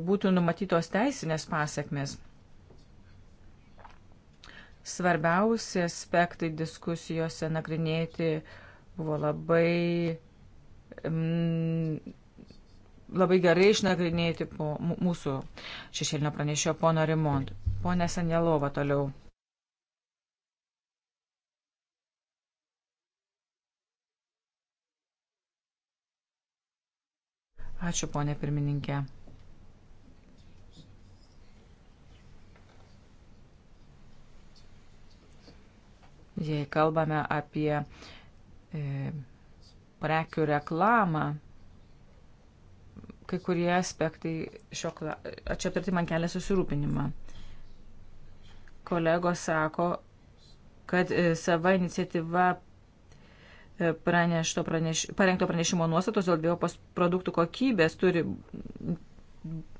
būtų numatytos teisinės pasiekmes. Svarbiausi aspektai diskusijose nagrinėti buvo labai mm, labai gerai išnagrinėti po mūsų šešėlinio pranešėjo pono Rimond. Pone Sanjelova toliau. Ačiū, ponė pirmininkė. Jei kalbame apie e, prekių reklamą, kai kurie aspektai šio atšiaptarti man kelia susirūpinimą. Kolegos sako, kad e, sava iniciatyva e, pranešto, praneš, parengto pranešimo nuostatos dėl biopos produktų kokybės turi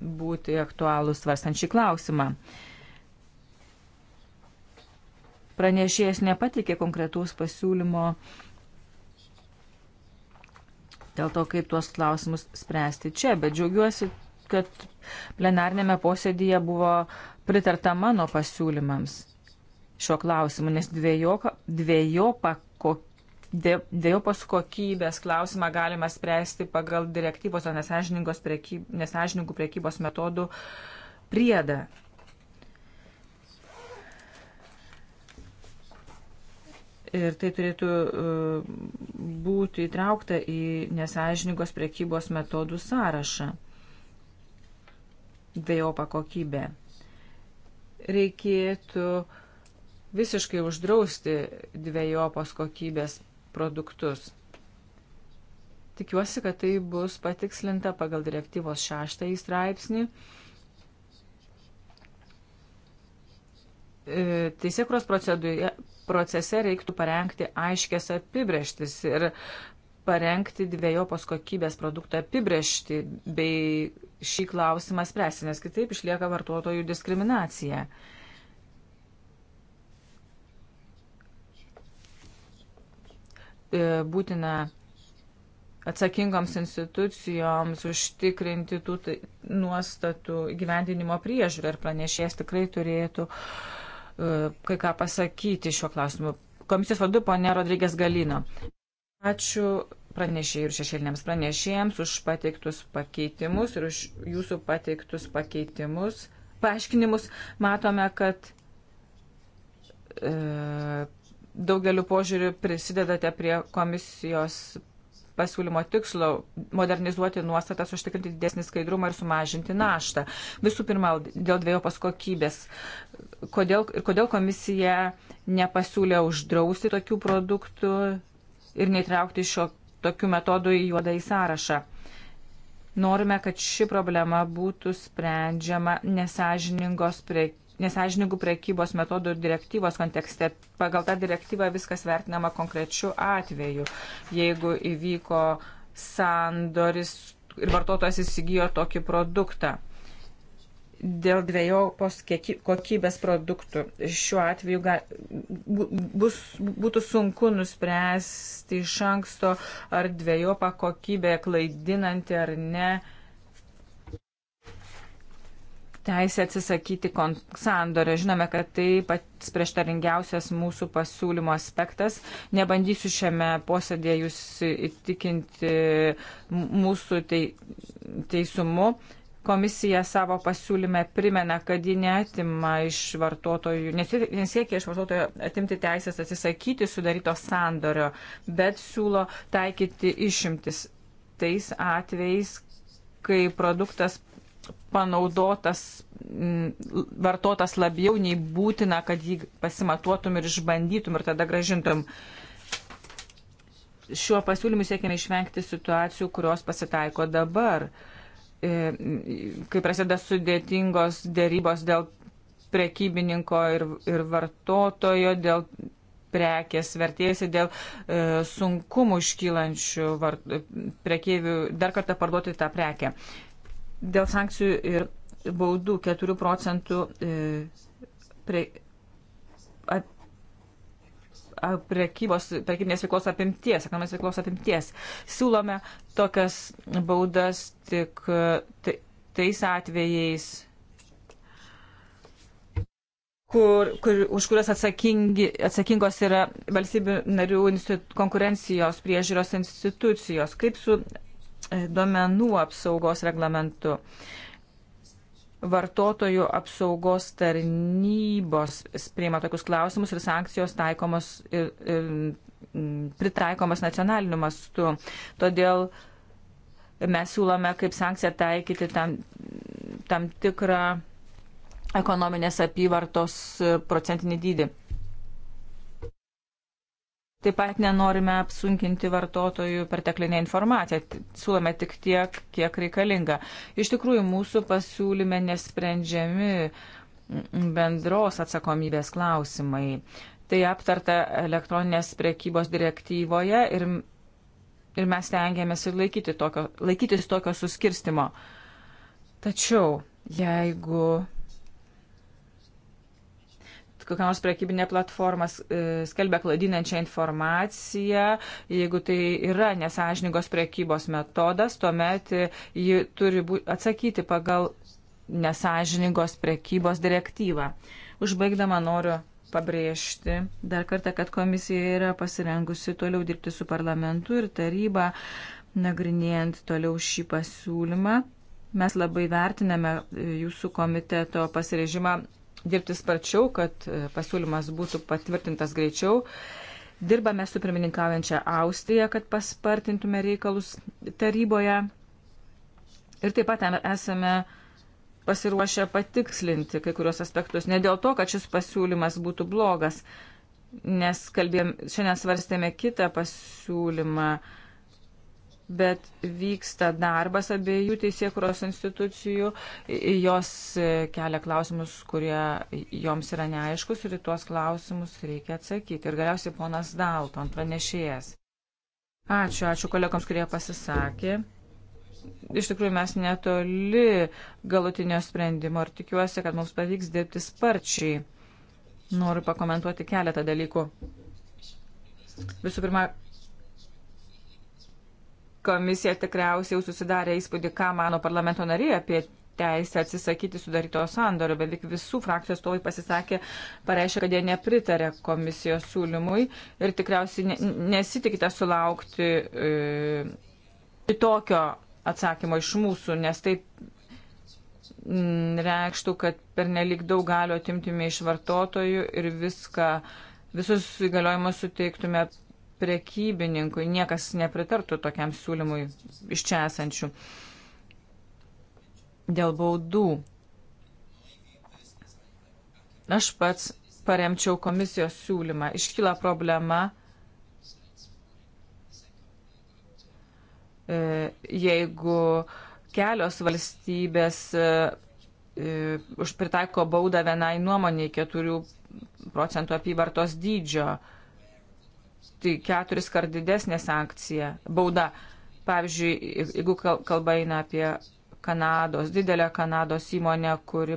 būti aktualūs svarstant šį klausimą. Pranešėjas nepatikė konkretaus pasiūlymo uh, dėl to, kaip tuos klausimus spręsti čia. Bet džiaugiuosi, kad plenarnėme posėdėje buvo pritarta mano pasiūlymams šio klausimu, nes dviejopa, dviejopa, dviejopas kokybės klausimą galima spręsti pagal direktyvos o nesažiningų prekybos metodų priedą. Ir tai turėtų e, būti įtraukta į nesažiningos prekybos metodų sąrašą. Dviejopa kokybė. Reikėtų visiškai uždrausti dviejopos kokybės produktus. Tikiuosi, kad tai bus patikslinta pagal direktyvos šeštąjį straipsnį. E, Teisėkros procedūroje procese reiktų parengti aiškės apibrieštis ir parengti dviejopos kokybės produktą apibriešti bei šį klausimą spręsti, nes kitaip išlieka vartotojų diskriminacija. E, būtina atsakingoms institucijoms užtikrinti tų nuostatų gyvendinimo priežiūrą ir pranešėjas tikrai turėtų uh, kai ką pasakyti šiuo klausimu. Komisijos vadu ponė Rodrygės Galino. Ačiū pranešėjai ir šešėlinėms pranešėjams už pateiktus pakeitimus ir už jūsų pateiktus pakeitimus, paaiškinimus. Matome, kad e, daugeliu požiūriu prisidedate prie komisijos pasiūlymo tikslo modernizuoti nuostatas, užtikrinti didesnį skaidrumą ir sumažinti naštą. Visų pirma, dėl dviejopos kokybės. Kodėl, ir kodėl komisija nepasiūlė uždrausti tokių produktų ir neįtraukti šio tokių metodų į juodą į sąrašą? Norime, kad ši problema būtų sprendžiama nesažiningos prekybos nesažiningų prekybos metodų ir direktyvos kontekste. Pagal tą direktyvą viskas vertinama konkrečiu atveju. Jeigu įvyko sandoris ir vartotojas įsigijo tokį produktą. Dėl dviejopos kokybės produktų šiuo atveju ga, bus, būtų sunku nuspręsti iš anksto, ar dviejopą kokybę klaidinanti ar ne uh, teisę atsisakyti sandorio. Žinome, kad tai pats prieštaringiausias mūsų pasiūlymo aspektas. Nebandysiu šiame posėdėje jūs įtikinti mūsų teisumu. Komisija savo pasiūlyme primena, kad ji neatima iš vartotojų, nesiekia iš vartotojo atimti teisės atsisakyti sudaryto sandorio, bet siūlo taikyti išimtis tais atvejais, kai produktas panaudotas, mm, vartotas labiau nei būtina, kad jį pasimatuotum ir išbandytum ir tada gražintum. Šiuo pasiūlymu siekime išvengti situacijų, kurios pasitaiko dabar, e, kai prasideda sudėtingos dėrybos dėl prekybininko ir, ir vartotojo, dėl prekės vertės ir dėl e, sunkumų iškylančių var, prekeivių dar kartą parduoti tą prekę. E, Dėl sankcijų ir baudų 4 procentų e, prie, ap, prekybos, prekybinės veiklos apimties, ekonominės veiklos apimties. Siūlome tokias baudas tik tais atvejais, kur, kur, už kurias atsakingos yra valstybių narių institu, konkurencijos priežiūros institucijos. Kaip su E, duomenų apsaugos reglamentu. Vartotojų apsaugos tarnybos sprieima tokius klausimus ir sankcijos taikomos ir, ir pritaikomas nacionaliniu mastu. Todėl mes siūlome kaip sankciją taikyti tam, tam tikrą ekonominės apyvartos procentinį dydį. Taip pat nenorime apsunkinti vartotojų perteklinę informaciją. Siūlome tik tiek, kiek reikalinga. Iš tikrųjų, mūsų pasiūlyme nesprendžiami bendros atsakomybės klausimai. Tai aptarta elektroninės priekybos direktyvoje ir, ir mes tengiamės ir laikyti tokio, laikytis tokio suskirstimo. Tačiau, jeigu kokia nors prekybinė platforma e, skelbia klaidinančią informaciją, jeigu tai yra nesažiningos prekybos metodas, tuomet e, ji turi atsakyti pagal nesažiningos prekybos direktyvą. Užbaigdama noriu pabrėžti dar kartą, kad komisija yra pasirengusi toliau dirbti su parlamentu ir taryba, nagrinėjant toliau šį pasiūlymą. Mes labai vertiname e, jūsų komiteto pasirežimą dirbti sparčiau, kad e, pasiūlymas būtų patvirtintas greičiau. Dirbame su pirmininkaujančia Austrija, kad paspartintume reikalus taryboje. Ir taip pat esame pasiruošę patikslinti kai kurios aspektus. Ne dėl to, kad šis pasiūlymas būtų blogas, nes kalbėjom, šiandien svarstėme kitą pasiūlymą bet vyksta darbas abiejų teisėkuros institucijų, jos e, kelia klausimus, kurie joms yra neaiškus ir į tuos klausimus reikia atsakyti. Ir galiausiai ponas Dalton, pranešėjas. Ačiū, ačiū kolegoms, kurie pasisakė. Iš tikrųjų, mes netoli galutinio sprendimo ir tikiuosi, kad mums pavyks dirbti sparčiai. Noriu pakomentuoti keletą dalykų. Visų pirma, komisija tikriausiai jau susidarė įspūdį, ką mano parlamento nariai apie teisę atsisakyti sudaryto sandorio. Beveik visų frakcijos tovai pasisakė, pareiškė, kad jie nepritarė komisijos siūlymui ir tikriausiai nesitikite sulaukti e, kitokio atsakymo iš mūsų, nes tai reikštų, kad per nelik daug galio atimtume iš vartotojų ir viską, visus įgaliojimus suteiktume prekybininkui. Niekas nepritartų tokiam siūlymui iš čia esančių. Dėl baudų. Aš pats paremčiau komisijos siūlymą. Iškyla problema, e, jeigu kelios valstybės e, e, pritaiko baudą vienai nuomonėje 4 procentų apyvartos dydžio tai keturis kart didesnė sankcija, bauda. Pavyzdžiui, jeigu kalba eina apie Kanados, didelę Kanados įmonę, kuri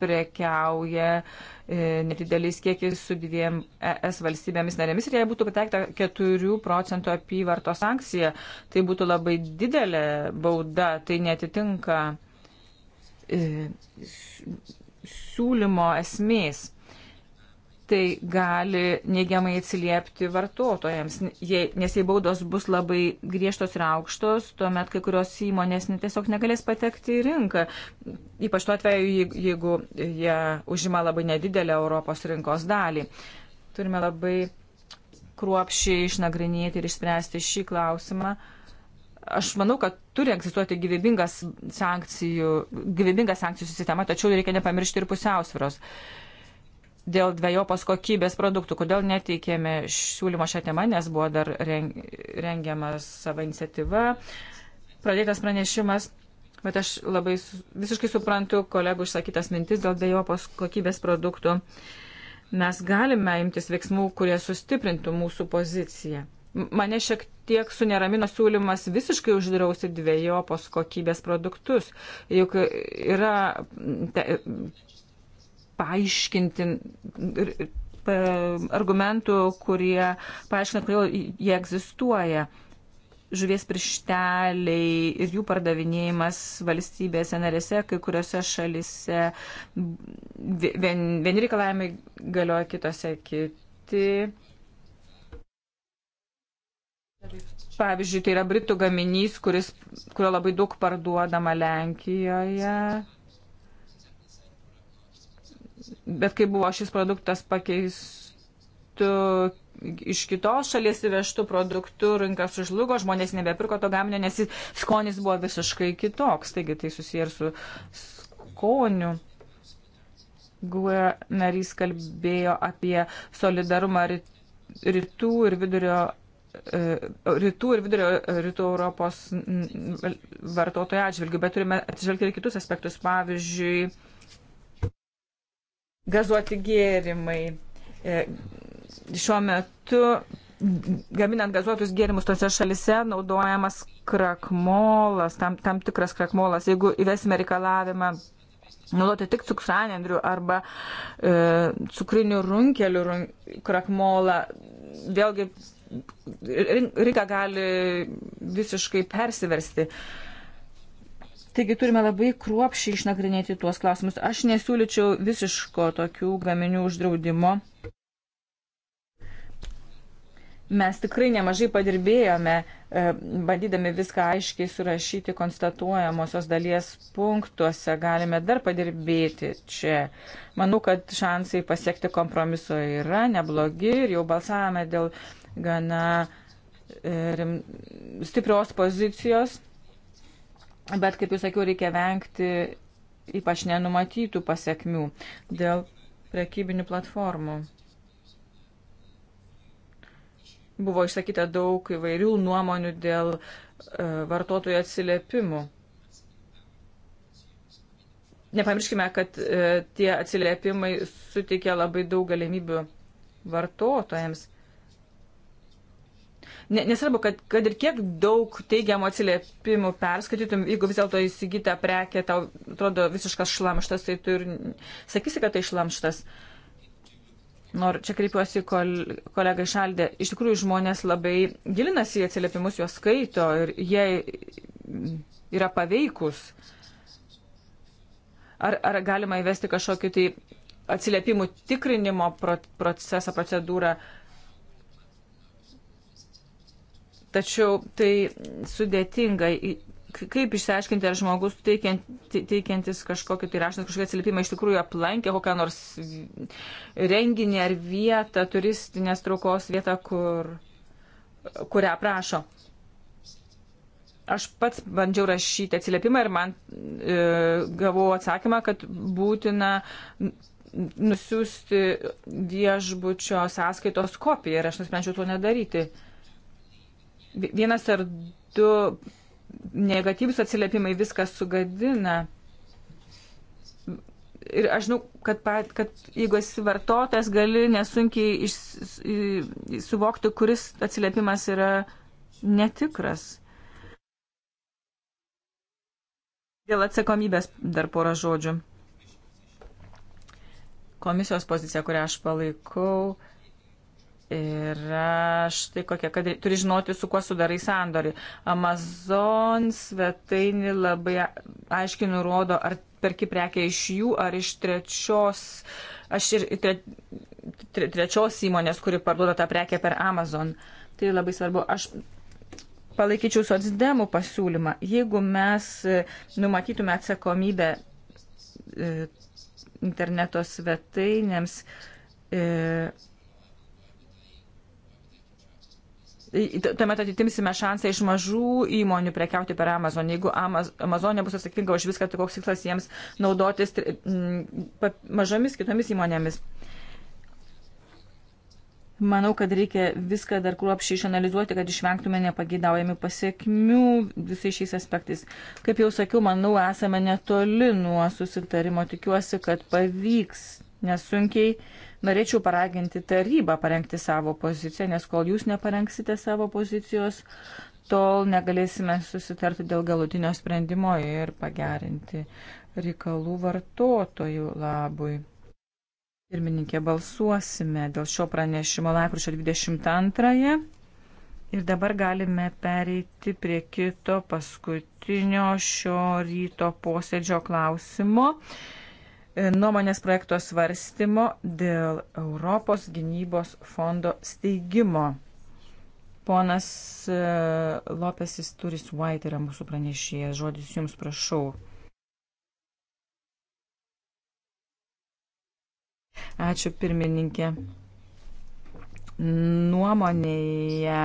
prekiauja e, nedideliais kiekiais su dviem ES valstybėmis narėmis ir jei būtų pateikta 4 procentų apyvarto sankcija, tai būtų labai didelė bauda, tai netitinka e, siūlymo esmės tai gali neigiamai atsiliepti vartotojams, jei, nes jei baudos bus labai griežtos ir aukštos, tuomet kai kurios įmonės tiesiog negalės patekti į rinką. Ypač tuo atveju, jeigu jie užima labai nedidelę Europos rinkos dalį. Turime labai kruopšiai išnagrinėti ir išspręsti šį klausimą. Aš manau, kad turi egzistuoti gyvybingas sankcijų, gyvybinga sankcijų sistema, tačiau reikia nepamiršti ir pusiausvėros. Uh, dėl dviejopos kokybės produktų. Kodėl neteikėme siūlymo šią temą, nes buvo dar rengiamas savo iniciatyva, pradėtas pranešimas. Bet aš labai visiškai suprantu kolegų išsakytas mintis dėl dviejopos kokybės produktų. Mes galime imtis veiksmų, kurie sustiprintų mūsų poziciją. Mane šiek tiek suneramino siūlymas visiškai uždrausti dviejopos kokybės produktus. Juk yra te, paaiškinti argumentų, kurie paaiškina, kodėl jie egzistuoja. Žuvies prišteliai ir jų pardavinėjimas valstybėse narėse, kai kuriuose šalise vien, vieni reikalavimai galioja, kitose kiti. Pavyzdžiui, tai yra Britų gaminys, kuris, kurio labai daug parduodama Lenkijoje bet kai buvo šis produktas pakeistų iš kitos šalies įvežtų produktų, rinka sužlugo, žmonės nebepirko to gaminio, nes skonis buvo visiškai kitoks, taigi tai susiję ir su skoniu. GUE narys kalbėjo apie solidarumą rytų ir vidurio e, rytų ir vidurio e, rytų Europos vartotojų atžvilgių, bet turime atsižvelgti ir kitus aspektus, pavyzdžiui, gazuoti gėrimai. E, šiuo metu gaminant gazuotus gėrimus tose šalise naudojamas krakmolas, tam, tam tikras krakmolas. Jeigu įvesime reikalavimą naudoti tik cukranendrių arba e, cukrinių runkelių runk, krakmolą, vėlgi rinka gali visiškai persiversti. E, Taigi turime labai kruopšiai išnagrinėti tuos klausimus. Aš nesiūlyčiau visiško tokių gaminių uždraudimo. Mes tikrai nemažai padirbėjome, e, bandydami viską aiškiai surašyti konstatuojamosios dalies punktuose. Galime dar padirbėti čia. Manau, kad šansai pasiekti kompromiso yra neblogi ir jau balsavome dėl gana e, rim, stiprios pozicijos Bet, kaip jau sakiau, reikia vengti ypač nenumatytų pasiekmių dėl prekybinių platformų. Buvo išsakyta daug įvairių nuomonių dėl e, vartotojų atsiliepimų. Nepamirškime, kad e, tie atsiliepimai suteikia labai daug galimybių vartotojams. Nesvarbu, kad, kad ir kiek daug teigiamų atsiliepimų perskaitytum, jeigu vis dėlto įsigyta prekė, tau atrodo visiškas šlamštas, tai tu ir sakysi, kad tai šlamštas. Nor, čia kreipiuosi kol, kolegai Šaldė. Iš tikrųjų, žmonės labai gilinasi į atsiliepimus, juos skaito ir jie yra paveikus. Ar, ar galima įvesti kažkokį tai atsiliepimų tikrinimo procesą, procedūrą, uh, Tačiau tai sudėtinga, kaip išsiaiškinti, ar žmogus teikiant, teikiantis kažkokį tai rašant kažkokį atsiliepimą iš tikrųjų aplankė kokią nors renginį ar vietą, turistinės traukos vietą, kur, kurią prašo. Aš pats bandžiau rašyti atsiliepimą ir man e, gavau atsakymą, kad būtina nusiųsti viešbučio sąskaitos kopiją ir aš nusprendžiau to nedaryti. E, vienas ar du negatyvus atsiliepimai viskas sugadina. Ir aš žinau, kad, pat, kad jeigu esi vartotojas, gali nesunkiai iš, suvokti, kuris atsiliepimas yra netikras. Dėl atsakomybės dar porą žodžių. Komisijos pozicija, kurią aš palaikau, yra štai kokia, kad turi žinoti, su kuo sudarai sandorį. Amazon svetainį labai aiškiai nurodo, ar perki prekia iš jų, ar iš trečios, aš ir tre, tre, trečios įmonės, kuri parduoda tą prekę per Amazon. Tai labai svarbu. Aš palaikyčiau socdemų pasiūlymą. Jeigu mes e, numatytume atsakomybę e, interneto svetainėms, e, tuomet atitimsime šansą iš mažų įmonių prekiauti per Amazon. Jeigu Amazon nebus atsakinga už viską, tai koks tikslas jiems naudotis mažomis kitomis įmonėmis. Manau, kad reikia viską dar kruopšiai išanalizuoti, kad išvengtume nepageidaujami pasiekmių visais šiais aspektais. Kaip jau sakiau, manau, esame netoli nuo susitarimo. Tikiuosi, kad pavyks nesunkiai norėčiau paraginti tarybą parengti savo poziciją, nes kol jūs neparengsite savo pozicijos, tol negalėsime susitarti dėl galutinio sprendimo ir pagerinti reikalų vartotojų labui. Pirmininkė, balsuosime dėl šio pranešimo lapkričio 22. Ir dabar galime pereiti prie kito paskutinio šio ryto posėdžio klausimo. E, nuomonės projekto svarstymo dėl Europos gynybos fondo steigimo. Ponas e, Lopesis Turis White yra mūsų pranešėjas. Žodis jums prašau. Ačiū pirmininkė. Nuomonėje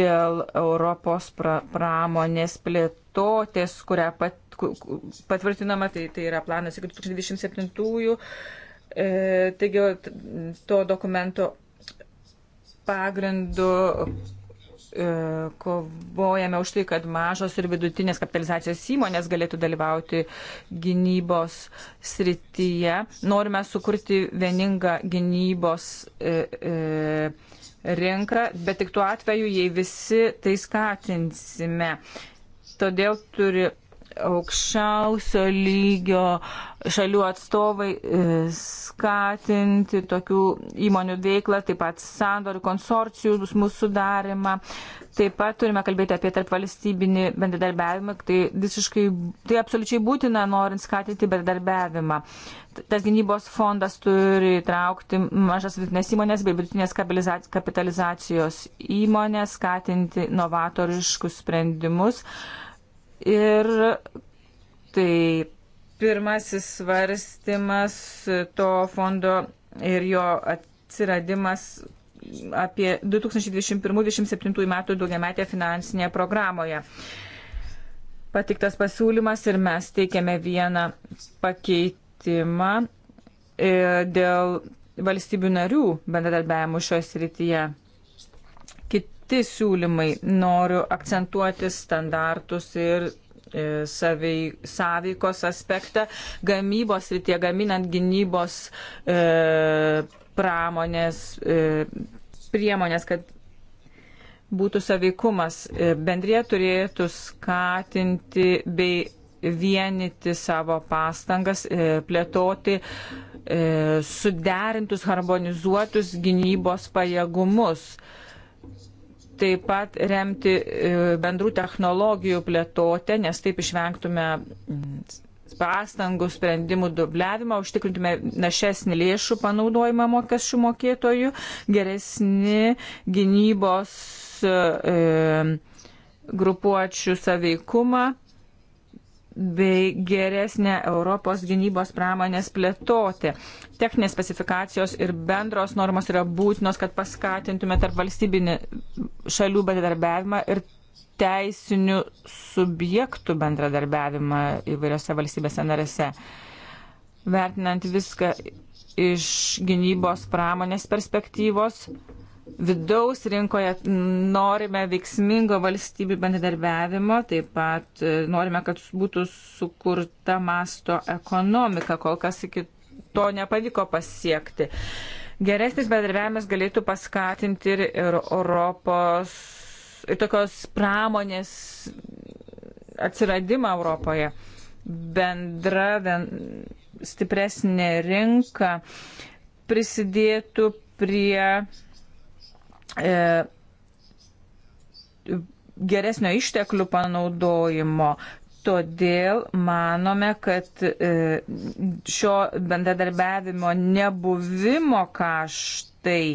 dėl Europos pra, pramonės plėtotės, kurią pat, patvirtinama, tai, tai yra planas iki 2027-ųjų. E, taigi to dokumento pagrindu e, kovojame už tai, kad mažos ir vidutinės kapitalizacijos įmonės galėtų dalyvauti gynybos srityje. Norime sukurti vieningą gynybos e, e, rinką, bet tik tuo atveju, jei visi tai skatinsime. Todėl turi aukščiausio lygio šalių atstovai e, skatinti tokių įmonių veiklą, taip pat sandorių konsorcijų mūsų darimą. Taip pat turime kalbėti apie tarp valstybinį bendradarbiavimą, tai visiškai, tai absoliučiai būtina, norint skatinti bendradarbiavimą. Tas gynybos fondas turi traukti mažas vidutinės įmonės bei vidutinės kapitalizacijos įmonės, skatinti novatoriškus sprendimus. Uh, Ir tai pirmasis svarstymas to fondo ir jo atsiradimas apie 2021-2027 metų daugiametę finansinėje programoje. Patiktas pasiūlymas ir mes teikiame vieną pakeitimą e, dėl valstybių narių bendradarbiavimų šioje srityje kiti siūlymai. Noriu akcentuoti standartus ir e, sąveikos aspektą gamybos ir tie gaminant gynybos e, pramonės e, priemonės, kad būtų saveikumas. E, Bendrė turėtų skatinti bei vienyti savo pastangas, e, plėtoti suderintus, harmonizuotus gynybos pajėgumus taip pat remti e, bendrų technologijų plėtotę, nes taip išvengtume mm, pastangų sprendimų dubliavimą, užtikrintume našesnį lėšų panaudojimą mokesčių mokėtojų, geresni gynybos e, grupuočių saveikumą bei geresnę Europos gynybos pramonės plėtoti. Techninės specifikacijos ir bendros normos yra būtinos, kad paskatintume tarp valstybinį šalių bendradarbiavimą ir teisinių subjektų bendradarbiavimą įvairiose valstybėse narėse. Vertinant viską iš gynybos pramonės perspektyvos, Vidaus rinkoje norime veiksmingo valstybių bendradarbiavimo, taip pat e, norime, kad būtų sukurta masto ekonomika, kol kas iki to nepavyko pasiekti. Geresnis bendradarbiavimas galėtų paskatinti ir Europos, ir tokios pramonės atsiradimą Europoje. Bendra, ben, stipresnė rinka prisidėtų prie E, geresnio išteklių panaudojimo. Todėl manome, kad e, šio bendradarbiavimo nebuvimo kaštai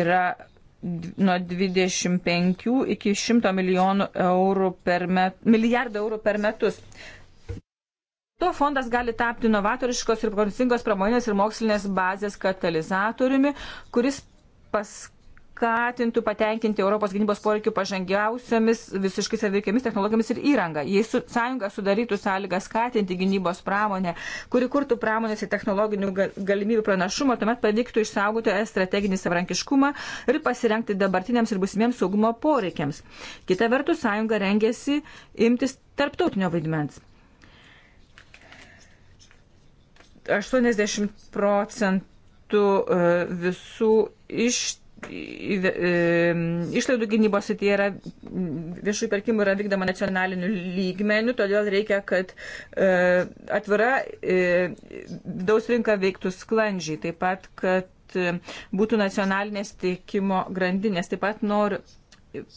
yra nuo 25 iki 100 milijonų eurų per met, milijardų eurų per metus. Tuo fondas gali tapti novatoriškos ir konkursingos pramonės ir mokslinės bazės katalizatoriumi, kuris pas, skatintų patenkinti Europos gynybos poreikių pažangiausiamis, visiškai saveikiamis technologijomis ir įranga. Jei su, sąjunga sudarytų sąlygą skatinti gynybos pramonę, kuri kurtų pramonės ir technologinių galimybių pranašumą, tuomet pavyktų išsaugoti es strateginį savarankiškumą ir pasirengti dabartiniams ir būsimiems saugumo poreikiams. Kita vertus, sąjunga rengėsi imtis tarptautinio vaidmens. 80 procentų e, visų išteklių išlaidų gynybos įtie yra viešųjų pirkimų yra vykdoma nacionaliniu lygmeniu, todėl reikia, kad e, atvira e, vidaus rinka veiktų sklandžiai, taip pat, kad e, būtų nacionalinės tiekimo grandinės. Taip pat noriu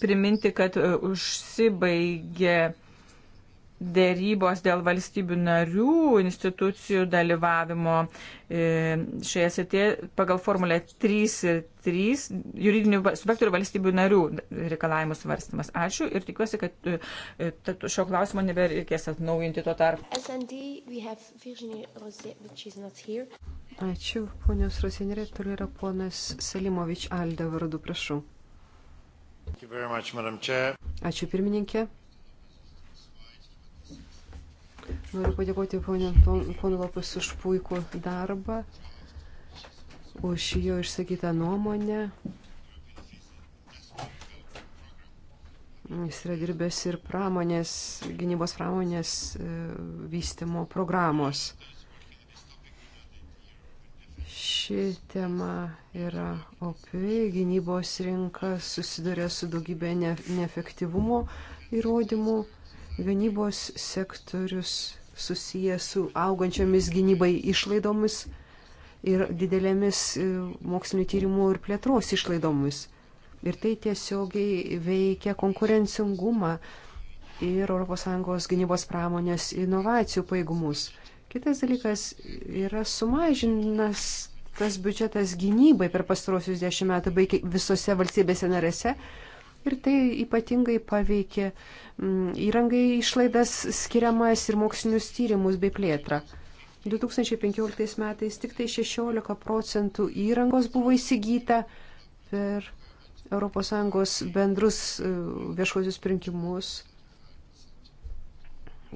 priminti, kad užsibaigė dėrybos dėl valstybių narių institucijų dalyvavimo e, šioje srityje pagal formulę 3 ir 3 juridinių subjektų ir valstybių narių reikalavimų svarstymas. Ačiū ir tikiuosi, kad e, šio klausimo nebereikės atnaujinti tuo tarpu. Ačiū, ponios Rosinė, toliau yra ponas Selimovič Alda vardu, prašau. Much, Ačiū pirmininkė. Noriu padėkoti ponui Lopus už puikų darbą, už jo išsakytą nuomonę. Jis yra dirbęs ir pramonės, gynybos pramonės e, vystimo programos. Ši tema yra opi, gynybos rinka susiduria su daugybė neefektyvumo įrodymų Vienybos sektorius susijęs su augančiomis gynybai išlaidomis ir didelėmis e, mokslinio tyrimų ir plėtros išlaidomis. Ir tai tiesiogiai veikia konkurencingumą ir ES gynybos pramonės inovacijų paėgumus. Kitas dalykas yra sumažinas tas biudžetas gynybai per pastarosius dešimt metų beveik visose valstybėse narėse Ir tai ypatingai paveikė mm, įrangai išlaidas skiriamas ir mokslinius tyrimus bei plėtrą. 2015 metais tik tai 16 procentų įrangos buvo įsigyta per ES bendrus e, viešuosius pirkimus.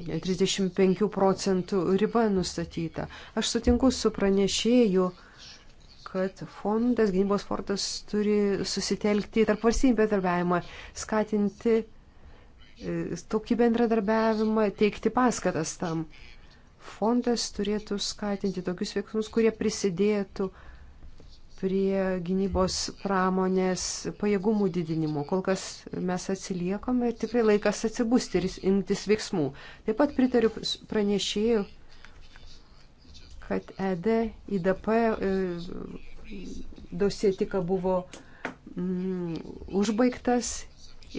35 procentų riba nustatyta. Aš sutinku su pranešėju, kad fondas, gynybos fortas turi susitelkti tarp valstybinį bendradarbiavimą, skatinti e, tokį bendradarbiavimą, teikti paskatas tam. Fondas turėtų skatinti tokius veiksmus, kurie prisidėtų prie gynybos pramonės pajėgumų didinimo. Kol kas mes atsiliekame ir tikrai laikas atsibusti ir imtis veiksmų. Taip pat pritariu pranešėjų kad ED, IDP e, dosie tik buvo mm, užbaigtas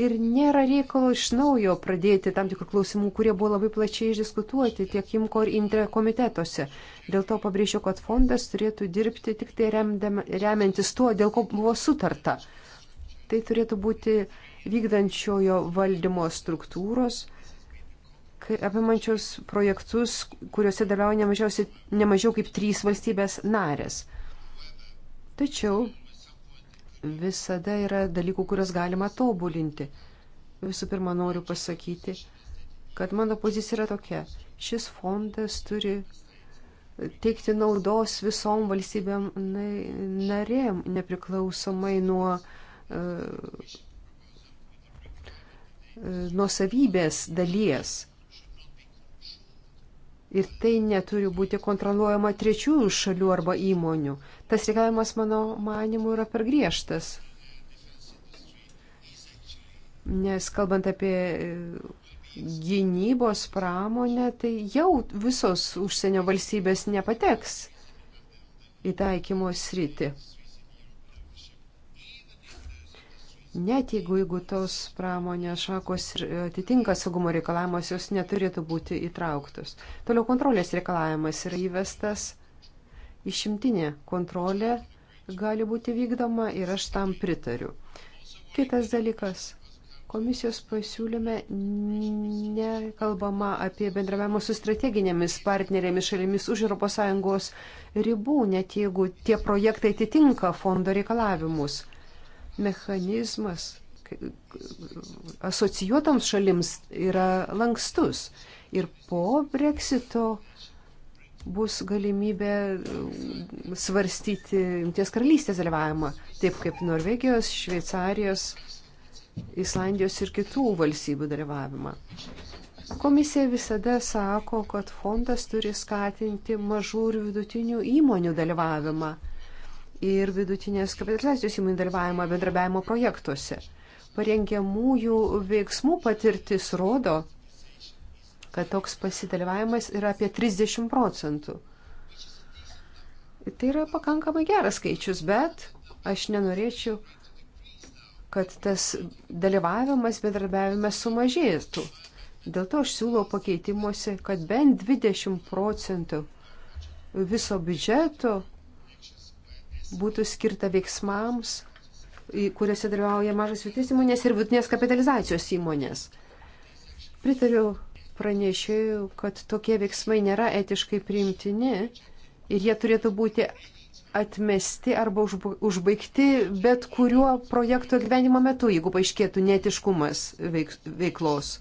ir nėra reikalo iš naujo pradėti tam tikrų klausimų, kurie buvo labai plačiai išdiskutuoti tiek IMKO ir INTRE komitetuose. Dėl to pabrėžiau, kad fondas turėtų dirbti tik tai remdama, remiantis tuo, dėl ko buvo sutarta. Tai turėtų būti vykdančiojo valdymo struktūros, apimančios projektus, kuriuose dalyvauja ne mažiau kaip trys valstybės narės. Tačiau visada yra dalykų, kuriuos galima tobulinti. Visų pirma, noriu pasakyti, kad mano pozicija yra tokia. Šis fondas turi teikti naudos visom valstybėm narėm, nepriklausomai nuo e, nuosavybės dalies ir tai neturi būti kontroliuojama trečiųjų šalių arba įmonių. Tas reikalavimas, mano manimu, yra per griežtas. Nes kalbant apie e, gynybos pramonę, tai jau visos užsienio valstybės nepateks į taikymo sritį. Net jeigu, jeigu tos pramonės šakos atitinka saugumo reikalavimus, jos neturėtų būti įtrauktos. Toliau kontrolės reikalavimas yra įvestas. Išimtinė kontrolė gali būti vykdoma ir aš tam pritariu. Kitas dalykas. Komisijos pasiūlyme nekalbama apie bendravimą su strateginėmis partnerėmis šalimis už ES ribų, net jeigu tie projektai atitinka fondo reikalavimus mechanizmas asocijuotams šalims yra lankstus. Ir po breksito bus galimybė uh, svarstyti Junkties karalystės dalyvavimą, taip kaip Norvegijos, Šveicarijos, Islandijos ir kitų valstybių dalyvavimą. Komisija visada sako, kad fondas turi skatinti mažų ir vidutinių įmonių dalyvavimą ir vidutinės kapitalizacijos įmonių dalyvavimą bendrabiavimo projektuose. Parengiamųjų veiksmų patirtis rodo, kad toks pasidalyvavimas yra apie 30 procentų. Tai yra pakankamai geras skaičius, bet aš nenorėčiau, kad tas dalyvavimas bendradarbiavime sumažėtų. Dėl to aš siūlau pakeitimuose, kad bent 20 procentų viso biudžeto būtų skirta veiksmams, kuriuose dalyvauja mažas vidutinės įmonės ir vidutinės kapitalizacijos įmonės. Pritariu pranešėjų, kad tokie veiksmai nėra etiškai priimtini ir jie turėtų būti atmesti arba užbaigti bet kuriuo projekto gyvenimo metu, jeigu paaiškėtų netiškumas veiklos.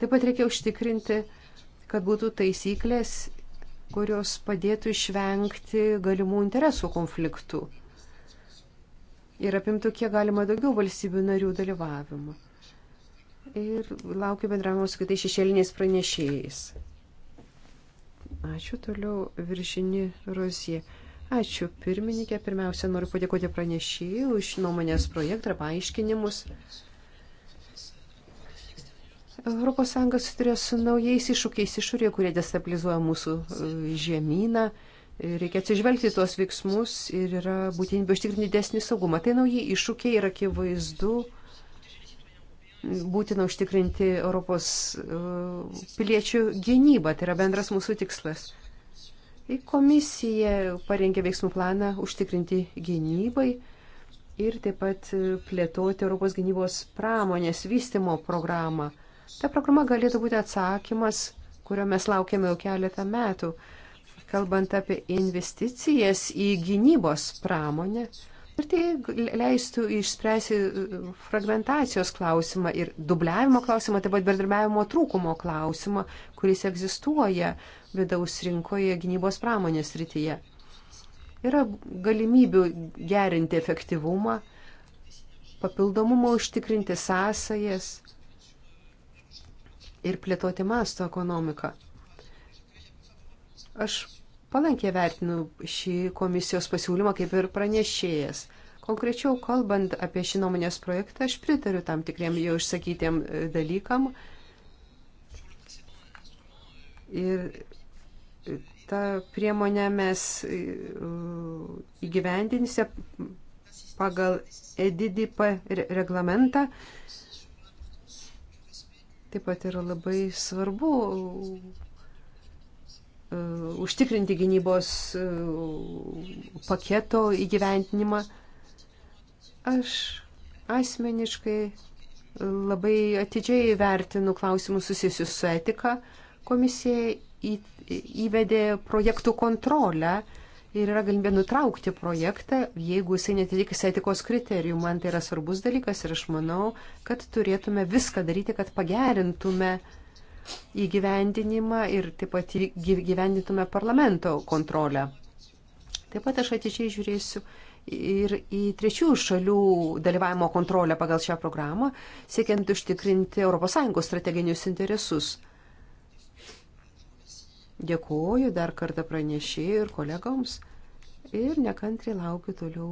Taip pat reikia užtikrinti, kad būtų taisyklės kurios padėtų išvengti galimų interesų konfliktų ir apimtų kiek galima daugiau valstybių narių dalyvavimą. Ir laukiu bendravimo su kitais šešėliniais pranešėjais. Ačiū toliau, Viršini Rozija. Ačiū pirmininkė. Pirmiausia, noriu padėkoti pranešėjų iš nuomonės projektą ir paaiškinimus. ES susiduria su naujais iššūkiais išorėje, kurie destabilizuoja mūsų e, žemyną. Reikia atsižvelgti tuos veiksmus ir yra būtinybė užtikrinti didesnį saugumą. Tai nauji iššūkiai ir akivaizdu būtina užtikrinti Europos e, piliečių gynybą. Tai yra bendras mūsų tikslas. Komisija parengė veiksmų planą užtikrinti gynybai ir taip pat e, plėtoti Europos gynybos pramonės vystimo programą. Ta programa galėtų būti atsakymas, kurio mes laukiame jau keletą metų, kalbant apie investicijas į gynybos pramonę. Ir tai leistų išspręsti e, fragmentacijos klausimą ir dubliavimo klausimą, taip pat bendradarbiavimo trūkumo klausimą, kuris egzistuoja vidaus rinkoje gynybos pramonės rytyje. Yra galimybių gerinti efektyvumą, papildomumo užtikrinti sąsajas, ir plėtoti masto ekonomiką. Aš palankiai vertinu šį komisijos pasiūlymą kaip ir pranešėjas. Konkrečiau kalbant apie šį nuomonės projektą, aš pritariu tam tikriem jau išsakytiem e, dalykam. Ir e, tą priemonę mes e, įgyvendinsime pagal EDDP reglamentą. Uh, Taip pat yra labai svarbu e, užtikrinti gynybos e, paketo įgyventinimą. Aš asmeniškai labai atidžiai vertinu klausimus susijusius su etika. Komisija įvedė projektų kontrolę ir yra galimybė nutraukti projektą, jeigu jisai netitiks etikos kriterijų. Man tai yra svarbus dalykas ir aš manau, kad turėtume viską daryti, kad pagerintume įgyvendinimą ir taip pat įgyvendintume parlamento kontrolę. Taip pat aš ateičiai žiūrėsiu ir į trečiųjų šalių dalyvavimo kontrolę pagal šią programą, siekiant užtikrinti ES strateginius interesus. Dėkuoju dar kartą pranešėjai ir kolegoms ir nekantriai laukiu toliau,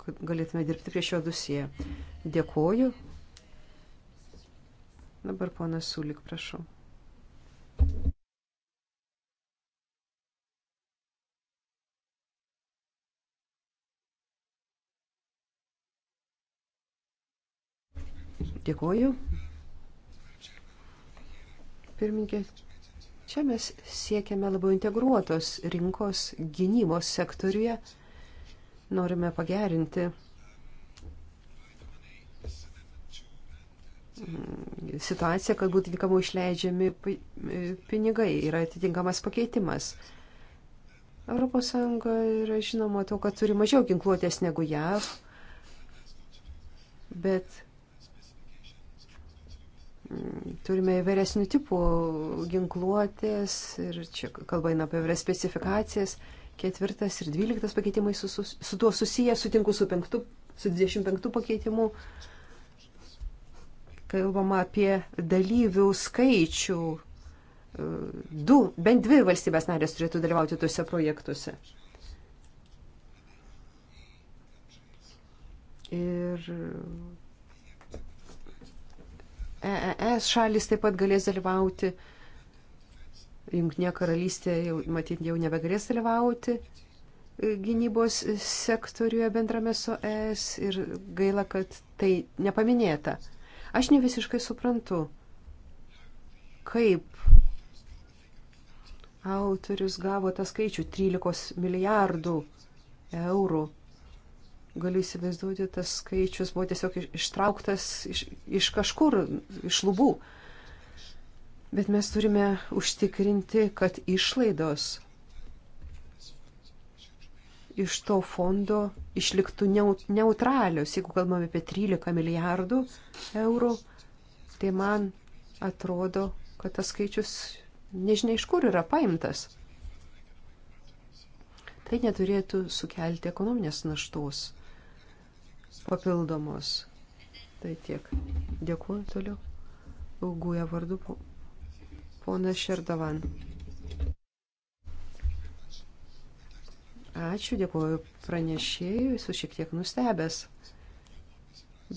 kad galėtume dirbti prie šio dusie. Dėkuoju. Dabar ponas Sulik, prašau. Dėkuoju. Pirmininkė, Čia mes siekiame labiau integruotos rinkos gynybos sektoriuje. Norime pagerinti mm, situacija, kad būtų tinkamai išleidžiami e, pinigai, yra atitinkamas pakeitimas. ES yra žinoma to, kad turi mažiau ginkluotės negu JAV, bet Turime įvairesnių tipų ginkluotės ir čia kalba eina apie įvairias specifikacijas. Ketvirtas ir dvyliktas pakeitimai su, su, su tuo susiję, sutinku su, penktu, su 25 pakeitimu. Kalbama apie dalyvių skaičių. Du, bent dvi valstybės narės turėtų dalyvauti tuose projektuose. Ir EES šalis taip pat galės dalyvauti. Junktinė karalystė jau, matyt, jau nebegalės dalyvauti e, gynybos sektoriuje bendrame su ES e ir gaila, kad tai nepaminėta. Aš ne visiškai suprantu, kaip autorius gavo tą skaičių 13 milijardų eurų galiu įsivaizduoti, tas skaičius buvo tiesiog ištrauktas iš, iš kažkur, iš lubų. Bet mes turime užtikrinti, kad išlaidos iš to fondo išliktų neutralios. Jeigu kalbame apie 13 milijardų eurų, tai man atrodo, kad tas skaičius nežinia iš kur yra paimtas tai neturėtų sukelti ekonominės naštos papildomos. Tai tiek. Dėkuoju toliau. Guja vardu ponas Šerdavan. Ačiū, dėkuoju pranešėjui, esu šiek tiek nustebęs.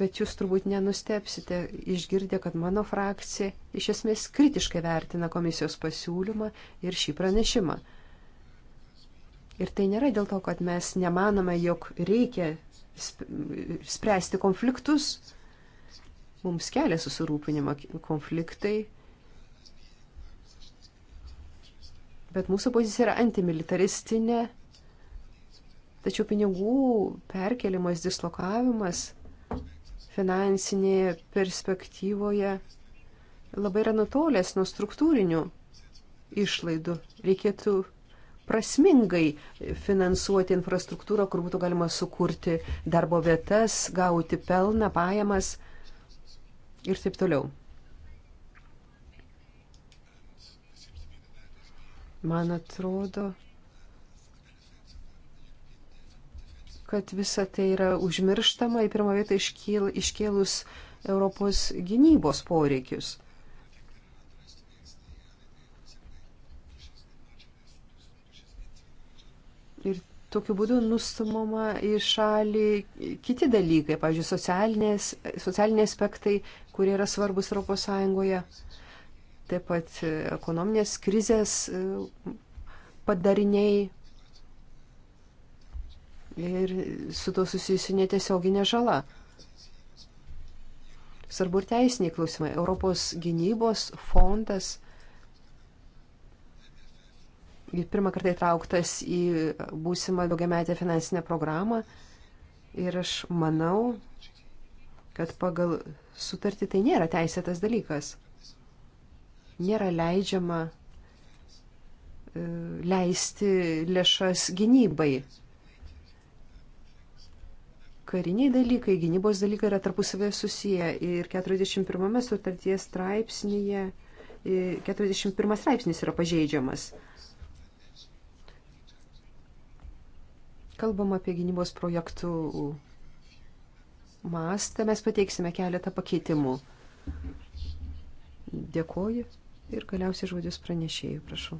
Bet jūs turbūt nenustepsite išgirdę, kad mano frakcija iš esmės kritiškai vertina komisijos pasiūlymą ir šį pranešimą. Ir tai nėra dėl to, kad mes nemanome, jog reikia spręsti konfliktus. Mums kelia susirūpinimą konfliktai. Bet mūsų pozicija yra antimilitaristinė. Tačiau pinigų perkelimas, dislokavimas finansinėje perspektyvoje labai yra nutolęs nuo struktūrinių išlaidų. Reikėtų prasmingai finansuoti infrastruktūrą, kur būtų galima sukurti darbo vietas, gauti pelną, pajamas ir taip toliau. Man atrodo, kad visa tai yra užmirštama į pirmą vietą iškėlus Europos gynybos poreikius. Ir tokiu būdu nustumama į šalį kiti dalykai, pavyzdžiui, socialiniai aspektai, kurie yra svarbus ES, taip pat e, ekonominės krizės e, padariniai ir su to susijusi netiesioginė žala. Svarbu ir teisiniai klausimai. Europos gynybos fondas pirmą kartą įtrauktas į būsimą daugiametę finansinę programą ir aš manau, kad pagal sutartį tai nėra teisėtas dalykas. Nėra leidžiama e, leisti lėšas gynybai. Kariniai dalykai, gynybos dalykai yra tarpusavėje susiję ir 41 sutarties straipsnėje, 41 e, straipsnis yra pažeidžiamas. Kalbam apie gynybos projektų mastą, mes pateiksime keletą pakeitimų. Dėkoju ir galiausiai žodis pranešėjai, prašau.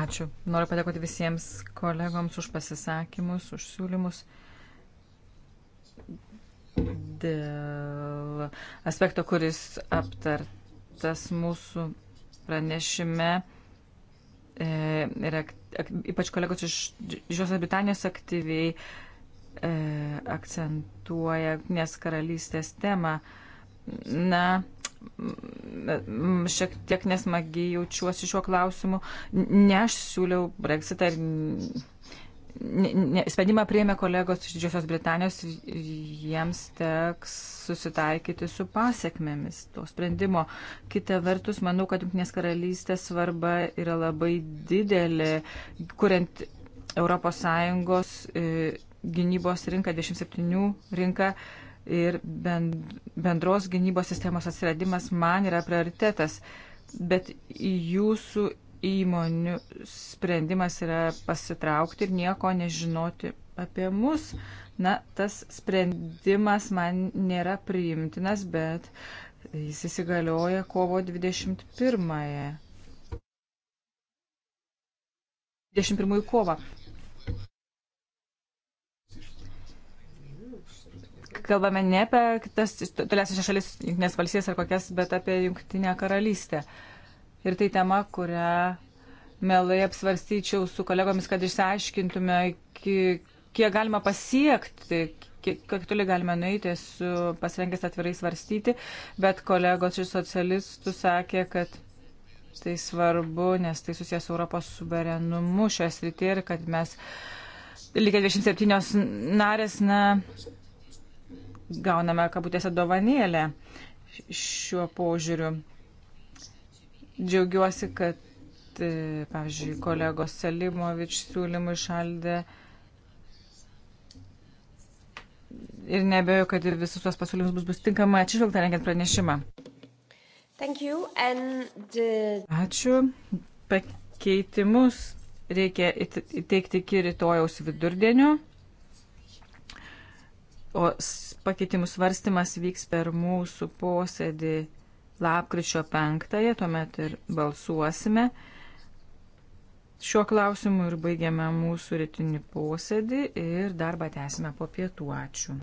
Ačiū. Noriu padėkoti visiems kolegoms už pasisakymus, už siūlymus dėl aspekto, kuris aptartas mūsų pranešime e, ir ypač kolegos iš Žiosios Britanijos aktyviai e, akcentuoja nes karalystės temą. Na, šiek tiek nesmagiai jaučiuosi šiuo klausimu. Ne aš siūliau Brexitą ir ne, ne, sprendimą prieėmė kolegos iš Didžiosios Britanijos ir jiems teks susitaikyti su pasiekmėmis to sprendimo. Kita vertus, manau, kad Junktinės karalystės svarba yra labai didelė, kuriant ES e, gynybos rinką, 27 rinką ir bendros gynybos sistemos atsiradimas man yra prioritetas. Bet jūsų įmonių sprendimas yra pasitraukti ir nieko nežinoti apie mus. Na, tas sprendimas man nėra priimtinas, bet jis įsigalioja kovo 21-ąją. 21 kovą. Kalbame ne apie tas tolesnės šalis, jungtinės valstijas ar kokias, bet apie jungtinę karalystę. Uh, Ir tai tema, kurią melai apsvarstyčiau su kolegomis, kad išsiaiškintume, kiek galima pasiekti, kiek, kiek toli galime nueiti, esu pasirengęs atvirai svarstyti, bet kolegos iš socialistų sakė, kad tai svarbu, nes tai susijęs Europos suverenumu šioje srityje ir kad mes lygiai 27 narės, na, gauname kabutėse dovanėlę šiuo požiūriu. Džiaugiuosi, kad, e, pavyzdžiui, kolegos Selimovič siūlymų išaldė ir nebejoju, kad ir visus tuos pasiūlymus bus, bus tinkamai atsižvelgta rengiant pranešimą. The... Uh, Ačiū. Pakeitimus reikia įteikti iki rytojaus vidurdienio, o pakeitimų svarstymas vyks per mūsų posėdį lapkričio 5-ąją, tuomet ir balsuosime. Šiuo klausimu ir baigiame mūsų rytinį posėdį ir darbą tęsime po pietų. Ačiū.